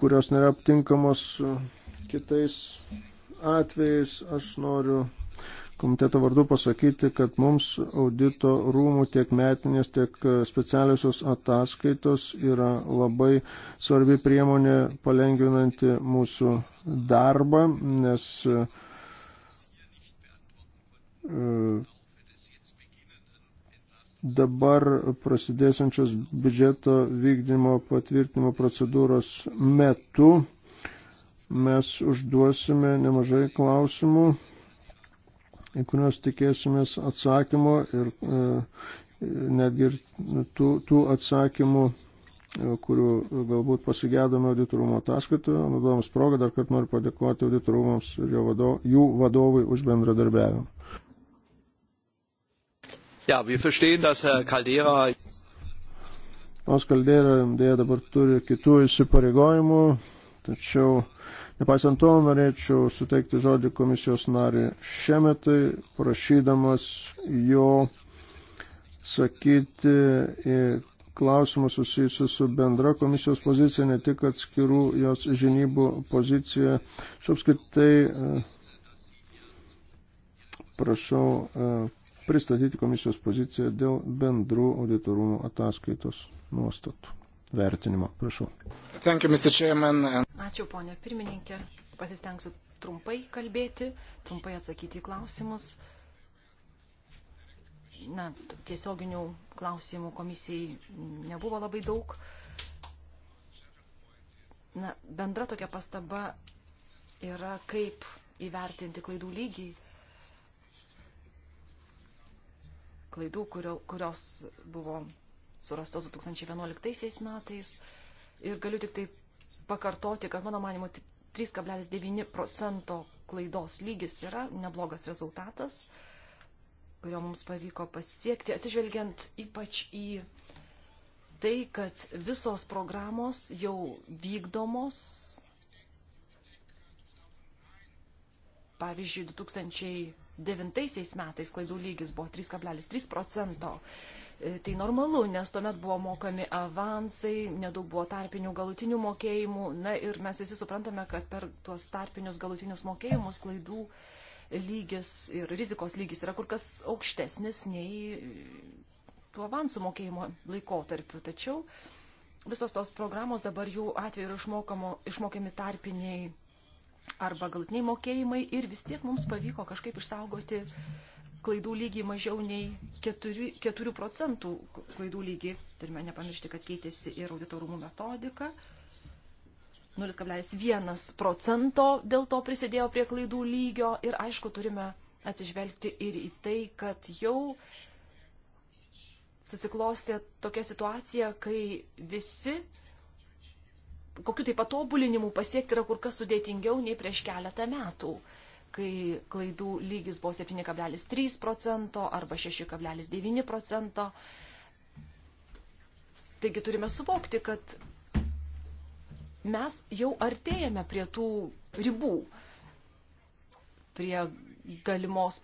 B: kurios nėra aptinkamos kitais atvejais. Aš noriu komiteto vardu pasakyti, kad mums audito rūmų tiek metinės, tiek specialiosios ataskaitos yra labai svarbi priemonė palengvinanti mūsų darbą, nes e, dabar prasidėsiančios biudžeto vykdymo patvirtinimo procedūros metu mes užduosime nemažai klausimų, į kuriuos tikėsimės atsakymo ir e, netgi ir tų, tų atsakymų e, kurių galbūt pasigėdome auditorumo ataskaitoje. Naudodamas progą dar kartą noriu padėkoti auditorumams ir vadov, jų vadovui už bendradarbiavimą.
C: Ja, wir verstehen, dass Herr Caldera.
B: Ponas Caldera dėja dabar turi kitų įsipareigojimų, tačiau nepaisant to norėčiau suteikti žodį komisijos nariui šiemetai, prašydamas jo sakyti į klausimus susijusius su bendra komisijos pozicija, ne tik atskirų jos žinybų pozicija. Šiaip skaitai, e, prašau e, pristatyti komisijos poziciją dėl bendrų auditorumų ataskaitos nuostatų vertinimo. Prašau.
A: Thank you, Mr. Chairman.
D: Ačiū, ponė pirmininkė. Pasistengsiu trumpai kalbėti, trumpai atsakyti į klausimus. Na, tiesioginių klausimų komisijai nebuvo labai daug. Na, bendra tokia pastaba yra, kaip įvertinti klaidų lygį klaidų, kurio, kurios buvo surastos 2011 metais. Ir galiu tik tai pakartoti, kad mano manimo 3,9 procento klaidos lygis yra neblogas rezultatas, kurio mums pavyko pasiekti, atsižvelgiant ypač į tai, kad visos programos jau vykdomos. Pavyzdžiui, 2000 2009 metais klaidų lygis buvo 3,3 procento. E, tai normalu, nes tuomet buvo mokami avansai, nedaug buvo tarpinių galutinių mokėjimų. Na ir mes visi suprantame, kad per tuos tarpinius galutinius mokėjimus klaidų lygis ir rizikos lygis yra kur kas aukštesnis nei tuo avansų mokėjimo laikotarpiu. Tačiau visos tos programos dabar jų atveju yra išmokamo, išmokiami tarpiniai arba galutiniai mokėjimai ir vis tiek mums pavyko kažkaip išsaugoti klaidų lygį mažiau nei 4, 4 procentų klaidų lygį. Turime nepamiršti, kad keitėsi ir auditorumų metodika. 0,1 procento dėl to prisidėjo prie klaidų lygio ir aišku turime atsižvelgti ir į tai, kad jau susiklostė tokia situacija, kai visi kokiu tai patobulinimu pasiekti yra kur kas sudėtingiau nei prieš keletą metų, kai klaidų lygis buvo 7,3 procento arba 6,9 procento. Taigi turime suvokti, kad mes jau artėjame prie tų ribų, prie galimos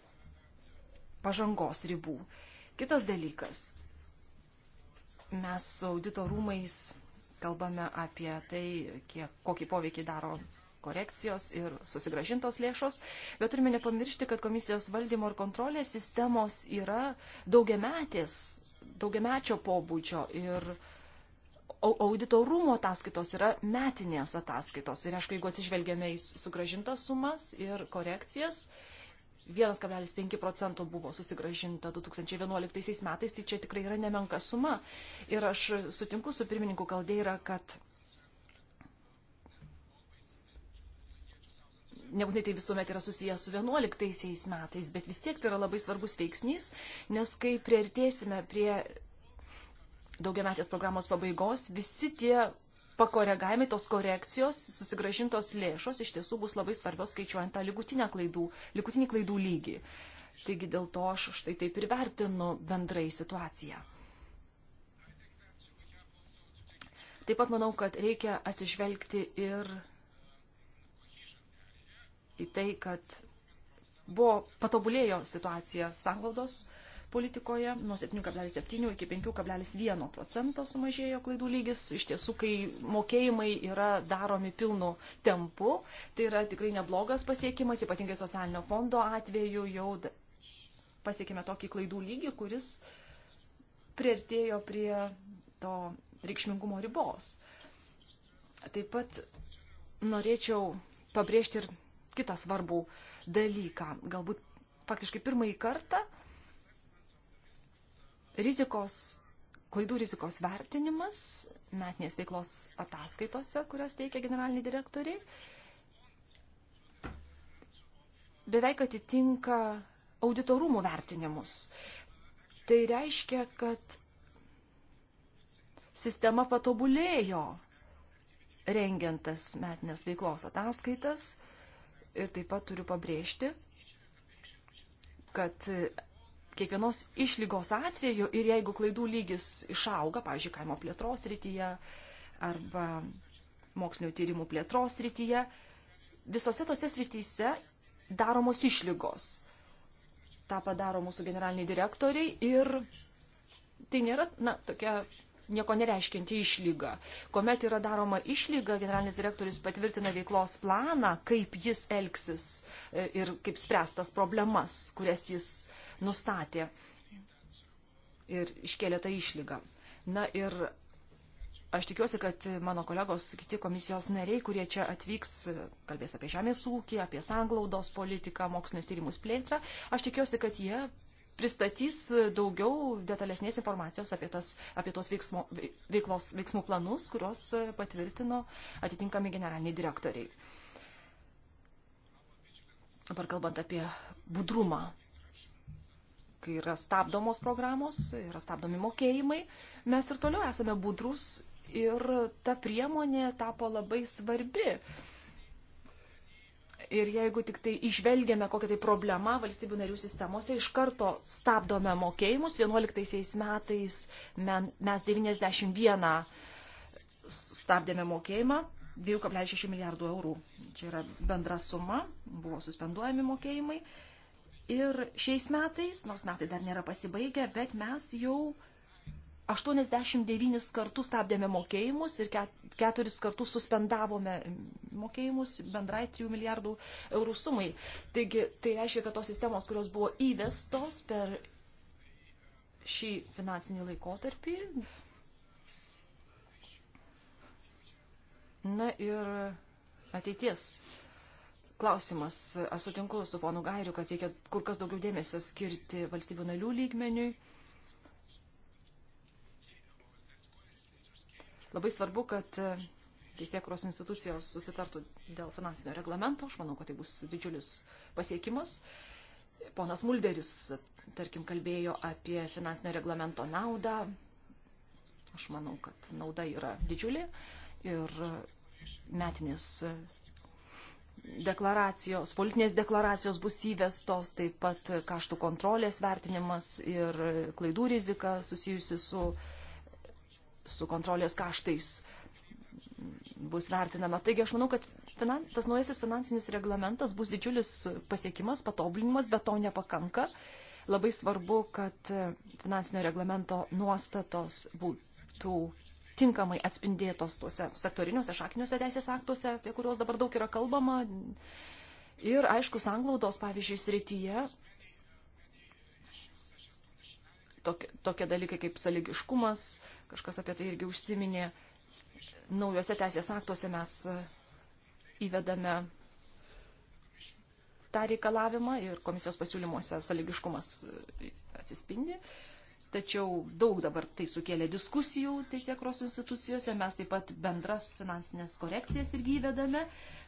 D: pažangos ribų. Kitas dalykas. Mes su audito rūmais kalbame apie tai, kiek, kokį poveikį daro korekcijos ir susigražintos lėšos, bet turime nepamiršti, kad komisijos valdymo ir kontrolės sistemos yra daugiametės, daugiamečio pobūdžio ir audito rūmo ataskaitos yra metinės ataskaitos. Ir aišku, jeigu atsižvelgiame į sugražintas sumas ir korekcijas, uh, 1,5 procento buvo susigražinta 2011 metais, tai čia tikrai yra nemenka suma. Ir aš sutinku su pirmininku Kaldeira, kad nebūtinai tai visuomet yra susijęs su 11 metais, bet vis tiek tai yra labai svarbus veiksnys, nes kai prieartėsime prie daugiametės programos pabaigos, visi tie pakoregavimai, tos korekcijos, susigražintos lėšos iš tiesų bus labai svarbios skaičiuojant tą klaidų, likutinį klaidų lygį. Taigi dėl to aš štai taip ir vertinu bendrai situaciją. Taip pat manau, kad reikia atsižvelgti ir į tai, kad buvo patobulėjo situacija sanglaudos politikoje nuo 7,7 iki 5,1 procento sumažėjo klaidų lygis. Iš tiesų, kai mokėjimai yra daromi pilnu tempu, tai yra tikrai neblogas pasiekimas, ypatingai socialinio fondo atveju jau pasiekime tokį klaidų lygį, kuris priartėjo prie to reikšmingumo ribos. Taip pat norėčiau pabrėžti ir kitą svarbų dalyką. Galbūt faktiškai pirmąjį kartą Rizikos, klaidų rizikos vertinimas metinės veiklos ataskaitose, kurias teikia generaliniai direktoriai, beveik atitinka auditorumų vertinimus. Tai reiškia, kad sistema patobulėjo rengiantas metinės veiklos ataskaitas ir taip pat turiu pabrėžti, kad kiekvienos išlygos atveju ir jeigu klaidų lygis išauga, pavyzdžiui, kaimo plėtros rytyje arba mokslinio tyrimų plėtros rytyje, visose tose srityse daromos išlygos. Ta padaro mūsų generaliniai direktoriai ir tai nėra, na, tokia nieko nereiškinti išlyga. Komet yra daroma išlyga, generalinis direktorius patvirtina veiklos planą, kaip jis elgsis e, ir kaip spręstas problemas, kurias jis uh, nustatė ir iškėlė tą išlygą. Na ir aš tikiuosi, kad mano kolegos, kiti komisijos nariai, kurie čia atvyks, kalbės apie žemės ūkį, apie sanglaudos politiką, mokslinius tyrimus plėtrą, aš tikiuosi, kad jie pristatys daugiau detalesnės informacijos apie, tas, apie tos veiksmo, veiklos, veiksmų planus, kuriuos patvirtino atitinkami generaliniai direktoriai. Dabar kalbant apie budrumą, kai yra stabdomos programos, yra stabdomi mokėjimai, mes ir toliau esame budrus ir ta priemonė tapo labai svarbi. Ir jeigu tik tai išvelgiame kokią tai problemą valstybių narių sistemose, iš karto stabdome mokėjimus. 11 metais mes 91 stabdėme mokėjimą, 2,6 milijardų eurų. Čia yra bendra suma, buvo suspenduojami mokėjimai. Ir šiais metais, nors metai dar nėra pasibaigę, bet mes jau 89 kartus stabdėme mokėjimus ir keturis kartus suspendavome mokėjimus bendrai 3 milijardų eurų sumai. Taigi tai reiškia, kad tos sistemos, kurios buvo įvestos per šį finansinį laikotarpį. Na ir ateities Klausimas, aš sutinku su ponu Gairiu, kad reikia kur kas daugiau dėmesio skirti valstybių narių lygmeniui. Labai svarbu, kad teisėkros institucijos susitartų dėl finansinio reglamento. Aš manau, kad tai bus didžiulis pasiekimas. Ponas Mulderis, tarkim, kalbėjo apie finansinio reglamento naudą. Aš manau, kad nauda yra didžiulė ir metinės deklaracijos, politinės deklaracijos bus įvestos, taip pat kaštų kontrolės vertinimas ir klaidų rizika susijusi su, su kontrolės kaštais bus vertinama. Taigi aš manau, kad finan, tas naujasis finansinis reglamentas bus didžiulis pasiekimas, patobulinimas, bet to nepakanka. Labai svarbu, kad finansinio reglamento nuostatos būtų tinkamai atspindėtos tuose sektoriniuose šakiniuose teisės aktuose, apie kuriuos dabar daug yra kalbama. Ir, aišku, sanglaudos, pavyzdžiui, srityje tokie, tokie dalykai kaip saligiškumas, kažkas apie tai irgi užsiminė. Naujuose teisės aktuose mes įvedame tą reikalavimą ir komisijos pasiūlymuose saligiškumas atsispindi. Uh, Tačiau daug dabar tai sukėlė diskusijų teisėkros institucijose, mes taip pat bendras finansinės korekcijas irgi įvedame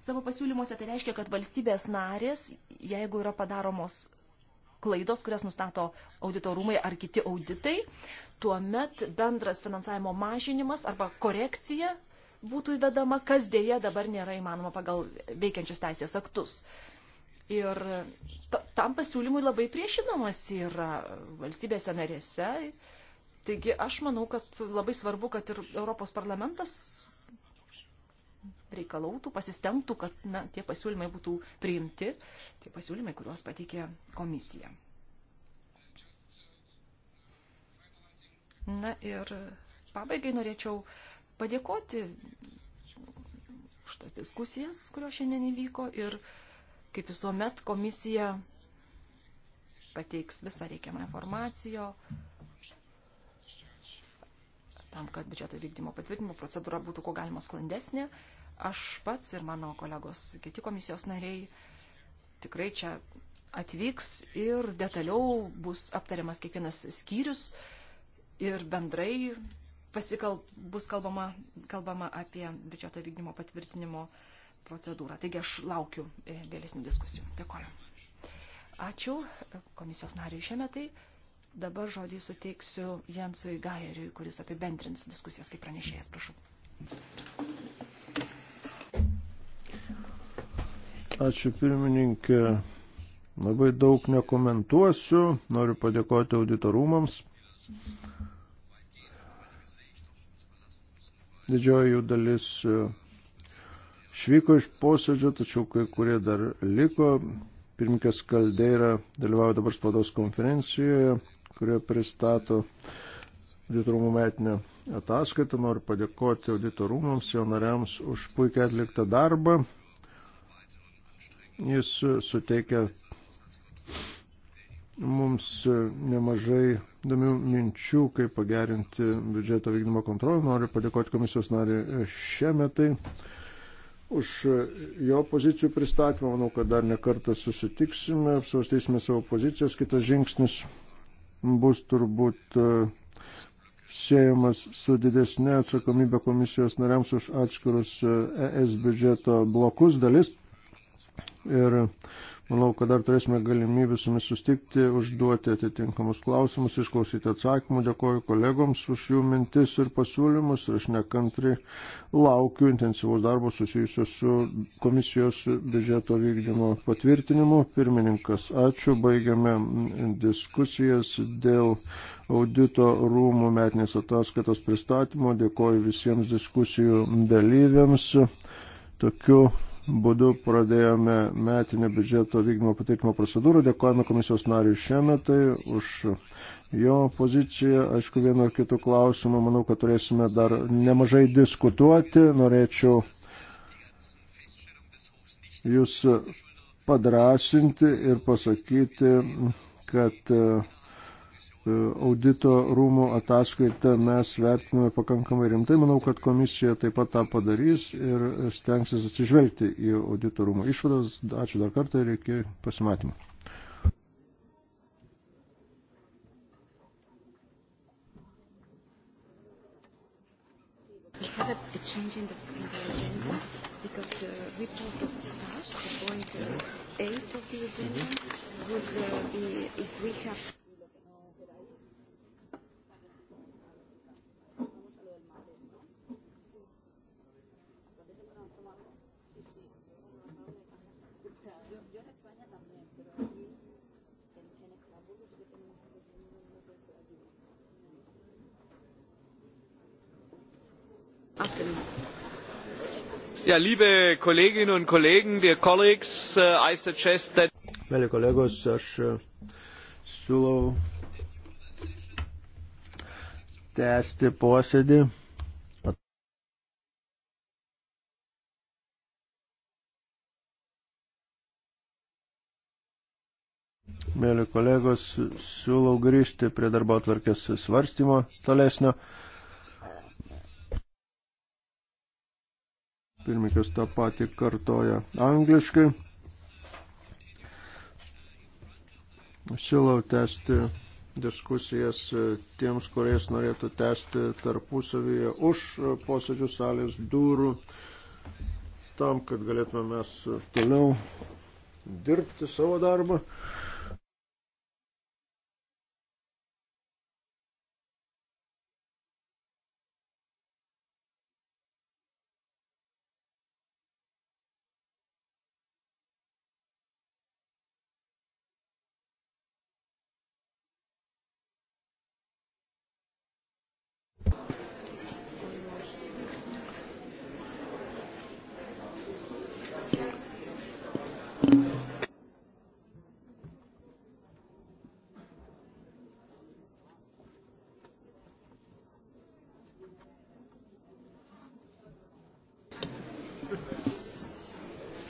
D: savo pasiūlymuose. Tai reiškia, kad valstybės narės, jeigu yra padaromos klaidos, kurias nustato auditorumai ar kiti auditai, tuomet bendras finansavimo mažinimas arba korekcija būtų įvedama, kas dėja dabar nėra įmanoma pagal veikiančius teisės aktus. Ir tam pasiūlymui labai priešinamas yra valstybėse narėse. Taigi aš manau, kad labai svarbu, kad ir Europos parlamentas reikalautų, pasistengtų, kad na, tie pasiūlymai būtų priimti, tie pasiūlymai, kuriuos pateikė komisija. Na ir pabaigai norėčiau padėkoti už tas diskusijas, kurios šiandien įvyko ir uh, Kaip visuomet komisija pateiks visą reikiamą informaciją tam, kad biudžeto vykdymo patvirtinimo procedūra būtų kuo galima sklandesnė. Aš pats ir mano kolegos kiti komisijos nariai tikrai čia atvyks ir detaliau bus aptariamas kiekvienas skyrius ir bendrai pasikal, bus kalbama, kalbama apie biudžeto vykdymo patvirtinimo procedūrą procedūrą. Taigi aš laukiu e, vėlesnių diskusijų. Dėkoju. Ačiū e, komisijos nariui šiame tai. Dabar žodį suteiksiu Jensui Gajeriui, kuris apibendrins diskusijas kaip pranešėjas. Prašau.
B: Ačiū pirmininkė. Labai daug nekomentuosiu. Noriu padėkoti auditorumams. Didžioji jų dalis e, išvyko iš posėdžio, tačiau kai kurie dar liko. Pirmininkas Kaldeira dalyvauja dabar spaudos konferencijoje, kurioje pristato auditorumų metinę ataskaitą. Noriu padėkoti auditorumams, jo nariams už puikiai atliktą darbą. Jis suteikia mums nemažai įdomių minčių, kaip pagerinti biudžeto vykdymo kontrolę. Noriu padėkoti komisijos nariui šiemetai. metai už jo pozicijų pristatymą. Manau, kad dar nekartą susitiksime, apsvarstysime savo pozicijas. Kitas žingsnis bus turbūt e, siejamas su didesnė atsakomybė komisijos nariams už atskirus ES e biudžeto blokus dalis. Ir manau, kad dar turėsime galimybę su jumis sustikti, užduoti atitinkamus klausimus, išklausyti atsakymų. Dėkoju kolegoms už jų mintis ir pasiūlymus. Aš nekantri laukiu intensyvaus darbo susijusio su komisijos biudžeto vykdymo patvirtinimu. Pirmininkas, ačiū. Baigiame diskusijas dėl audito rūmų metinės ataskaitos pristatymo. Dėkoju visiems diskusijų dalyviams. Tokiu būdu pradėjome metinę biudžeto vykdymo patvirtinimo procedūrą. Dėkojame komisijos nariui šiemetai už jo poziciją. Aišku, vienu ar kitu klausimu, manau, kad turėsime dar nemažai diskutuoti. Norėčiau jūs padrasinti ir pasakyti, kad E, audito rūmų ataskaitą mes vertiname pakankamai rimtai. Manau, kad komisija taip pat tą padarys ir stengsis atsižvelgti į audito rūmų išvadas. Ačiū dar kartą ir iki pasimatymų.
D: We had a, a change in the, in the agenda because the report of staff, the point uh, 8 of the agenda, would uh, be if we have
C: afternoon. Ja, liebe Kolleginnen und Kollegen, dear colleagues, uh, I suggest that.
B: Mėly kolegos, aš uh, siūlau tęsti posėdį. Mėly kolegos, siūlau grįžti prie darbo atvarkės svarstymo tolesnio. Pirmininkas tą patį kartoja angliškai. Siūlau tęsti diskusijas tiems, kuriais norėtų tęsti tarpusavyje už posėdžių salės durų, tam, kad galėtume mes toliau dirbti savo darbą.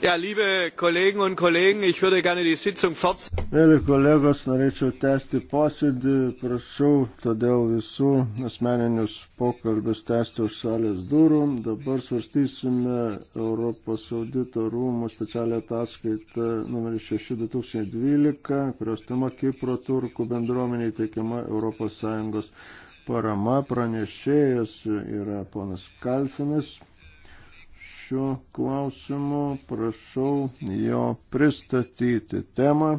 C: Ja, liebe Kollegen und Kollegen, ich würde gerne die Sitzung fortsetzen.
B: Mėly kolegos, norėčiau tęsti posėdį, prašau todėl visų asmeninius pokalbius tęsti už salės durų. Dabar svarstysime Europos audito rūmų specialią ataskaitą numeris 6-2012, kurios tema Kipro turkų bendruomeniai teikiama ES parama. Pranešėjas yra ponas Kalfinas šiuo klausimu, prašau jo pristatyti temą.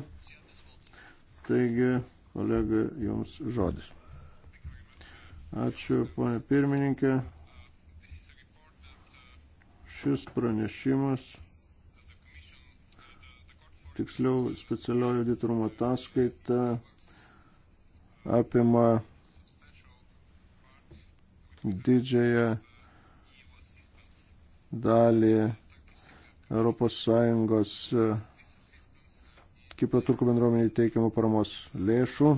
B: Taigi, kolega, jums žodis. Ačiū, ponė pirmininkė. Šis pranešimas, tiksliau specialioji auditorumo ataskaita, apima didžiąją dalį ES e, Kipro turkų bendruomenį teikiamų paramos lėšų.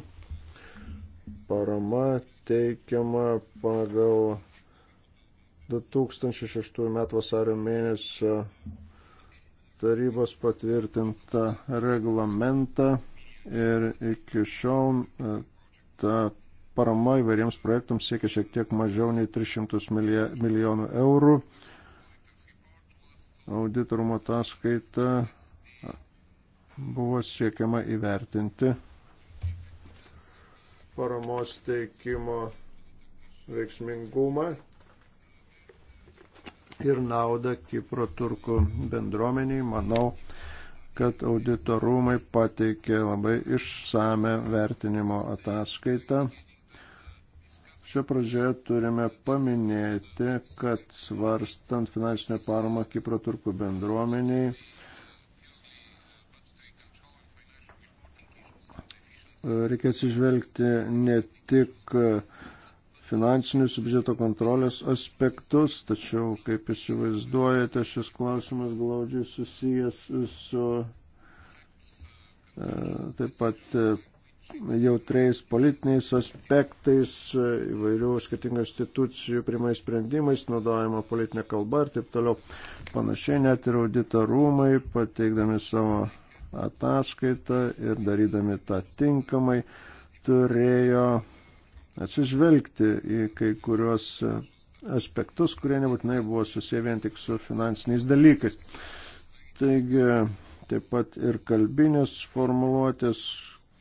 B: Parama teikiama pagal 2006 m. vasario mėnesio tarybos patvirtintą reglamentą ir iki šiol e, ta parama įvairiems projektams siekia šiek tiek mažiau nei 300 milijonų eurų auditorumo ataskaita buvo siekiama įvertinti paramos teikimo veiksmingumą ir naudą Kipro turkų bendruomeniai. Manau, kad auditorumai pateikė labai išsame vertinimo ataskaitą Čia pradžioje turime paminėti, kad svarstant finansinę paramą Kipro turkų bendruomeniai, reikia atsižvelgti ne tik finansinius biudžeto kontrolės aspektus, tačiau, kaip įsivaizduojate, šis klausimas glaudžiai susijęs su e, taip pat jautriais politiniais aspektais, įvairių skirtingų institucijų primais sprendimais, naudojama politinė kalba ir taip toliau. Panašiai net ir auditorumai, pateikdami savo ataskaitą ir darydami tą tinkamai, turėjo atsižvelgti į kai kurios aspektus, kurie nebūtinai buvo susiję vien tik su finansiniais dalykais. Taigi, taip pat ir kalbinės formuluotės,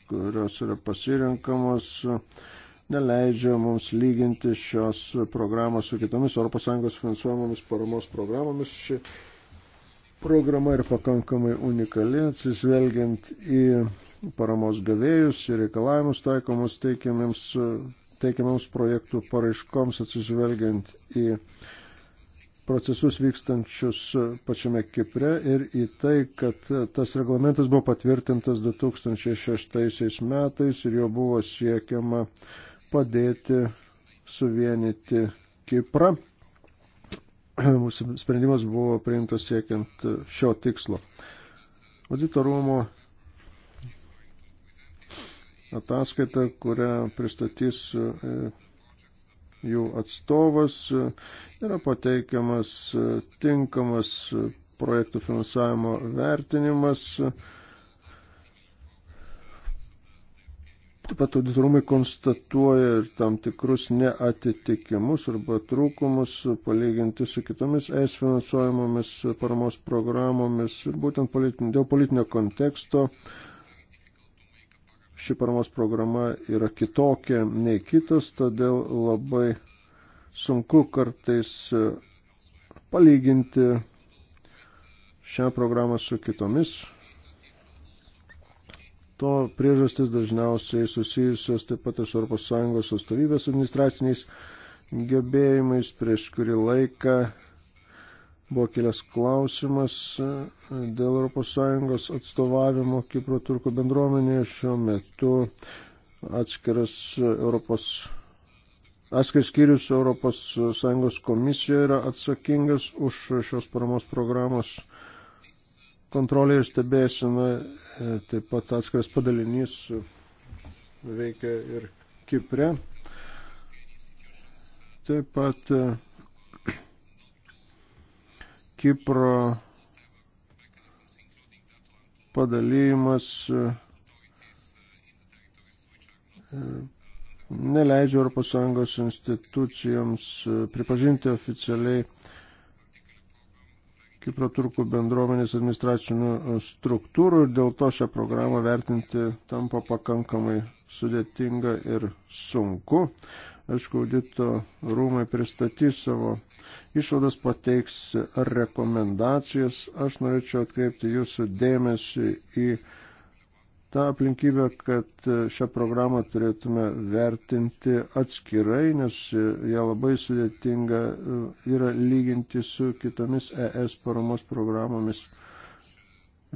B: kurios yra pasirinkamos, neleidžia mums lyginti šios programos su kitomis ES finansuojamomis paramos programomis. Ši programa yra pakankamai unikali, atsisvelgiant į paramos gavėjus ir reikalavimus taikomus teikiamiems teikiamams projektų paraiškoms atsižvelgiant į procesus vykstančius pačiame Kipre ir į tai, kad tas reglamentas buvo patvirtintas 2006 metais ir jo buvo siekiama padėti suvienyti Kiprą. Mūsų sprendimas buvo priimtas siekiant šio tikslo. Auditorumo ataskaita, kurią pristatys e, jų atstovas, e, yra pateikiamas e, tinkamas e, projektų finansavimo vertinimas. Taip pat auditorumai konstatuoja ir tam tikrus neatitikimus arba trūkumus palyginti su kitomis es finansuojamomis paramos programomis. Ir būtent politinio, dėl politinio konteksto uh, ši paramos programa yra kitokia nei kitos, todėl labai sunku kartais e, palyginti šią programą su kitomis. To priežastis dažniausiai susijusios taip pat su ES atstovybės administraciniais gebėjimais. Prieš kurį laiką Buvo kelias klausimas e, dėl ES atstovavimo Kipro turko bendruomenėje šiuo metu atskiras Europos Atskiras skyrius ES komisijoje yra atsakingas už šios paramos programos kontrolę ir stebėsiną. E, taip pat atskiras padalinys veikia ir Kipre. Taip pat e, Kipro padalymas e, neleidžia ES institucijoms e, pripažinti oficialiai Kipro turkų bendruomenės administracinių e, struktūrų ir dėl to šią programą vertinti tampa pakankamai sudėtinga ir sunku. Aišku, audito rūmai pristatys savo išvadas, pateiks rekomendacijas. Aš norėčiau atkreipti jūsų dėmesį į tą aplinkybę, kad šią programą turėtume vertinti atskirai, nes ją labai sudėtinga e, yra lyginti su kitomis ES paramos programomis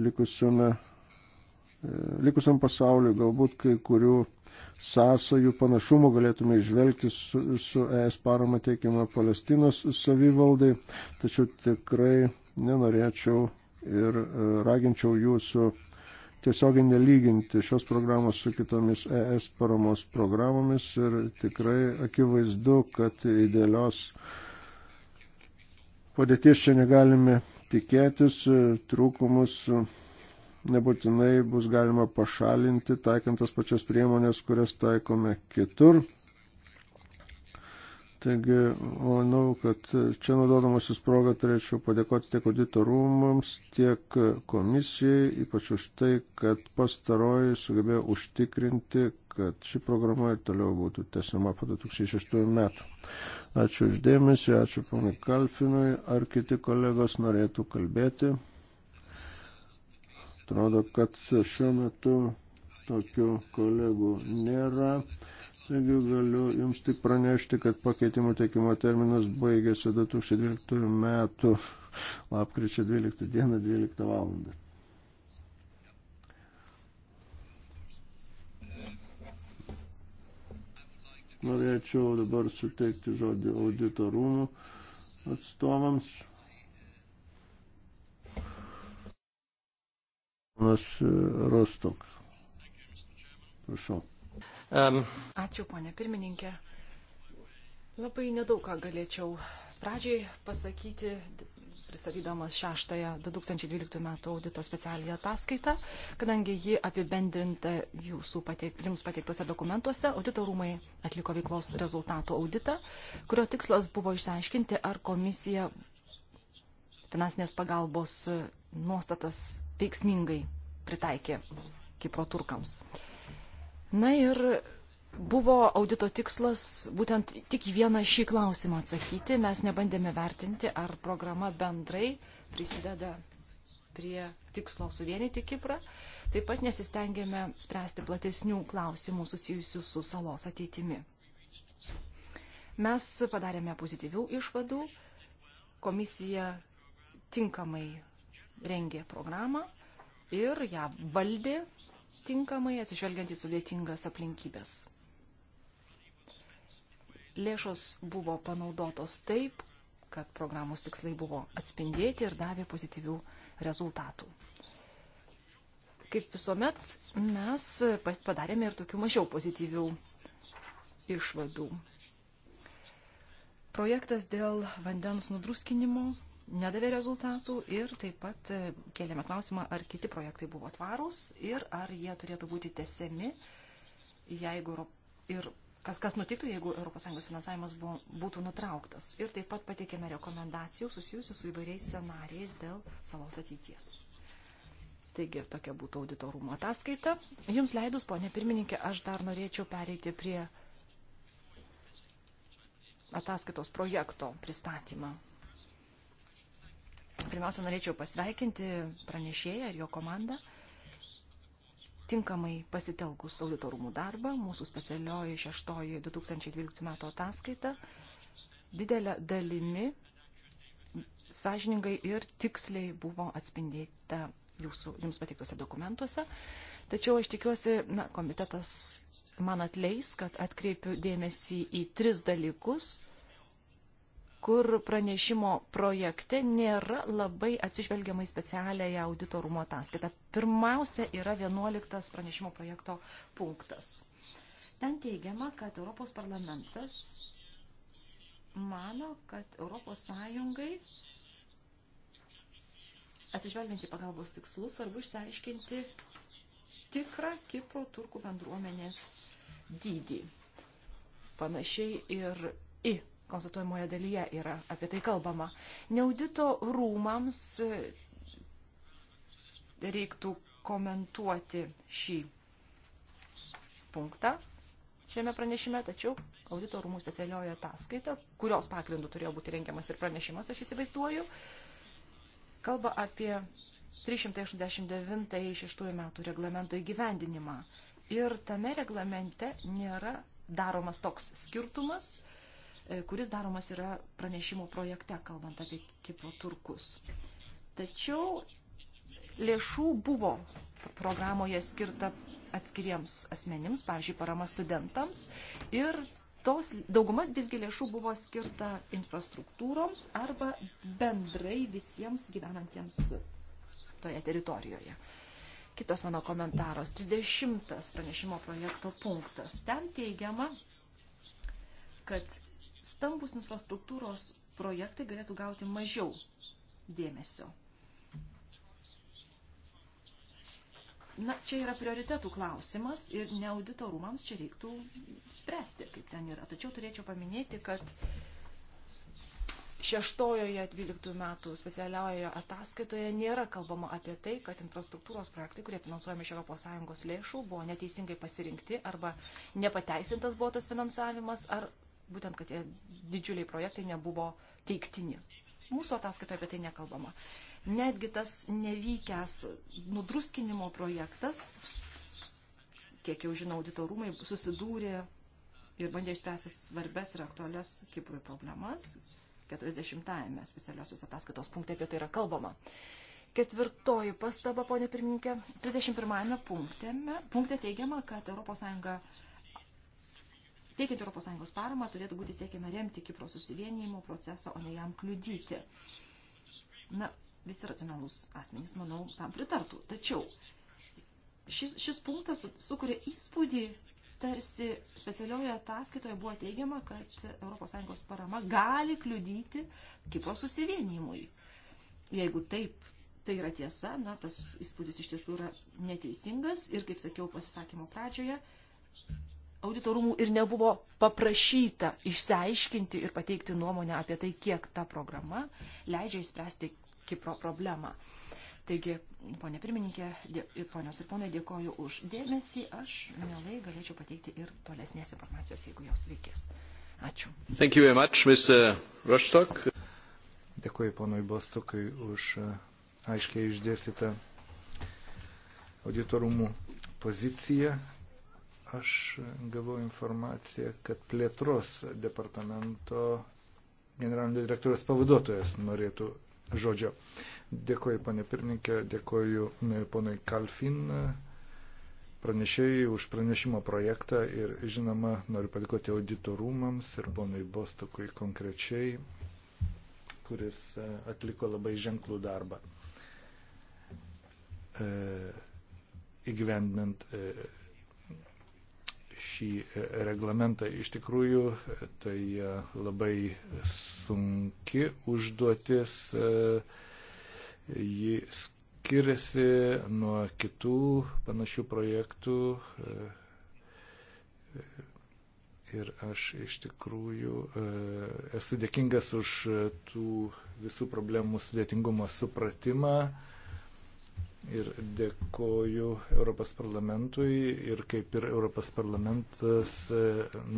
B: likusiame, e, likusiam pasauliu. Galbūt kai kurių sąsajų panašumų galėtume išvelgti su, su ES parama teikiama Palestinos savivaldai, tačiau tikrai nenorėčiau ir e, raginčiau jūsų tiesiogiai nelyginti šios programos su kitomis ES paramos programomis ir tikrai akivaizdu, kad idealios padėties čia negalime tikėtis, trūkumus nebūtinai bus galima pašalinti, taikant tas pačias priemonės, kurias taikome kitur. Taigi, manau, kad čia naudodamasis progą turėčiau padėkoti tiek auditorumams, tiek komisijai, ypač už tai, kad pastaroji sugebėjo užtikrinti, kad ši programa ir toliau būtų tęsiama po 2006 metų. Ačiū uždėmesi, ačiū ponui Kalfinui, ar kiti kolegos norėtų kalbėti. Atrodo, kad šiuo metu tokių kolegų nėra. Taigi galiu Jums tik pranešti, kad pakeitimų teikimo terminas baigėsi 2012 metų lapkričio 12 dieną 12 valandą. Norėčiau dabar suteikti žodį auditorumų atstovams. Ponas e, Rostok. Prašau. Um.
D: Ačiū, ponė pirmininkė. Labai nedaug ką galėčiau pradžiai pasakyti, pristatydamas šeštąją 2012 metų audito specialiją ataskaitą, kadangi ji apibendrinta jūsų pateik, jums pateiktose dokumentuose, audito rūmai atliko veiklos rezultatų auditą, kurio tikslas buvo išsiaiškinti, ar komisija finansinės pagalbos nuostatas veiksmingai pritaikė Kipro turkams. Na ir buvo audito tikslas būtent tik vieną šį klausimą atsakyti. Mes nebandėme vertinti, ar programa bendrai prisideda prie tikslo suvienyti Kiprą. Taip pat nesistengėme spręsti platesnių klausimų susijusių su salos ateitimi. Mes padarėme pozityvių išvadų, komisija tinkamai rengė programą ir ją valdė tinkamai atsižvelgiant į sudėtingas aplinkybės. Lėšos buvo panaudotos taip, kad programos tikslai buvo atspindėti ir davė pozityvių rezultatų. Kaip visuomet, mes padarėme ir tokių mažiau pozityvių išvadų. Projektas dėl vandens nudruskinimo nedavė rezultatų ir taip pat e, kėlėme klausimą, ar kiti projektai buvo tvarūs ir ar jie turėtų būti tesiami, jeigu ir kas, kas nutiktų, jeigu ES finansavimas buvo, būtų nutrauktas. Ir taip pat pateikėme rekomendacijų susijusių su įvairiais scenarijais dėl salos ateities. Taigi tokia būtų auditorumo ataskaita. Jums leidus, ponė pirmininkė, aš dar norėčiau pereiti prie ataskaitos projekto pristatymą, Pirmiausia, norėčiau pasveikinti pranešėją ir jo komandą. Tinkamai pasitelkus auditorumų darbą, mūsų specialioji 6 2012 metų ataskaita didelę dalimi sąžiningai ir tiksliai buvo atspindėta jūsų, jums pateiktose dokumentuose. Tačiau aš tikiuosi, na, komitetas man atleis, kad atkreipiu dėmesį į tris dalykus, kur pranešimo projekte nėra labai atsižvelgiamai specialiąją auditorumo ataskaitą. Pirmiausia yra 11 pranešimo projekto punktas. Ten teigiama, kad Europos parlamentas mano, kad Europos Sąjungai atsižvelgiant į pagalbos tikslus, svarbu išsiaiškinti tikrą Kipro turkų bendruomenės dydį. Panašiai ir į konstatuojamoje dalyje yra apie tai kalbama. Neaudito rūmams e, reiktų komentuoti šį punktą šiame pranešime, tačiau audito rūmų specialioje ataskaita, kurios pagrindų turėjo būti rengiamas ir pranešimas, aš įsivaizduoju, kalba apie 389-6 metų reglamento įgyvendinimą. Ir tame reglamente nėra daromas toks skirtumas E, kuris daromas yra pranešimo projekte, kalbant apie Kipro turkus. Tačiau lėšų buvo programoje skirta atskiriems asmenims, pavyzdžiui, parama studentams ir tos dauguma visgi lėšų buvo skirta infrastruktūroms arba bendrai visiems gyvenantiems toje teritorijoje. Kitas mano komentaras, 30 pranešimo projekto punktas. Ten teigiama, kad stambus infrastruktūros projektai galėtų gauti mažiau dėmesio. Na, čia yra prioritetų klausimas ir ne auditorumams čia reiktų spręsti, kaip ten yra. Tačiau turėčiau paminėti, kad šeštojoje 12 metų specialiojoje ataskaitoje nėra kalbama apie tai, kad infrastruktūros projektai, kurie finansuojami iš ES lėšų, buvo neteisingai pasirinkti arba nepateisintas buvo tas finansavimas, ar būtent, kad tie didžiuliai projektai nebuvo teiktini. Mūsų ataskaitoje apie tai nekalbama. Netgi tas nevykęs nudruskinimo projektas, kiek jau žinau, auditorumai susidūrė ir bandė išspręsti svarbes ir aktualias Kiprui problemas. 40-ame specialiosios ataskaitos punkte apie tai yra kalbama. Ketvirtoji pastaba, ponė pirmininkė, 31-ame punkte, punkte teigiama, kad ES teikiant ES paramą turėtų būti siekiama remti Kipro susivienijimo procesą, o ne jam kliudyti. Na, visi racionalūs asmenys, manau, tam pritartų. Tačiau šis, šis punktas sukuria įspūdį, tarsi specialioje ataskaitoje buvo teigiama, kad ES parama gali kliudyti Kipro susivienijimui. Jeigu taip tai yra tiesa, na, tas įspūdis iš tiesų yra neteisingas ir, kaip sakiau pasisakymo pradžioje, auditorumų ir nebuvo paprašyta išsiaiškinti ir pateikti nuomonę apie tai, kiek ta programa leidžia įspręsti Kipro problemą. Taigi, ponė pirmininkė ir ponios ir ponai, dėkoju už dėmesį. Aš mielai galėčiau pateikti ir tolesnės informacijos, jeigu jos reikės. Ačiū.
C: Thank you very much, Mr.
A: Rushtok. Dėkoju ponui Bostokui už uh, aiškiai išdėstytą auditorumų poziciją Aš gavau informaciją, kad plėtros departamento generalinio direktoriaus pavaduotojas norėtų žodžio. Dėkoju, panė pirmininkė, dėkoju e, ponui Kalfin e, pranešėjai už pranešimo projektą ir žinoma noriu padėkoti auditorumams ir ponui Bostokui konkrečiai, kuris e, atliko labai ženklų darbą įgyvendinant šį e, reglamentą. Iš tikrųjų, tai e, labai sunki užduotis. E, ji skiriasi nuo kitų panašių projektų. Ir aš iš tikrųjų esu dėkingas už tų visų problemų sudėtingumo supratimą ir dėkoju Europos parlamentui ir kaip ir Europos parlamentas e,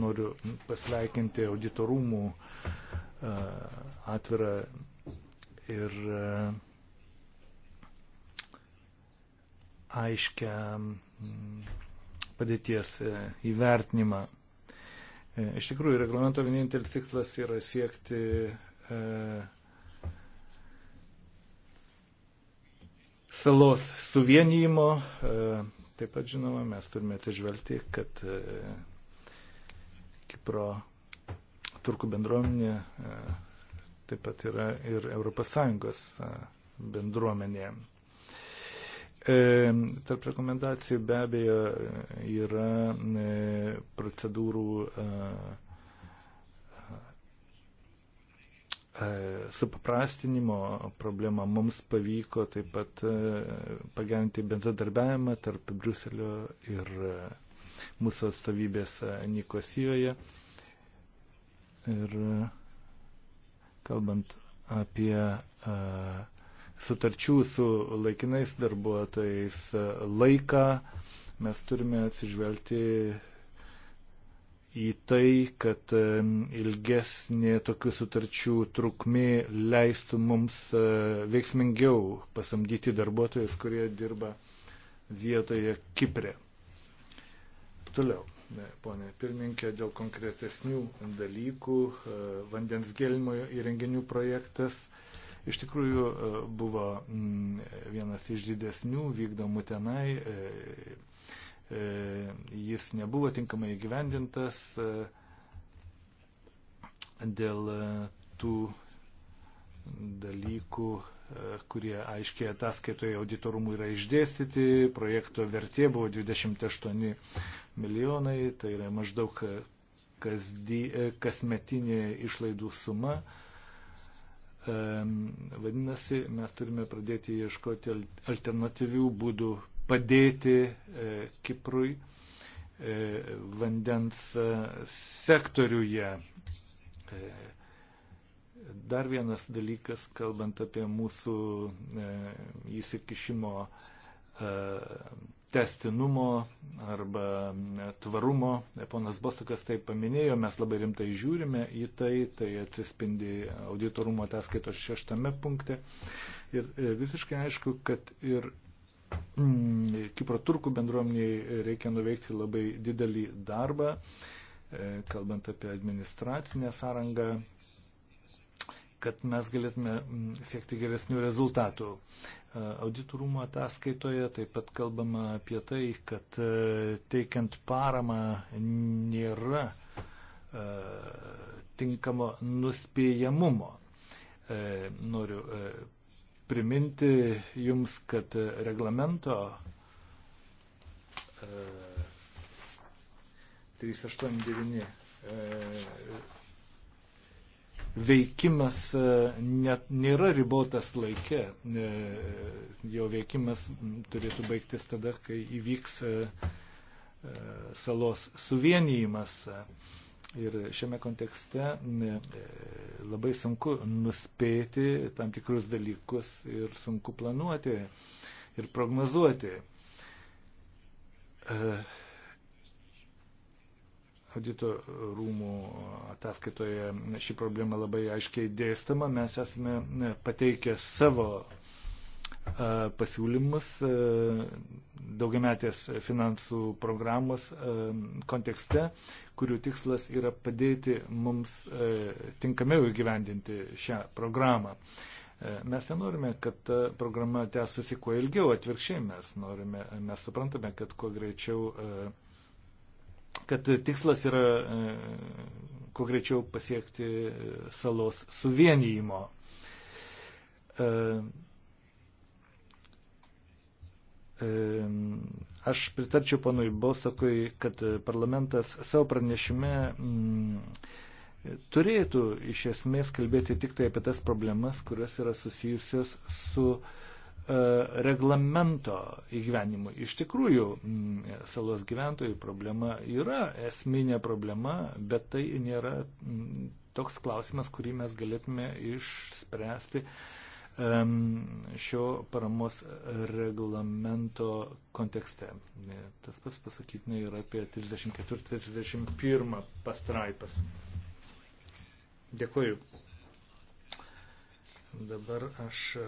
A: noriu pasveikinti auditorumų e, atvirą ir e, aiškę padėties įvertinimą. Iš tikrųjų, reglamento vienintelis tikslas yra siekti salos suvienijimo. E, taip pat, žinoma, mes turime atsižvelgti, kad e, Kipro turkų bendruomenė e, taip pat yra ir ES bendruomenė. Tarp rekomendacijų be abejo yra procedūrų E, supaprastinimo problemą mums pavyko taip pat e, pagerinti bendradarbiavimą tarp Bruselio ir e, mūsų atstovybės Nikosijoje. Ir kalbant apie sutarčių su laikinais darbuotojais laiką, mes turime atsižvelgti į tai, kad ilgesnė tokių sutarčių trukmė leistų mums e, veiksmingiau pasamdyti darbuotojus, kurie dirba vietoje Kiprė. Toliau, ponė pirmininkė, dėl konkretesnių dalykų, e, vandens gėlimo įrenginių projektas iš tikrųjų e, buvo vienas iš didesnių vykdomų tenai E, jis nebuvo tinkamai įgyvendintas e, dėl e, tų dalykų, kurie aiškiai ataskaitoje auditorumų yra išdėstyti. Projekto vertė buvo 28 milijonai, tai yra maždaug kasdy, kasmetinė išlaidų suma. Vadinasi, mes turime pradėti ieškoti alternatyvių būdų padėti e, Kiprui e, vandens e, sektoriuje. Dar vienas dalykas, kalbant apie mūsų įsikišimo testinumo arba tvarumo. Ponas Bostukas tai paminėjo, mes labai rimtai žiūrime į tai, tai atsispindi auditorumo ataskaitos šeštame punkte. Ir visiškai aišku, kad ir Mm, Kipro turkų bendruomeniai reikia nuveikti labai didelį darbą, e, kalbant apie administracinę sąrangą, kad mes galėtume mm, siekti geresnių rezultatų. E, Auditorumo ataskaitoje taip pat kalbama apie tai, kad e, teikiant paramą nėra tinkamo nuspėjamumo. Noriu priminti jums, kad reglamento 389 e, e, veikimas e, net nėra ribotas laike. Jo veikimas turėtų baigtis tada, kai įvyks salos suvienijimas. Ir šiame kontekste e, labai sunku nuspėti tam tikrus dalykus ir sunku planuoti ir prognozuoti. E, audito rūmų ataskaitoje ši problema labai aiškiai dėstama. Mes esame pateikę savo pasiūlymus daugiametės finansų programos kontekste, kurių tikslas yra padėti mums tinkamiau įgyvendinti šią programą. Mes nenorime, kad ta programa tęstusi kuo ilgiau, atvirkščiai mes norime, mes suprantame, kad kuo greičiau, kad tikslas yra kuo greičiau pasiekti salos suvienijimo Aš pritarčiau panui Bosakui, kad parlamentas savo pranešime mm, turėtų iš esmės kalbėti tik tai apie tas problemas, kurios yra susijusios su e, reglamento įgyvenimu. Iš tikrųjų, mm, salos gyventojų problema yra esminė problema, bet tai nėra mm, toks klausimas, kurį mes galėtume išspręsti uh, šio paramos reglamento kontekste. Tas pats pasakytina ir apie 34-31 pastraipas. Dėkuoju. Dabar aš e,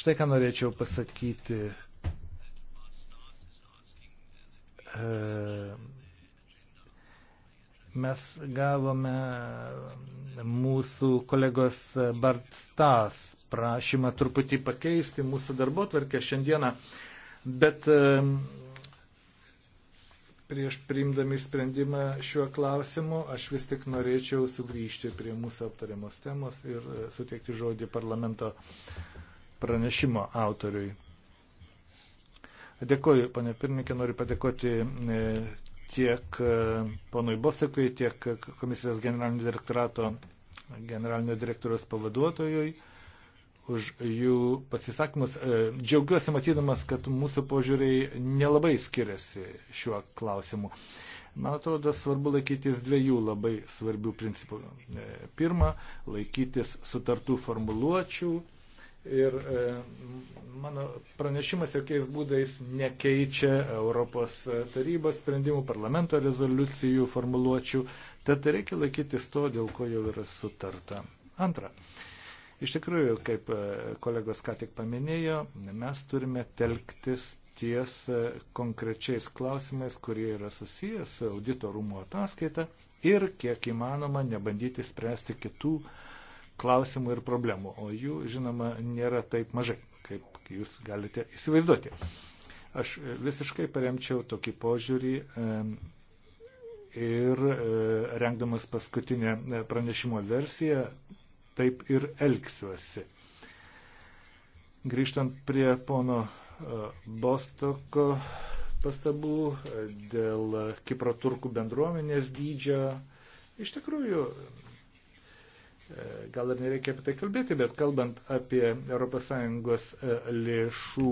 A: štai ką norėčiau pasakyti. E, Mes gavome mūsų kolegos Bart Stas prašymą truputį pakeisti mūsų darbo tvarkę šiandieną, bet prieš priimdami sprendimą šiuo klausimu aš vis tik norėčiau sugrįžti prie mūsų aptariamos temos ir e, suteikti žodį parlamento pranešimo autoriui. Dėkoju, panė pirmininkė, noriu padėkoti e, tiek e, ponui Bosekui, tiek komisijos generalinio direktorato generalinio direktoriaus pavaduotojui už jų pasisakymus. E, džiaugiuosi matydamas, kad mūsų požiūriai nelabai skiriasi šiuo klausimu. Man atrodo, svarbu laikytis dviejų labai svarbių principų. E, pirma, laikytis sutartų formuluočių Ir e, mano pranešimas jokiais būdais nekeičia Europos e, tarybos sprendimų, parlamento rezoliucijų, formuluočių. Tad reikia laikytis to, dėl ko jau yra sutarta. Antra. Iš tikrųjų, kaip e, kolegos ką tik paminėjo, mes turime telktis ties konkrečiais klausimais, kurie yra susijęs su audito rūmų ataskaita ir kiek įmanoma nebandyti spręsti kitų uh, klausimų ir problemų, o jų, žinoma, nėra taip mažai, kaip jūs galite įsivaizduoti. Aš visiškai paremčiau tokį požiūrį ir e, rengdamas paskutinę e, pranešimo versiją taip ir elgsiuosi. Grįžtant prie pono e, Bostoko pastabų dėl Kipro turkų bendruomenės dydžio, iš tikrųjų E, gal ir nereikia apie tai kalbėti, bet kalbant apie ES e, lėšų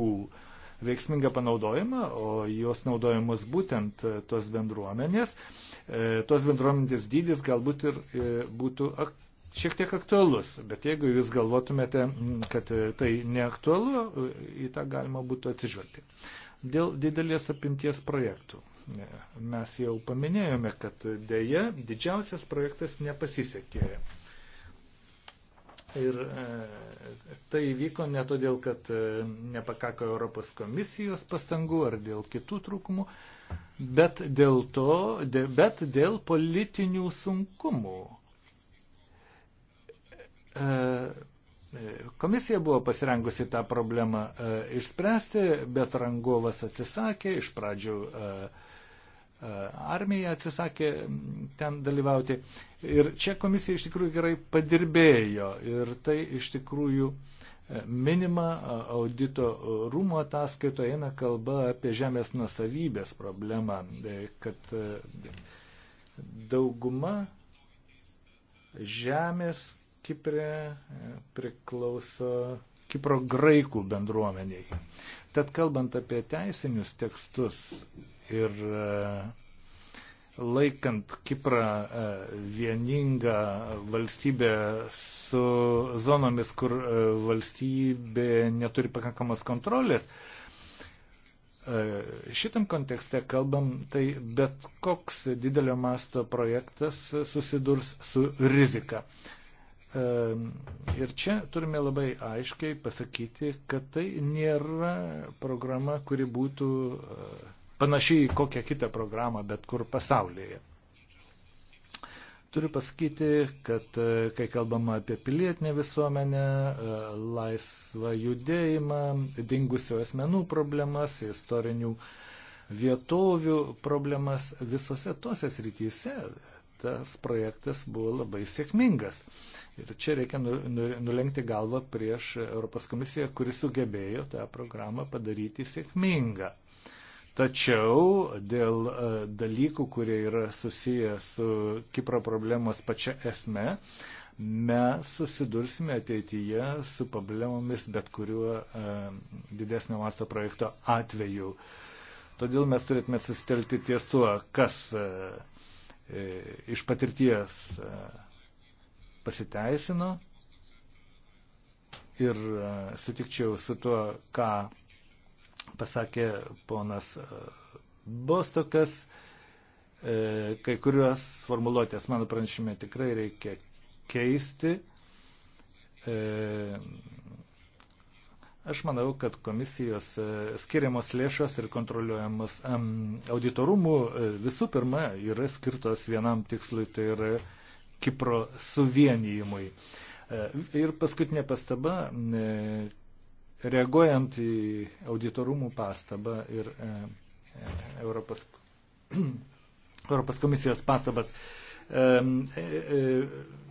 A: veiksmingą panaudojimą, o jos naudojamos būtent e, tos bendruomenės, tos bendruomenės dydis galbūt ir būtų šiek tiek aktualus, bet jeigu jūs galvotumėte, kad tai neaktualu, į tą galima būtų atsižvelgti. Dėl didelės apimties projektų. Mes jau paminėjome, kad dėja didžiausias projektas nepasisekė. Ir e, tai vyko ne todėl, kad e, nepakako Europos komisijos pastangų ar dėl kitų trūkumų, bet dėl, to, bet dėl politinių sunkumų. E, komisija buvo pasirengusi tą problemą išspręsti, bet rangovas atsisakė, iš pradžių uh, armija atsisakė ten dalyvauti. Ir čia komisija iš tikrųjų gerai padirbėjo ir tai iš tikrųjų e, minima audito rūmo ataskaitoje eina kalba apie žemės nusavybės problemą, e, kad e, dauguma žemės Kiprė priklauso Kipro graikų bendruomeniai. Tad kalbant apie teisinius tekstus ir e, laikant Kiprą e, vieningą valstybę su zonomis, kur e, valstybė neturi pakankamos kontrolės, Šitam kontekste kalbam, tai bet koks didelio masto projektas susidurs su rizika. Ir čia turime labai aiškiai pasakyti, kad tai nėra programa, kuri būtų e, panašiai į kokią kitą programą, bet kur pasaulyje. Turiu pasakyti, kad e, kai kalbama apie pilietinę visuomenę, e, laisvą judėjimą, dingusių asmenų problemas, istorinių vietovių problemas, visose tose srityse tas projektas buvo labai sėkmingas. Ir čia reikia nu, nu, nulenkti galvą prieš Europos komisiją, kuris sugebėjo tą programą padaryti sėkmingą. Tačiau dėl e, dalykų, kurie yra susiję su Kipro problemos pačia esme, mes susidursime ateityje su problemomis bet kuriuo e, didesnio masto projekto atveju. Todėl mes turėtume susitelti ties tuo, kas e, E, iš patirties e, pasiteisino ir e, sutikčiau su tuo, ką pasakė ponas Bostokas. Kai kurios formuluotės mano pranešime tikrai reikia keisti. Aš manau, kad komisijos e, skiriamos lėšos ir kontroliuojamos auditorumų e, visų pirma yra skirtos vienam tikslui, tai yra Kipro suvienijimui. E, ir paskutinė pastaba, reaguojant į auditorumų pastabą ir Europos, Europos komisijos pastabas, E, e,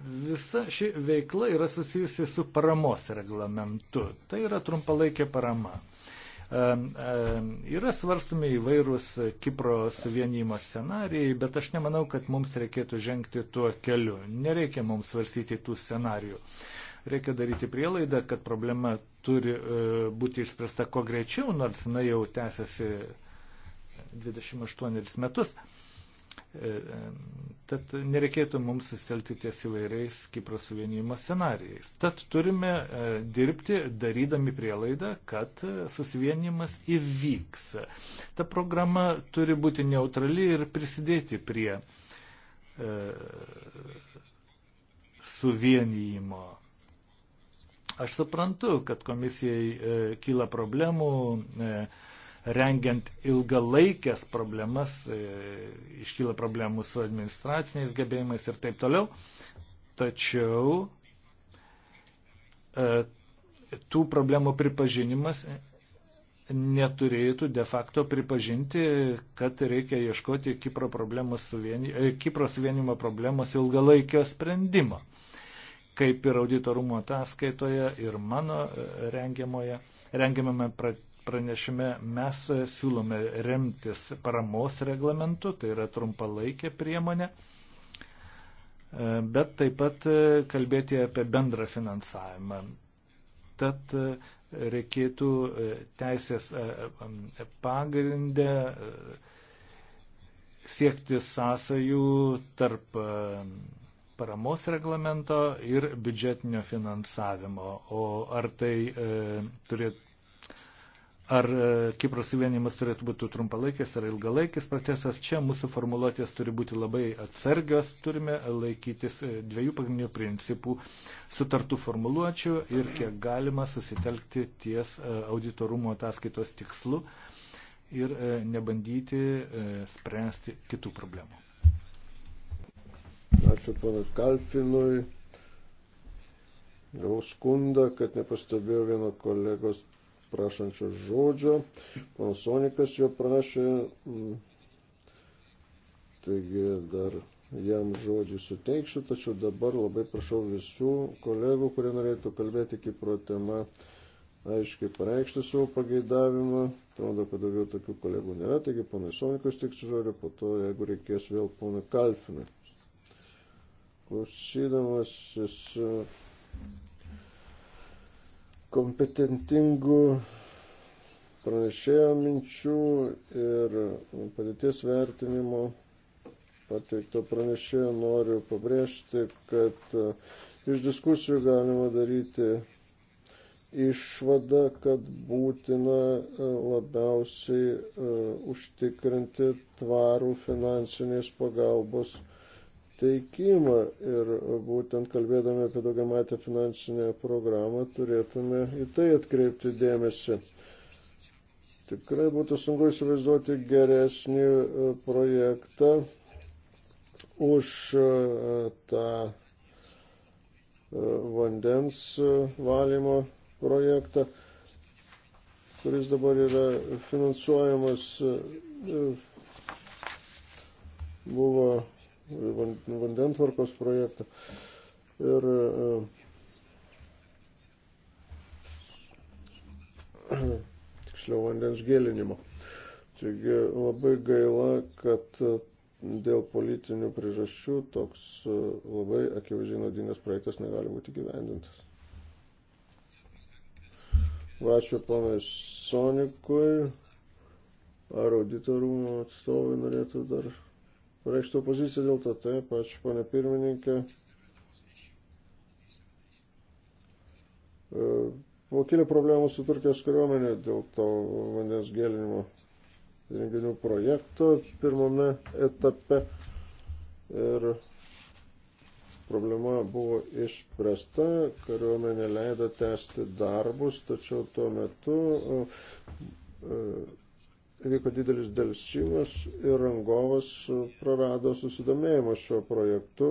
A: visa ši veikla yra susijusi su paramos reglamentu. Tai yra trumpalaikė parama. Yra svarstumi įvairūs Kipro suvienimo scenarijai, bet aš nemanau, kad mums reikėtų žengti tuo keliu. Nereikia mums svarstyti tų scenarijų reikia daryti prielaidą, kad problema turi e, būti išspręsta kuo greičiau, nors jinai jau tęsiasi 28 metus. E, tad nereikėtų mums sustelti ties įvairiais Kipro suvienijimo scenarijais. Tad turime e, dirbti darydami prielaidą, kad susivienimas įvyks. Ta programa turi būti neutrali ir prisidėti prie e, suvienijimo. Aš suprantu, kad komisijai e, kyla problemų. E, rengiant ilgalaikės problemas, e, iškyla problemų su administraciniais gebėjimais ir taip toliau. Tačiau e, tų problemų pripažinimas neturėtų de facto pripažinti, kad reikia ieškoti Kipro, suvieni, e, Kipro suvienimo problemos ilgalaikio sprendimo. Kaip ir auditorumo ataskaitoje ir mano rengiamoje, rengiamame pranešime mes e, siūlome remtis paramos reglamentu, tai yra trumpalaikė priemonė, e, bet taip pat e, kalbėti apie bendrą finansavimą. Tad reikėtų teisės pagrindę siekti sąsajų tarp paramos reglamento ir biudžetinio finansavimo. O ar tai e, turėtų Ar e, Kipro suvienimas turėtų būti trumpalaikis ar ilgalaikis procesas, čia mūsų formuluotės turi būti labai atsargios, turime laikytis e, dviejų pagrindinių principų - sutartų formuluočių ir kiek galima susitelkti ties e, auditorumo ataskaitos tikslu ir nebandyti spręsti kitų problemų.
B: Ačiū panas Kalfinui. Gavau skundą, kad nepastebėjau vieno kolegos prašančių žodžio. Pansonikas jo prašė, mm. taigi dar jam žodį suteiksiu, tačiau dabar labai prašau visų kolegų, kurie norėtų kalbėti Kipro tema, aiškiai pareikšti savo pageidavimą. Atrodo, kad daugiau tokių kolegų nėra, taigi ponai Sonikas tik žodį, po to, jeigu reikės, vėl ponai Kalfinai. Klausydamasis kompetentingų pranešėjo minčių ir padėties vertinimo pateikto pranešėjo noriu pabrėžti, kad e, iš diskusijų galima daryti išvada, kad būtina e, labiausiai e, užtikrinti tvarų finansinės pagalbos teikimą ir būtent kalbėdami apie daugiamatę finansinę programą turėtume į tai atkreipti dėmesį. Tikrai būtų sunku įsivaizduoti geresnį e, projektą už e, tą e, vandens valymo projektą, kuris dabar yra finansuojamas, buvo vandentvarkos projektą. Ir e, tiksliau vandens gėlinimo. Taigi labai gaila, kad e, dėl politinių priežasčių toks e, labai akivaizdžiai naudingas projektas negali būti gyvendintas. Ačiū ponai Sonikui. Ar auditorumo atstovai norėtų dar pareikštų poziciją dėl to. Taip, ačiū, ponė pirmininkė. E, buvo kilę problemų su Turkijos kariuomenė dėl to vandens gėlinimo renginių projekto pirmame etape. Ir problema buvo išspręsta, kariuomenė leido tęsti darbus, tačiau tuo metu e, e, vyko didelis dėlsimas ir rangovas prarado susidomėjimą šiuo projektu.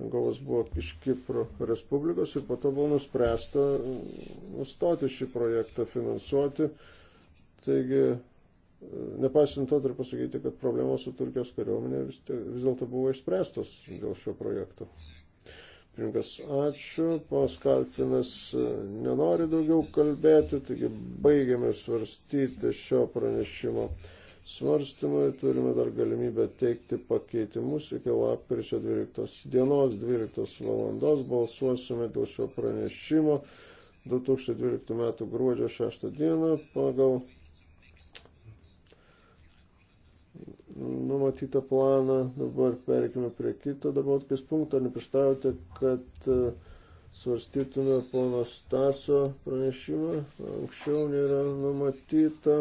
B: Rangovas buvo iš Kipro Respublikos ir po to buvo nuspręsta nustoti šį projektą finansuoti. Taigi, nepaisant to, turiu pasakyti, kad problemos su Turkijos kariuomenė vis, vis dėlto buvo išspręstos dėl šio projekto. Pirmininkas, ačiū. Ponas Kalfinas e, nenori daugiau kalbėti, taigi baigiame svarstyti šio pranešimo svarstymą ir turime dar galimybę teikti pakeitimus iki lapkričio 12 dienos, 12 valandos. Balsuosime dėl šio pranešimo 2012 m. gruodžio 6 dieną pagal numatytą planą. Dabar perkime prie kito darbotokės punkto. Neprieštaujate, kad e, svarstytume pono Staso pranešimą. Anksčiau nėra numatyta.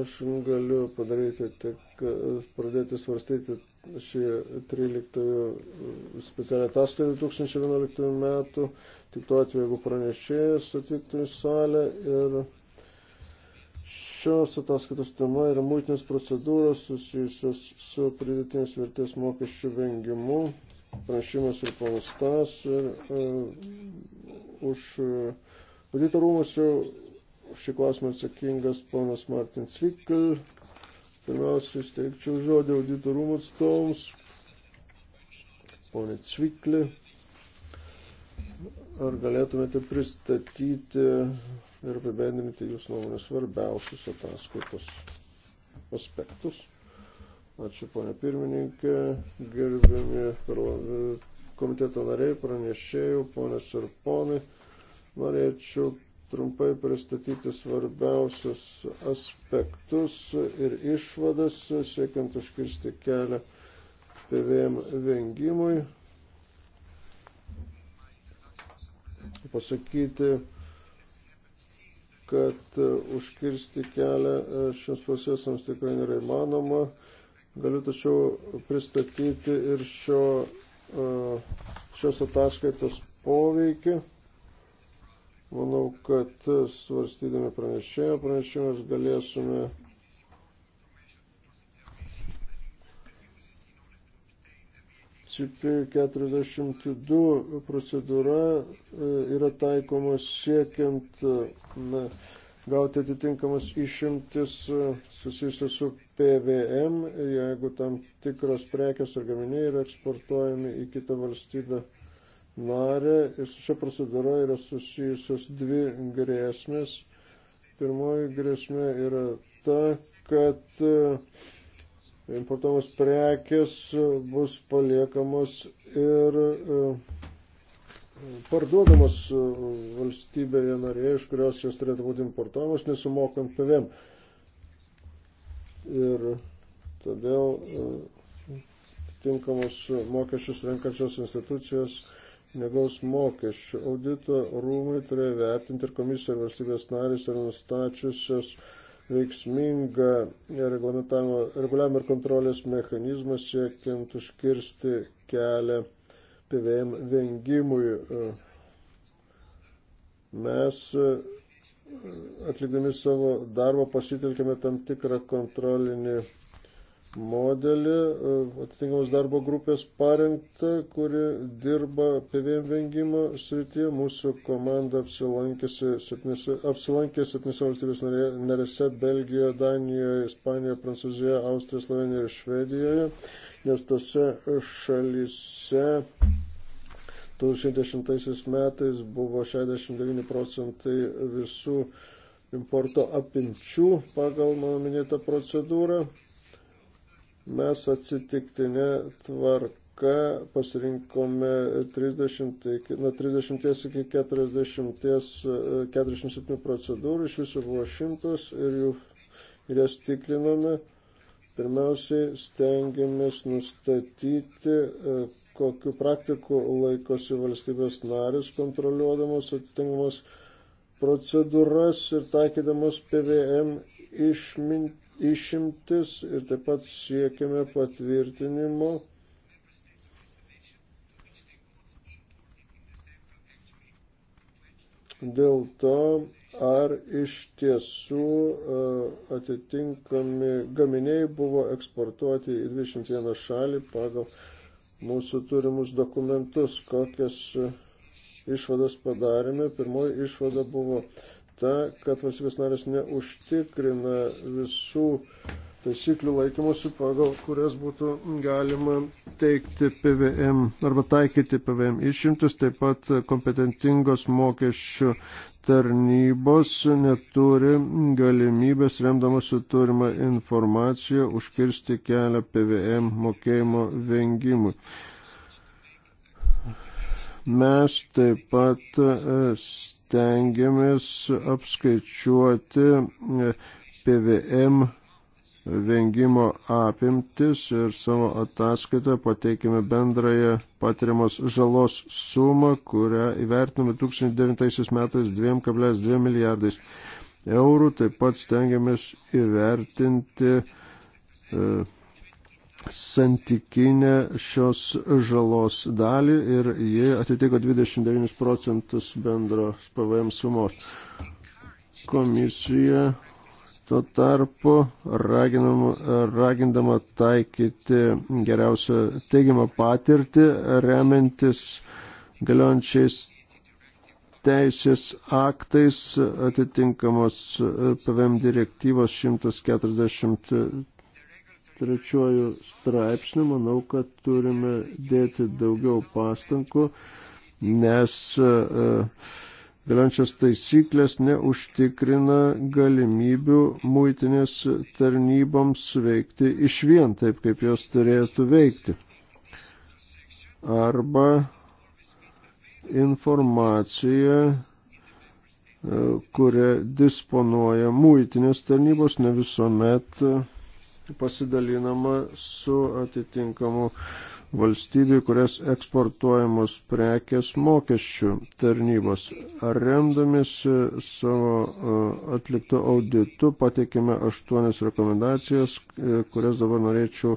B: Aš galiu padaryti tik e, pradėti svarstyti šį 13 e, specialią ataskaitą 2011 metų, tik tuo atveju, jeigu pranešėjas atvyktų į salę ir Šios ataskaitos tema yra mūtinės procedūros susijusios su pridėtinės vertės mokesčių vengimu. Prašymas ir palastas ir uh, už uh, e, auditorumus jau šį klausimą atsakingas ponas Martin Cvikl. Pirmiausia, steigčiau žodį auditorumų atstovams. Pone Cvikli, ar galėtumėte pristatyti ir apibendrinti jūsų nuomonę svarbiausius ataskaitos aspektus. Ačiū, ponė pirmininkė, gerbiami komiteto nariai, pranešėjų, ponės ir ponai. Norėčiau trumpai pristatyti svarbiausius aspektus ir išvadas, siekiant užkirsti kelią PVM vengimui. Pasakyti, kad e, užkirsti kelią e, šiems procesams tikrai nėra įmanoma. Galiu tačiau pristatyti ir šio, e, šios ataskaitos poveikį. Manau, kad svarstydami pranešėjo pranešimus galėsime principė 42 procedūra e, yra taikoma siekiant e, na, gauti atitinkamas išimtis e, susijusios su PVM, jeigu tam tikros prekes ar gaminiai yra eksportuojami į kitą valstybę narę. Ir su šia procedūra yra susijusios dvi grėsmės. Pirmoji grėsmė yra ta, kad uh, importuojamos prekės bus paliekamos ir e, parduodamos e, valstybėje narėje, iš kurios jos turėtų būti importuojamos, nesumokant PVM. Ir todėl e, tinkamos mokesčius renkančios institucijos negaus mokesčių. Audito rūmai turėjo vertinti ir komisija ir valstybės narys yra nustačiusios uh, veiksmingą reguliavimo ir kontrolės mechanizmą siekiant užkirsti kelią PVM vengimui. Mes e, atlikdami savo darbą pasitelkime tam tikrą kontrolinį modelį, e, atitinkamos darbo grupės parengta, kuri dirba PVM vengimo srityje. Mūsų komanda apsilankėsi septyniose valstybės narėse - Belgijoje, Danijoje, Ispanijoje, Prancūzijoje, Austrijoje, Slovenijoje ir Švedijoje, nes tose šalyse 2010 metais buvo 69 procentai visų importo apimčių pagal mano minėtą procedūrą. Mes atsitiktinė tvarka pasirinkome 30, nuo 30 iki 40, 47 procedūrų, iš viso buvo 100 ir, jų, ir jas tikrinome. Pirmiausiai stengiamės nustatyti, kokiu praktiku laikosi valstybės narės kontroliuodamos atitinkamos procedūras ir taikydamos PVM išminti išimtis ir taip pat siekiame patvirtinimo dėl to, ar iš tiesų e, atitinkami gaminiai buvo eksportuoti į 21 šalį pagal mūsų turimus dokumentus, kokias e, išvadas padarėme. Pirmoji išvada buvo ta, kad valstybės narės neužtikrina visų taisyklių laikymosi, pagal kurias būtų galima teikti PVM arba taikyti PVM išimtis, taip pat kompetentingos mokesčių tarnybos neturi galimybės, remdamasi turimą informaciją, užkirsti kelią PVM mokėjimo vengimui. Mes taip pat e, stengiamės apskaičiuoti e, PVM vengimo apimtis ir savo ataskaitą pateikime bendrąją patiriamos žalos sumą, kurią įvertiname 2009 metais 2,2 milijardais eurų. Taip pat stengiamės įvertinti e, santykinę šios žalos dalį ir ji atitiko 29 procentus bendros PVM sumos. Komisija Tuo tarpu raginam, ragindama taikyti geriausią teigiamą patirtį, remiantis galiojančiais teisės aktais atitinkamos PVM direktyvos 143 trečiojų straipsnių, manau, kad turime dėti daugiau pastangų, nes e, galiančias taisyklės neužtikrina galimybių muitinės tarnyboms veikti iš vien taip, kaip jos turėtų veikti. Arba informacija e, kuria disponuoja muitinės tarnybos, ne visuomet e, pasidalinama su atitinkamu valstybių, kurias eksportuojamos prekės mokesčių tarnybos. Ar remdamėsi savo e, atliktų auditų pateikime aštuonias rekomendacijas, e, kurias dabar norėčiau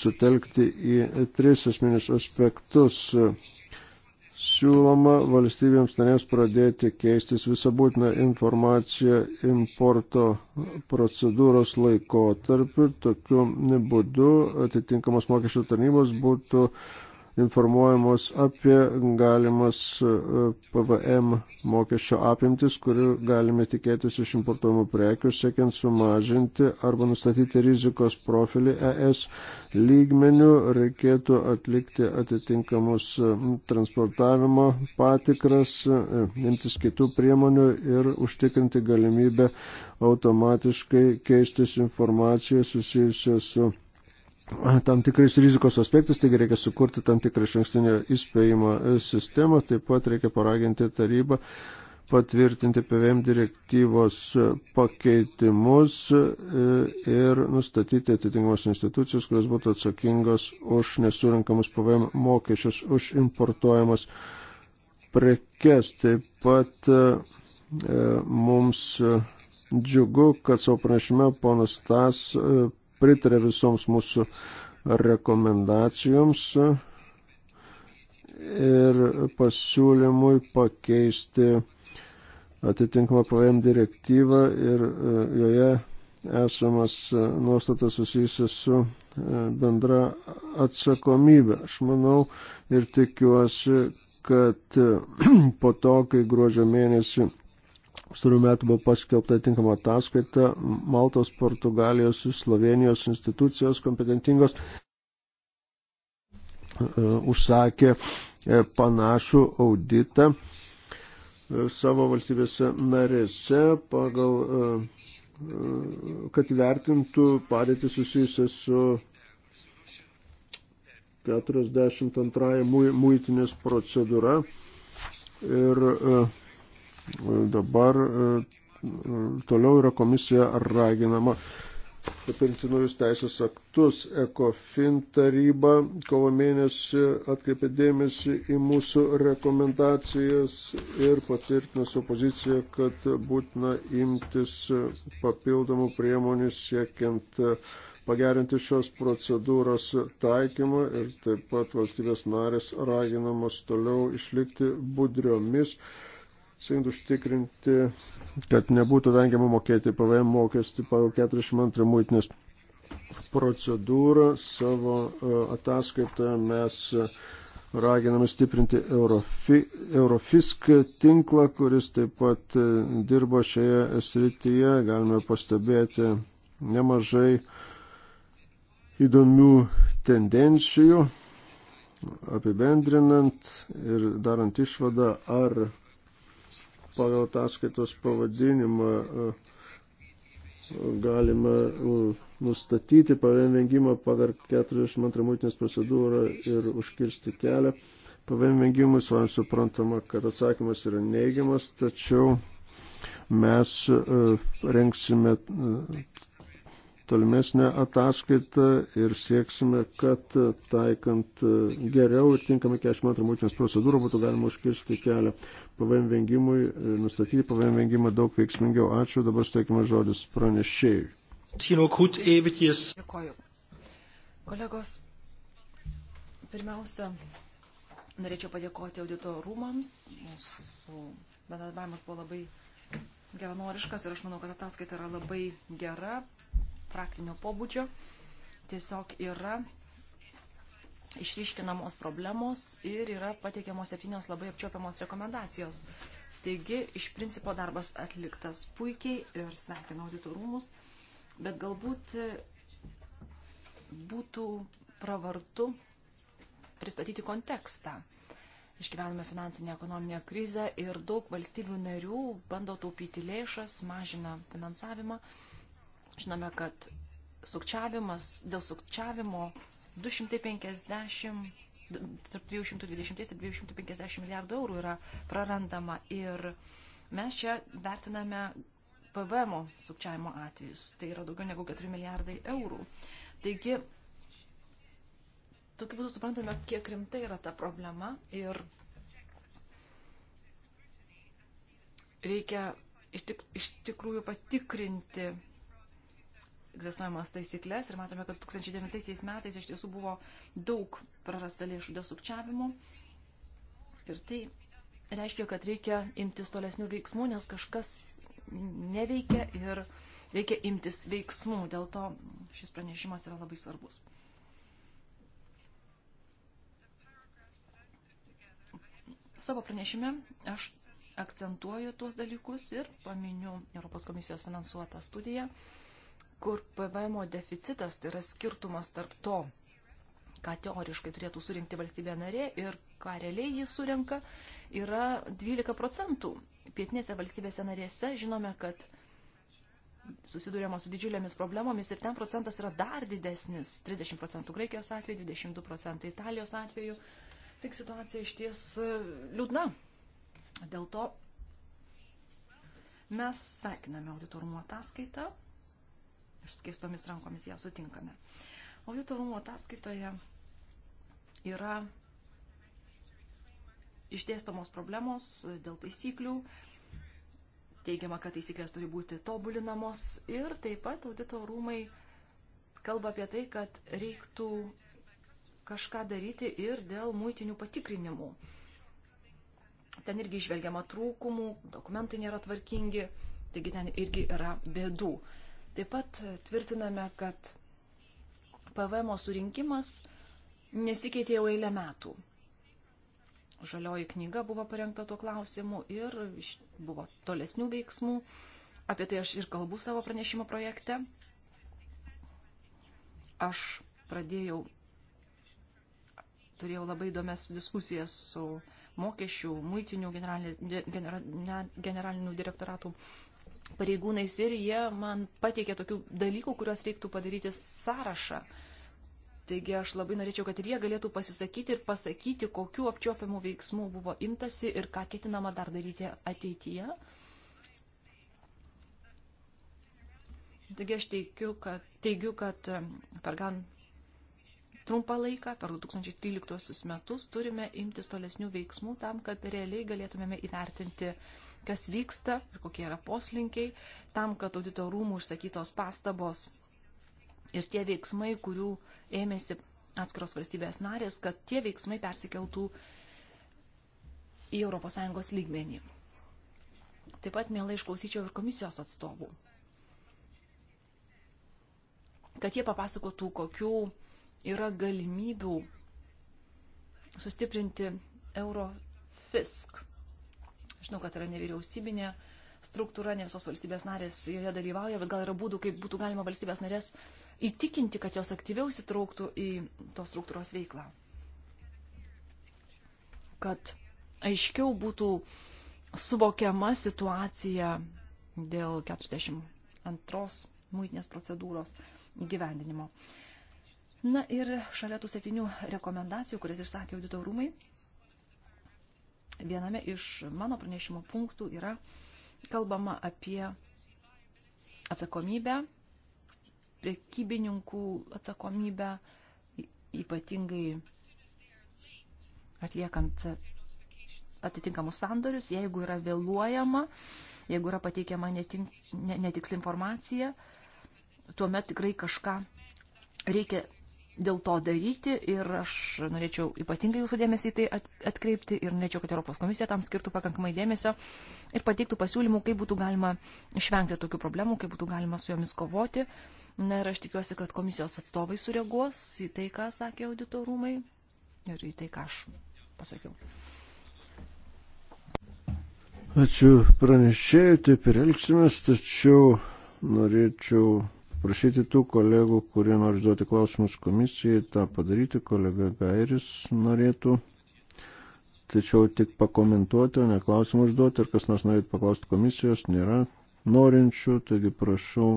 B: sutelkti į tris esminius aspektus siūloma valstybėms narėms pradėti keistis visą būtiną informaciją importo procedūros laikotarpiu. Tokiu būdu atitinkamos mokesčio tarnybos būtų uh, informuojamos apie galimas e, PVM mokesčio apimtis, kurių galime tikėtis iš importuojamų prekių, siekiant sumažinti arba nustatyti rizikos profilį ES lygmenių, reikėtų atlikti atitinkamus e, transportavimo patikras, e, imtis kitų priemonių ir užtikrinti galimybę automatiškai keistis informaciją susijusią su tam tikrais rizikos aspektais, taigi reikia sukurti tam tikrą išankstinio įspėjimo e, sistemą, taip pat reikia paraginti tarybą patvirtinti PVM direktyvos e, pakeitimus e, ir nustatyti atitinkamos institucijos, kurios būtų atsakingos už nesurinkamus PVM mokesčius, už importuojamas prekes. Taip pat mums džiugu, kad savo pranešime ponas Tas pritarė visoms mūsų rekomendacijoms ir pasiūlymui pakeisti atitinkamą PVM direktyvą ir e, joje esamas e, nuostatas susijusias su e, bendra atsakomybė. Aš manau ir tikiuosi, kad po to, kai gruodžio mėnesį Pastarų metų buvo paskelbta atitinkama ataskaita Maltos, Portugalijos ir Slovenijos institucijos kompetentingos e, užsakė e, panašų auditą e, savo valstybėse narėse pagal, kad vertintų padėtį susijusią su 42 muitinės procedūra ir uh, Dabar e, toliau yra komisija raginama papilti naujus teisės aktus. ECOFIN taryba kovo mėnesį atkreipė dėmesį į mūsų rekomendacijas ir patvirtino su pozicija, kad būtina imtis papildomų priemonių siekiant pagerinti šios procedūros taikymą ir taip pat valstybės narės raginamos toliau išlikti budriomis siekiant užtikrinti, kad nebūtų vengiama mokėti PVM mokestį pagal 42 muitinės procedūrą. Savo e, ataskaitoje mes e, raginame stiprinti Eurofi, Eurofisk tinklą, kuris taip pat e, dirba šioje srityje. Galime pastebėti nemažai įdomių tendencijų apibendrinant ir darant išvadą, ar pagal ataskaitos pavadinimą e, galima e, nustatyti PVM vengimą pagal 42 mūtinės procedūrą ir užkirsti kelią. PVM vengimui savai suprantama, kad atsakymas yra neigiamas, tačiau mes e, rengsime tolimesnę ataskaitą ir sieksime, kad taikant geriau ir tinkamai 42 mūtinės procedūrą būtų galima užkirsti kelią PVM vengimui, e, nustatyti PVM vengimą daug veiksmingiau. Ačiū, dabar steikime žodis pranešėjui.
D: Dėkoju. Kolegos, pirmiausia, norėčiau padėkoti audito rūmams. Mūsų bendradarbiavimas buvo labai geranoriškas ir aš manau, kad ataskaita yra labai gera, praktinio pobūdžio. Tiesiog yra išryškinamos problemos ir yra pateikiamos septynios labai apčiopiamos rekomendacijos. Taigi, iš principo darbas atliktas puikiai ir sveikinu auditorumus, bet galbūt e, būtų pravartu pristatyti kontekstą. Išgyvename finansinę ekonominę krizę ir daug valstybių narių bando taupyti lėšas, mažina finansavimą. Žinome, kad sukčiavimas, dėl sukčiavimo 250, tarp 220 ir 250 milijardų eurų yra prarandama ir mes čia vertiname PVM sukčiavimo atvejus. Tai yra daugiau negu 4 milijardai eurų. Taigi, tokiu būdu suprantame, kiek rimtai yra ta problema ir reikia iš, tik, iš tikrųjų patikrinti egzistuojamas taisyklės ir matome, kad 2009 metais iš tiesų buvo daug prarasta lėšų dėl sukčiavimo. Ir tai reiškia, kad reikia imtis tolesnių veiksmų, nes kažkas neveikia ir reikia imtis veiksmų. Dėl to šis pranešimas yra labai svarbus. Savo pranešime aš akcentuoju tuos dalykus ir paminiu Europos komisijos finansuotą studiją kur PVM deficitas tai yra skirtumas tarp to, ką teoriškai turėtų surinkti valstybė narė ir ką realiai jį surinka, yra 12 procentų. Pietinėse valstybėse narėse žinome, kad susidūrėma su didžiulėmis problemomis ir ten procentas yra dar didesnis - 30 procentų Graikijos atveju, 22 procentai Italijos atveju. Tik situacija iš ties e, liūdna. Dėl to mes sveikiname auditorumo ataskaitą išskaistomis rankomis ją sutinkame. Audito rūmų ataskaitoje yra išdėstomos problemos dėl taisyklių, teigiama, kad taisyklės turi būti tobulinamos ir taip pat audito rūmai kalba apie tai, kad reiktų kažką daryti ir dėl muitinių patikrinimų. Ten irgi išvelgiama trūkumų, dokumentai nėra tvarkingi, taigi ten irgi yra bėdų. Taip pat tvirtiname, kad PVM surinkimas nesikeitė jau eilę metų. Žalioji knyga buvo parengta tuo klausimu ir buvo tolesnių veiksmų. Apie tai aš ir kalbu savo pranešimo projekte. Aš pradėjau, turėjau labai įdomias diskusijas su mokesčių, muitinių generalinių direktoratų pareigūnais ir jie man pateikė tokių dalykų, kuriuos reiktų padaryti sąrašą. Taigi aš labai norėčiau, kad ir jie galėtų pasisakyti ir pasakyti, kokiu apčiopiamu veiksmu buvo imtasi ir ką ketinama dar daryti ateityje. Taigi aš teikiu, kad, teigiu, kad per gan trumpą laiką, per 2013 metus, turime imtis tolesnių veiksmų tam, kad realiai galėtumėme įvertinti kas vyksta ir kokie yra poslinkiai, tam, kad audito rūmų užsakytos pastabos ir tie veiksmai, kurių ėmėsi atskiros valstybės narės, kad tie veiksmai persikeltų į ES lygmenį. Taip pat mielai išklausyčiau ir komisijos atstovų, kad jie papasakotų, kokių yra galimybių sustiprinti Eurofisk Žinau, kad yra nevyriausybinė struktūra, ne visos valstybės narės joje dalyvauja, bet gal yra būdų, kaip būtų galima valstybės narės įtikinti, kad jos aktyviau įsitrauktų į tos struktūros veiklą. Kad aiškiau būtų suvokiama situacija dėl 42 muitinės procedūros įgyvendinimo. Na ir šalia tų septynių rekomendacijų, kurias išsakė audito rūmai, viename iš mano pranešimo punktų yra kalbama apie atsakomybę, prekybininkų atsakomybę, ypatingai atliekant atitinkamus sandorius, jeigu yra vėluojama, jeigu yra pateikiama netiksli informacija, tuomet tikrai kažką reikia dėl to daryti ir aš norėčiau ypatingai jūsų dėmesį į tai atkreipti ir norėčiau, kad Europos komisija tam skirtų pakankamai dėmesio ir pateiktų pasiūlymų, kaip būtų galima išvengti tokių problemų, kaip būtų galima su jomis kovoti. Na ir aš tikiuosi, kad komisijos atstovai sureaguos į tai, ką sakė audito rūmai ir į tai, ką aš pasakiau.
B: Ačiū pranešėjai, taip ir elgsimės, tačiau norėčiau paprašyti tų kolegų, kurie nori duoti klausimus komisijai, tą padaryti. Kolega Gairis norėtų. Tačiau tik pakomentuoti, o ne klausimą užduoti, ar kas nors norėtų paklausti komisijos, nėra norinčių, taigi prašau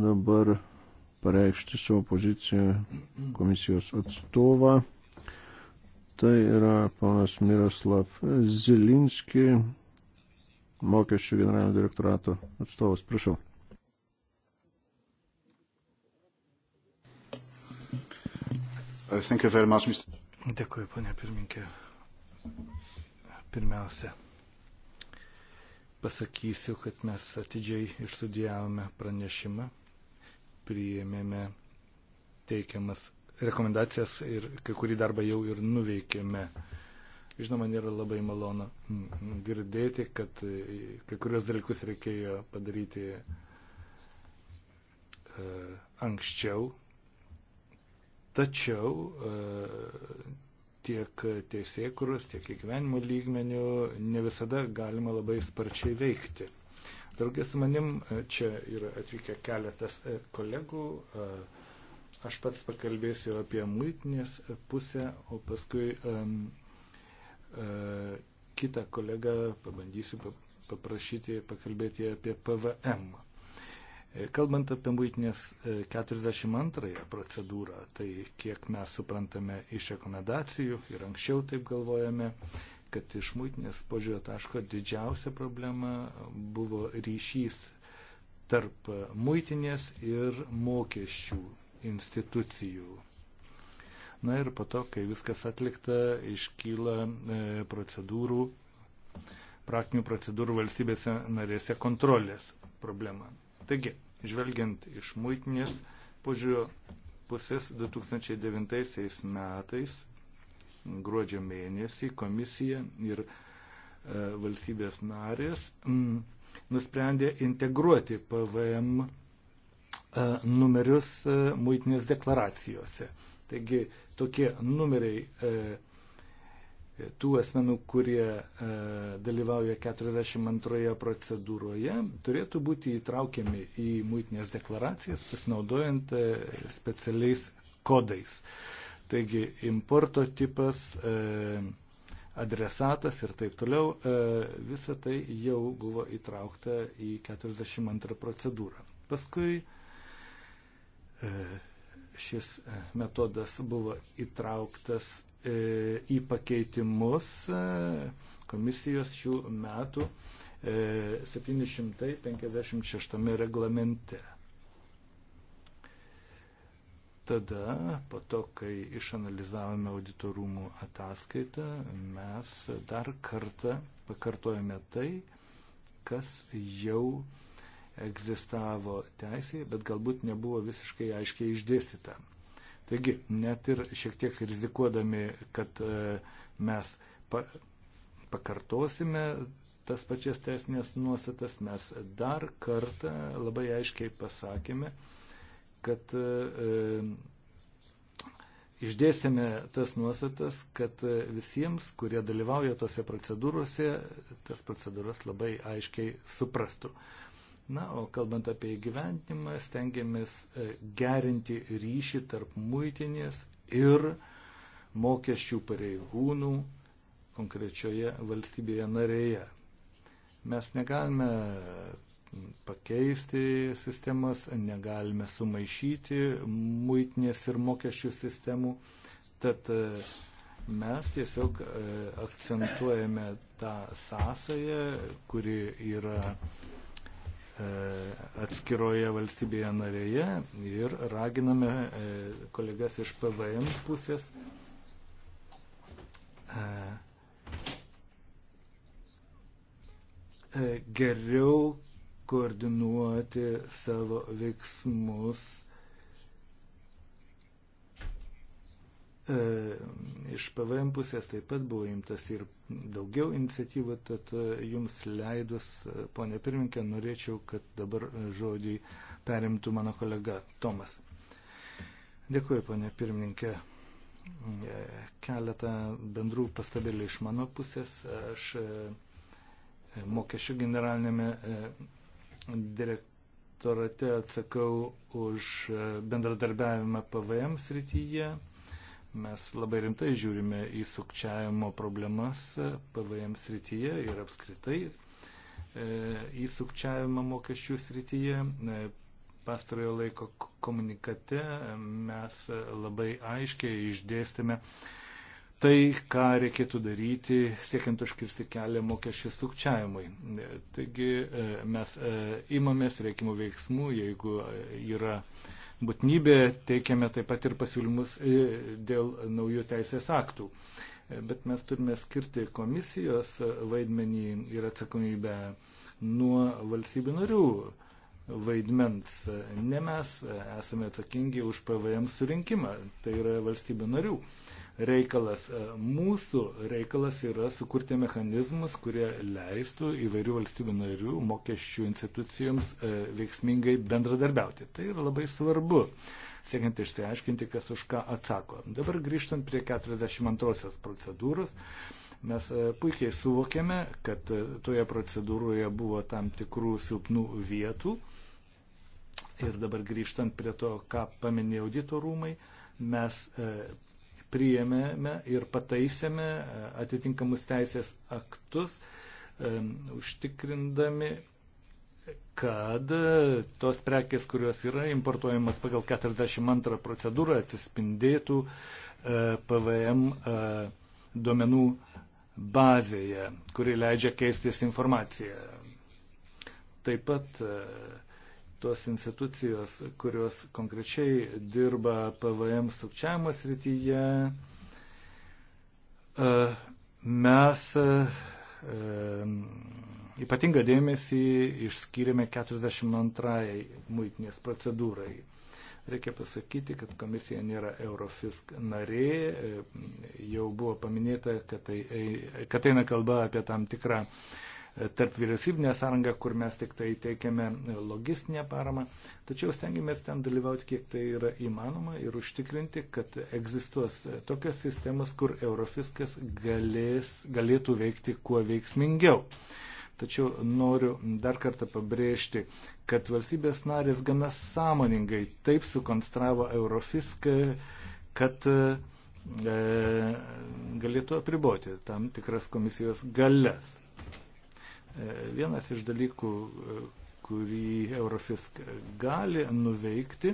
B: dabar pareikšti savo poziciją komisijos atstovą. Tai yra panas Miroslav Zilinski, mokesčių generalinio direktorato atstovas. Prašau. Much, Mr.
A: Dėkuoju, ponia pirminkė. Pirmiausia, pasakysiu, kad mes atidžiai išstudijavome pranešimą, priėmėme teikiamas rekomendacijas ir kai kurį darbą jau ir nuveikėme. Žinoma, nėra labai malonu girdėti, kad kai kurios dalykus reikėjo padaryti e, anksčiau, Tačiau e, tiek teisėkuros, tiek įgyvenimo lygmenių ne visada galima labai sparčiai veikti. Draugė su manim e, čia yra atvykę keletas e, kolegų. Aš pats pakalbėsiu apie muitinės pusę, o paskui um, uh, kitą kolegą pabandysiu paprašyti pakalbėti apie PVM. Kalbant apie būtinės 42 e, procedūrą, tai kiek mes suprantame iš rekomendacijų ir anksčiau taip galvojame, kad iš mūtinės požiūrio taško didžiausia problema buvo ryšys tarp mūtinės ir mokesčių institucijų. Na ir po to, kai viskas atlikta, iškyla e, procedūrų, praktinių procedūrų valstybėse narėse kontrolės problema. Taigi, Žvelgiant iš muitinės požiūrio pusės 2009 metais, gruodžio mėnesį, komisija ir e, valstybės narės m, mm, nusprendė integruoti PVM e, numerius e, muitinės deklaracijose. Taigi tokie numeriai e, tų asmenų, kurie e, dalyvauja 42 procedūroje, turėtų būti įtraukiami į mūtinės deklaracijas, pasinaudojant e, specialiais kodais. Taigi importo tipas, e, adresatas ir taip toliau, visa tai jau buvo įtraukta į 42 procedūrą. Paskui šis metodas buvo įtrauktas E, į pakeitimus e, komisijos šių metų 756 e, reglamente. Tada, po to, kai išanalizavome auditorumų ataskaitą, mes dar kartą pakartojame tai, kas jau egzistavo teisėje, bet galbūt nebuvo visiškai aiškiai išdėstyta. Taigi, net ir šiek tiek rizikuodami, kad e, mes pa, pakartosime tas pačias teisinės nuostatas, mes dar kartą labai aiškiai pasakėme, kad e, e išdėsime tas nuostatas, kad e, visiems, kurie dalyvauja tose procedūrose, tas procedūras labai aiškiai suprastų. E, Na, o kalbant apie įgyvendinimą, stengiamės e, gerinti ryšį tarp muitinės ir mokesčių pareigūnų konkrečioje valstybėje narėje. Mes negalime pakeisti sistemas, negalime sumaišyti muitinės ir mokesčių sistemų. Tad e, mes tiesiog e, akcentuojame tą sąsąją, kuri yra E, atskiroje valstybėje narėje ir raginame e, kolegas iš PVM pusės e, geriau koordinuoti savo veiksmus E, iš PVM pusės taip pat buvo imtas ir daugiau iniciatyvų, tad e, jums leidus, e, ponė pirminkė, norėčiau, kad dabar žodį perimtų mano kolega Tomas. Dėkuoju, ponė pirmininkė. Keletą bendrų pastabėlį iš mano pusės. Aš mokesčių generalinėme direktorate atsakau už bendradarbiavimą PVM srityje. Mes labai rimtai žiūrime į sukčiavimo problemas PVM srityje ir apskritai e, į sukčiavimą mokesčių srityje. E, pastarojo laiko komunikate mes labai aiškiai išdėstėme tai, ką reikėtų daryti, siekiant užkirsti kelią mokesčių sukčiavimui. E, taigi mes imamės reikimų veiksmų, jeigu yra būtinybė, teikiame taip pat ir pasiūlymus e, dėl naujų teisės aktų. E, bet mes turime skirti komisijos vaidmenį ir atsakomybę nuo valstybių narių vaidmens. Ne mes esame atsakingi už PVM surinkimą, tai yra valstybių narių reikalas. E, mūsų reikalas yra sukurti mechanizmus, kurie leistų įvairių valstybių narių mokesčių institucijoms e, veiksmingai bendradarbiauti. Tai yra labai svarbu, siekiant išsiaiškinti, kas už ką atsako. Dabar grįžtant prie 42 procedūros. Mes e, puikiai suvokėme, kad toje procedūroje buvo tam tikrų silpnų vietų. Ir dabar grįžtant prie to, ką paminėjo auditorumai, mes priėmėme ir pataisėme e, atitinkamus teisės aktus, e, užtikrindami, kad tos prekės, kurios yra importuojamas pagal 42 procedūrą, atsispindėtų e, PVM duomenų bazėje, kuri leidžia keistis informaciją. Taip pat tos institucijos, kurios konkrečiai dirba PVM sukčiavimo srityje, e, mes e, ypatingą dėmesį išskyrėme 42-ai muitinės procedūrai. Reikia pasakyti, kad komisija nėra Eurofisk narė, e, jau buvo paminėta, kad tai, kad tai eina kalba apie tam tikrą uh, tarp vyriausybinę sąrangą, kur mes tik tai teikiame logistinę paramą, tačiau stengiamės ten dalyvauti, kiek tai yra įmanoma ir užtikrinti, kad egzistuos tokios sistemos, kur Eurofiskas galės, galėtų veikti kuo veiksmingiau. Tačiau noriu dar kartą pabrėžti, kad valstybės narės gana sąmoningai taip sukonstravo Eurofiską, kad e, galėtų apriboti tam tikras komisijos galės. Vienas iš dalykų, kurį Eurofisk gali nuveikti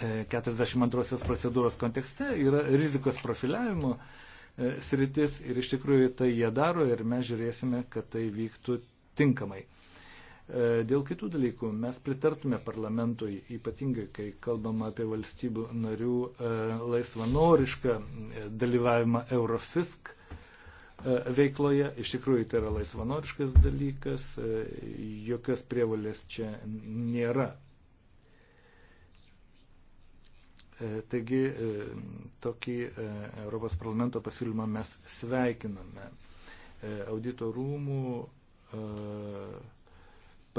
A: 42 e, procedūros kontekste, yra rizikos profiliavimo e, sritis ir iš tikrųjų tai jie daro ir mes žiūrėsime, kad tai vyktų tinkamai. E, dėl kitų dalykų mes pritartume parlamentui, ypatingai kai kalbama apie valstybių narių laisvanorišką dalyvavimą Eurofisk E, veikloje. Iš tikrųjų, tai yra laisvanoriškas dalykas, e, jokios prievalės čia nėra. E, taigi, tokį Europos parlamento pasiūlymą mes sveikiname. Audito rūmų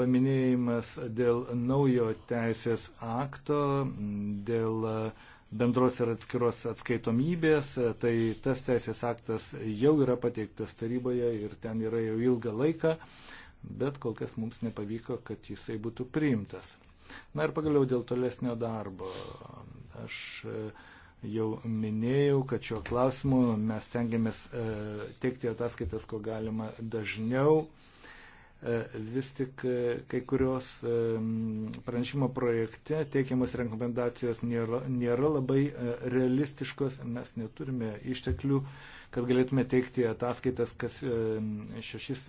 A: paminėjimas dėl naujo teisės akto, dėl uh, bendros ir atskiros atskaitomybės, tai tas teisės aktas jau yra pateiktas taryboje ir ten yra jau ilgą laiką, bet kol kas mums nepavyko, kad jisai būtų priimtas. Na ir pagaliau dėl tolesnio darbo. Aš e, jau minėjau, kad šiuo klausimu mes tengiamės e, teikti ataskaitas, ko galima dažniau. E, vis tik e, kai kurios e, pranešimo projekte teikiamas rekomendacijos nėra, nėra labai realistiškos, mes neturime išteklių, kad galėtume teikti ataskaitas kas, šešis,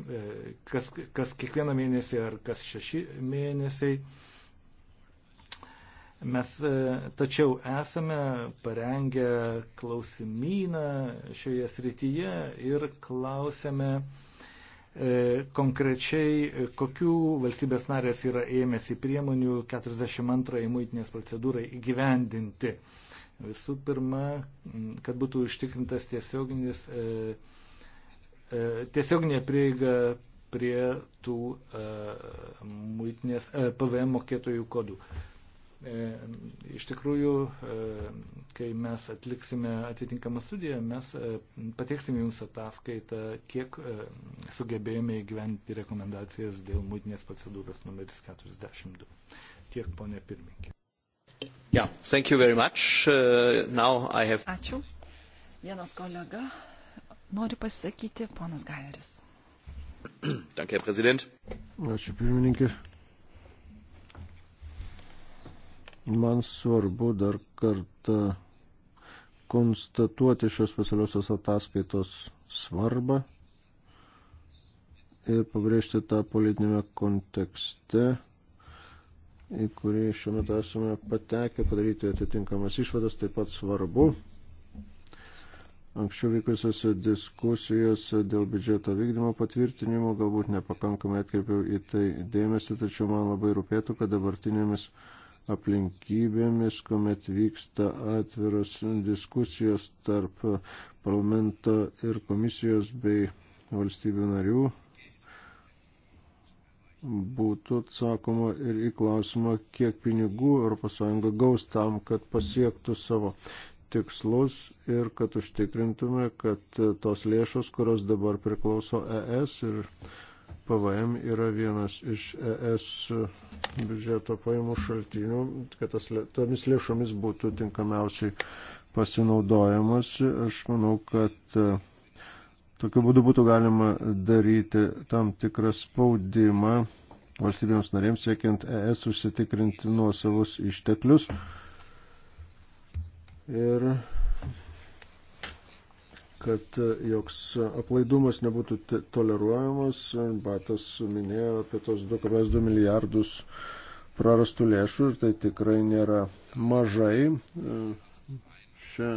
A: kas, kas kiekvieną mėnesį ar kas šeši mėnesiai. Mes tačiau esame parengę klausimyną šioje srityje ir klausėme, E, konkrečiai e, kokių valstybės narės yra ėmėsi priemonių 42 muitinės procedūrai įgyvendinti. Visų pirma, kad būtų užtikrintas tiesioginis, e, tiesioginė prieiga prie tų muitinės PVM mokėtojų kodų. E, iš tikrųjų, e, kai mes atliksime atitinkamą studiją, mes e, pateiksime Jums ataskaitą, kiek sugebėjome įgyventi rekomendacijas dėl mūtinės procedūros numeris 42. Tiek, ponė pirmininkė.
C: Yeah, thank you very much. Uh, now I have...
A: Ačiū.
D: Vienas kolega nori pasisakyti, ponas Gairis.
C: Danke, Herr Präsident.
B: Ačiū, pirmininkė. Man svarbu dar kartą konstatuoti šios specialiosios ataskaitos svarbą ir pabrėžti tą politinėme kontekste, į kurį šiuo metu esame patekę, padaryti atitinkamas išvadas, taip pat svarbu. Anksčiau vykusiuose diskusijose dėl biudžeto vykdymo patvirtinimo galbūt nepakankamai atkreipiau į tai dėmesį, tačiau man labai rūpėtų, kad dabartinėmis aplinkybėmis, kuomet vyksta atviros diskusijos tarp parlamento ir komisijos bei valstybių narių, būtų atsakoma ir į klausimą, kiek pinigų ES gaus tam, kad pasiektų savo tikslus ir kad užtikrintume, kad tos lėšos, kurios dabar priklauso ES ir PVM yra vienas iš ES biudžeto pajamų šaltinių, kad tas, tomis lėšomis būtų tinkamiausiai pasinaudojamas. Aš manau, kad e, tokiu būdu būtų galima daryti tam tikrą spaudimą valstybėms narėms, siekiant ES užsitikrinti nuosavus išteklius. Ir kad e, joks aplaidumas nebūtų toleruojamas. Batas minėjo apie tos 2,2 milijardus prarastų lėšų ir tai tikrai nėra mažai. E, šią,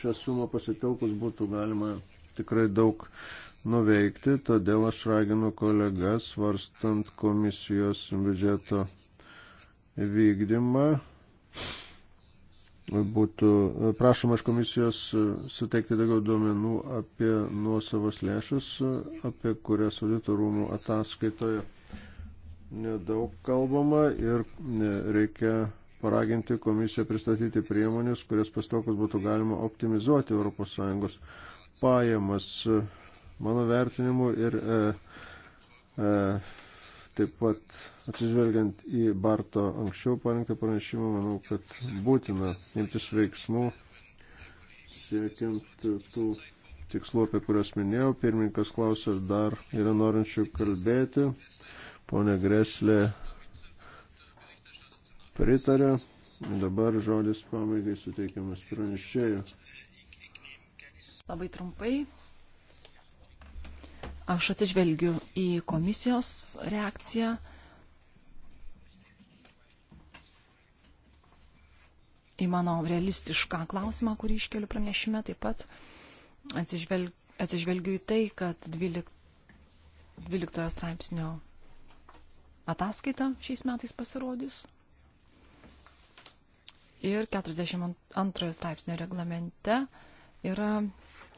B: šią sumą pasitelkus būtų galima tikrai daug nuveikti, todėl aš raginu kolegas svarstant komisijos biudžeto vykdymą būtų e, prašoma iš komisijos e, suteikti daugiau duomenų apie nuosavas lėšas, e, apie kurias auditorumų ataskaitoje nedaug kalbama ir reikia paraginti komisiją pristatyti priemonės, kurias pastokus būtų galima optimizuoti ES pajamas. Mano vertinimu ir e, e, Taip pat atsižvelgiant į Barto anksčiau parinktą pranešimą, manau, kad būtina imtis veiksmų siekiant tų tikslų, apie kuriuos minėjau. Pirmininkas klausė, ar dar yra norinčių kalbėti. Pone Greslė pritarė. Dabar žodis pabaigai suteikiamas pranešėjų.
D: Labai trumpai Aš atsižvelgiu į komisijos reakciją. Į mano realistišką klausimą, kurį iškeliu pranešime, taip pat atsižvelg, atsižvelgiu į tai, kad 12, 12 straipsnio ataskaita šiais metais pasirodys. Ir 42 straipsnio reglamente yra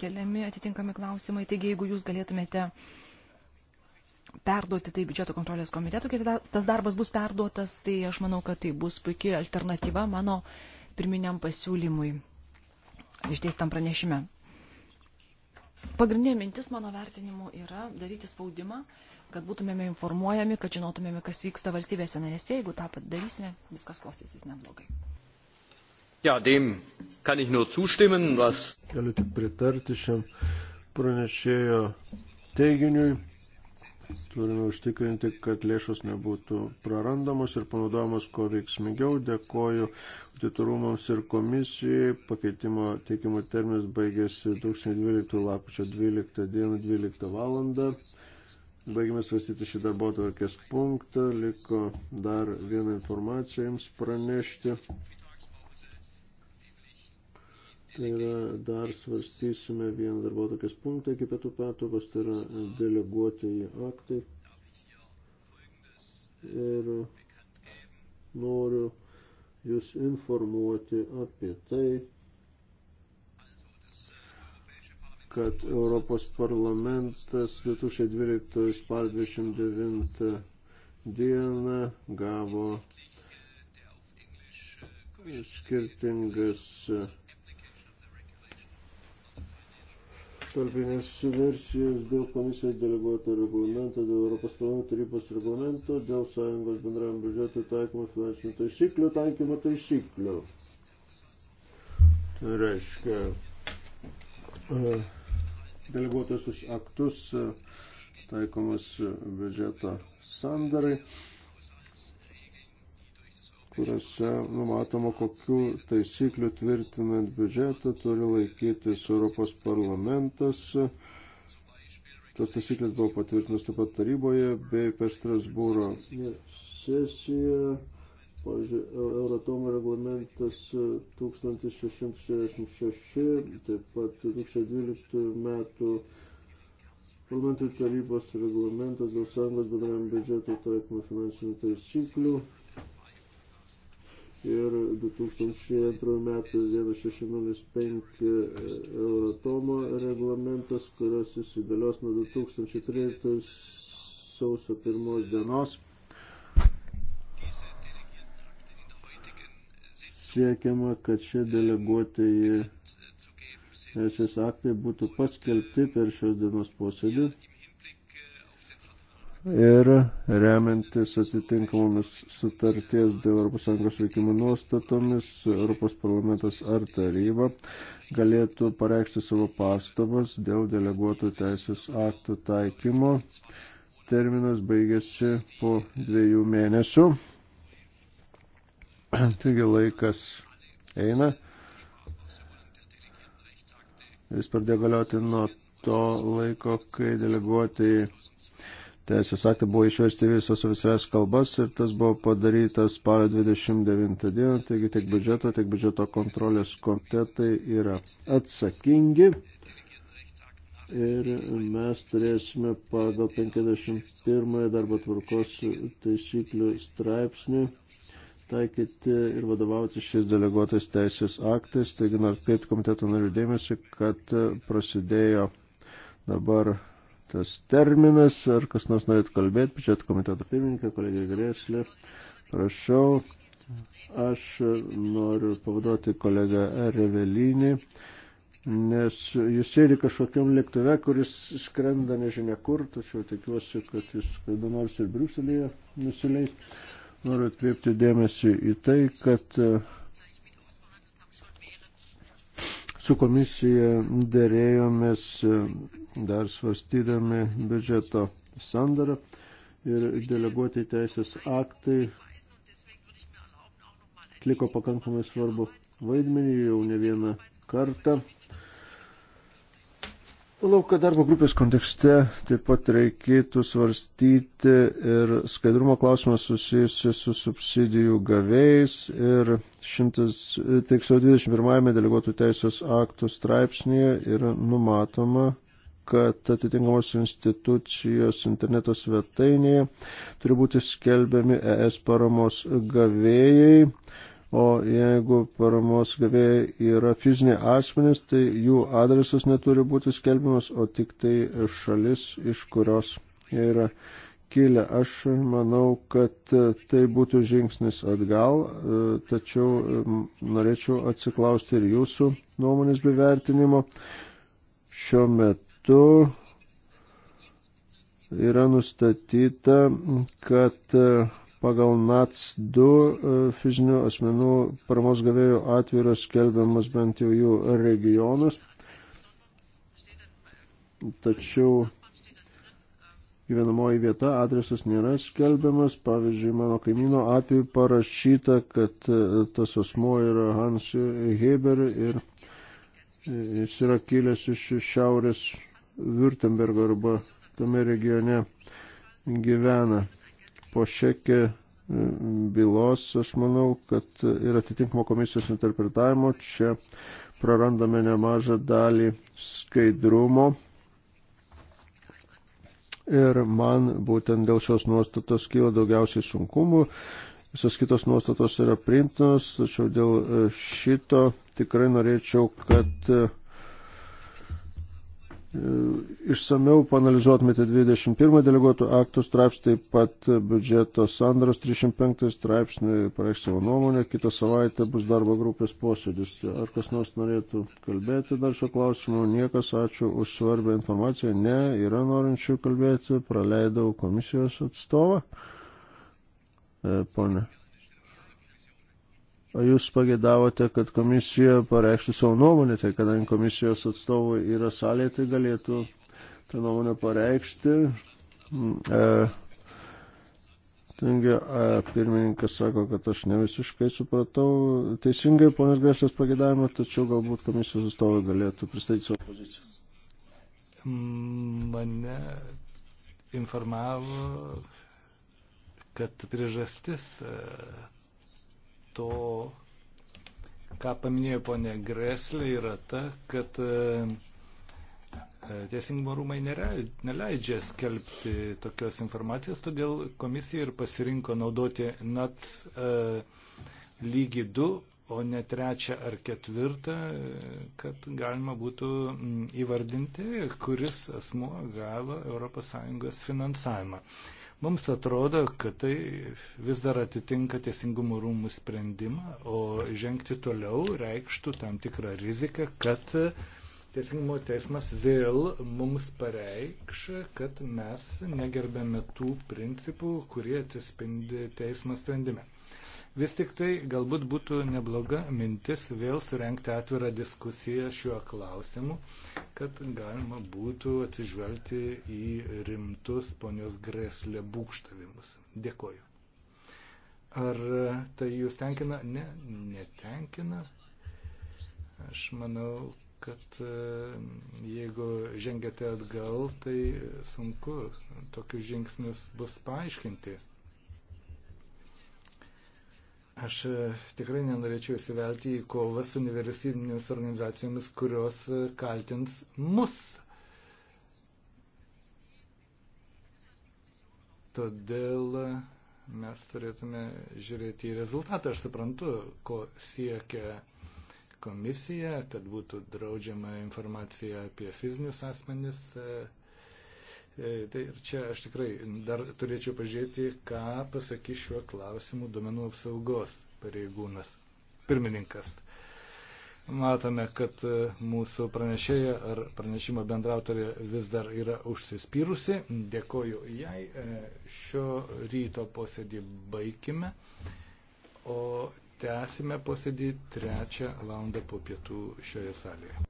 D: keliami atitinkami klausimai. Taigi, jeigu jūs galėtumėte perduoti tai biudžeto kontrolės komitetu, kai tas darbas bus perduotas, tai aš manau, kad tai bus puikia alternatyva mano pirminiam pasiūlymui išdėstam pranešime. Pagrindinė mintis mano vertinimu yra daryti spaudimą, kad būtumėme informuojami, kad žinotumėme, kas vyksta valstybėse narėse. Jeigu tą padarysime, viskas klostysis neblogai.
C: Ja, dem kann ich nur zustimmen, was.
B: Galiu tik pritarti šiam pranešėjo teiginiui. Turime užtikrinti, kad lėšos nebūtų prarandamos ir panaudojamos kuo veiksmingiau. Dėkoju auditorumams ir komisijai. Pakeitimo teikimo terminas baigėsi 2012 lapkričio 12 dieną 12 valandą. Baigime svarstyti šį darbo tvarkės punktą. Liko dar vieną informaciją jums pranešti. Tai yra, dar svarstysime vieną darbo tokias punktą iki pietų pertraukos, tai yra deleguotieji aktai. Ir noriu Jūs informuoti apie tai, kad Europos parlamentas 2012 spalio 29 dieną gavo skirtingas Tarpinės versijos dėl komisijos deleguoto reglamento, dėl Europos planų tarybos reglamento, dėl sąjungos bendram biudžetui taikomų finansinių taisyklių, taikymo taisyklių. Tai reiškia, e, deleguotosius aktus e, taikomas biudžeto sandarai kuriuose numatoma, kokiu taisykliu tvirtinant biudžetą turi laikytis Europos parlamentas. Tas taisyklės buvo patvirtintas taip pat taryboje bei per Strasbūro sesiją. Pavyzdžiui, Euratomo reglamentas 1666, taip pat 2012 metų parlamento tarybos reglamentas dėl sąjungos bendram biudžetui taikymo finansinių taisyklių ir 2002 metų 1605 e, Euratomo reglamentas, kurios įsigalios nuo 2013 sausio pirmos dienos. Siekiama, kad šie deleguotieji teisės aktai būtų paskelbti per šios dienos posėdį ir remiantis atitinkamomis sutarties dėl ES veikimo nuostatomis, Europos parlamentas ar taryba galėtų pareikšti savo pastabas dėl deleguotų teisės aktų taikymo. Terminas baigėsi po dviejų mėnesių. Taigi laikas eina. Jis pradėjo galioti nuo to laiko, kai deleguotai teisės aktai buvo išversti visos visas kalbas ir tas buvo padarytas spalio 29 dieną, taigi tiek biudžeto, tiek biudžeto kontrolės komitetai yra atsakingi. Ir mes turėsime pagal 51 darbo tvarkos taisyklių straipsnį taikyti ir vadovauti šiais deleguotais teisės aktais. Taigi noriu atkreipti komiteto narių dėmesį, kad prasidėjo dabar tas terminas, ar kas nors norėtų kalbėti, biudžeto komiteto pirmininkė, kolegė Grėslė, prašau, aš noriu pavaduoti kolegą Revelinį, nes jis sėdi kažkokiam lėktuve, kuris skrenda nežinia kur, tačiau tikiuosi, kad jis kada nors ir Briuselėje nusileis. Noriu atkreipti dėmesį į tai, kad uh, su komisija dėrėjomės dar svarstydami biudžeto sandarą ir deleguoti teisės aktai atliko pakankamai svarbu vaidmenį jau ne vieną kartą. Manau, kad darbo grupės kontekste taip pat reikėtų svarstyti ir skaidrumo klausimą susijusiu su subsidijų gavėjais ir 121 deleguotų teisės aktų straipsnėje yra numatoma, kad atitinkamos institucijos interneto svetainėje turi būti skelbiami ES paramos gavėjai o jeigu paramos gavėjai yra fiziniai asmenys, tai jų adresas neturi būti skelbiamas, o tik tai šalis, iš kurios jie yra kilę. Aš manau, kad tai būtų žingsnis atgal, tačiau norėčiau atsiklausti ir jūsų nuomonės bevertinimo. Šiuo metu yra nustatyta, kad pagal NATS 2 e, fizinių asmenų paramos gavėjų atviras skelbiamas bent jau jų regionus. Tačiau gyvenamoji vieta, adresas nėra skelbiamas. Pavyzdžiui, mano kaimyno atveju parašyta, kad e, tas asmo yra Hans Heber ir jis yra kilęs iš šiaurės Württembergo arba tame regione gyvena po šekė mm, bylos, aš manau, kad ir atitinkamo komisijos interpretavimo čia prarandame nemažą dalį skaidrumo. Ir man būtent dėl šios nuostatos kyla daugiausiai sunkumų. Visos kitos nuostatos yra priimtinos, tačiau dėl e, šito tikrai norėčiau, kad e, E, išsameu panalizuotumėte 21 deleguotų aktų straipsnį, taip pat biudžeto sandaros 305 straipsnį, pareikš savo nuomonę, kitą savaitę bus darbo grupės posėdis. Ar kas nors norėtų kalbėti dar šio klausimu? Niekas, ačiū už svarbę informaciją. Ne, yra norinčių kalbėti, praleidau komisijos atstovą. E, pone O jūs pagėdavote, kad komisija pareikštų savo nuomonę, tai kadangi komisijos atstovai yra salėje, tai galėtų tą nuomonę pareikšti. Mm, e, Tengi, e, pirmininkas sako, kad aš ne visiškai supratau teisingai ponas Grėsės pagėdavimą, tačiau galbūt komisijos atstovai galėtų pristatyti savo poziciją.
A: Mane informavo, kad priežastis e, to, ką paminėjo ponė Greslė, yra ta, kad e, e, Teisingumo rūmai neleidžia skelbti tokios informacijos, todėl komisija ir pasirinko naudoti NATS e, lygį 2, o ne trečią ar ketvirtą, kad galima būtų įvardinti, kuris asmuo gavo ES finansavimą. Mums atrodo, kad tai vis dar atitinka teisingumo rūmų sprendimą, o žengti toliau reikštų tam tikrą riziką, kad teisingumo teismas vėl mums pareikš, kad mes negerbėme tų principų, kurie atsispindi teismo sprendime. Vis tik tai galbūt būtų nebloga mintis vėl surenkti atvirą diskusiją šiuo klausimu, kad galima būtų atsižvelgti į rimtus ponios greslė būkštavimus. Dėkoju. Ar tai jūs tenkina? Ne, netenkina. Aš manau, kad e, jeigu žengėte atgal, tai sunku tokius žingsnius bus paaiškinti. Aš e, tikrai nenorėčiau įsivelti į kovą su universitinėmis organizacijomis, kurios e, kaltins mus. Todėl e, mes turėtume žiūrėti į rezultatą. Aš suprantu, ko siekia komisija, kad būtų draudžiama informacija apie fizinius asmenis, E, tai ir čia aš tikrai dar turėčiau pažiūrėti, ką pasakys šiuo klausimu duomenų apsaugos pareigūnas, pirmininkas. Matome, kad e, mūsų pranešėja ar pranešimo bendrautorė vis dar yra užsispyrusi. Dėkoju jai. E, šio ryto posėdį baigime, o tęsime posėdį trečią valandą po pietų šioje salėje.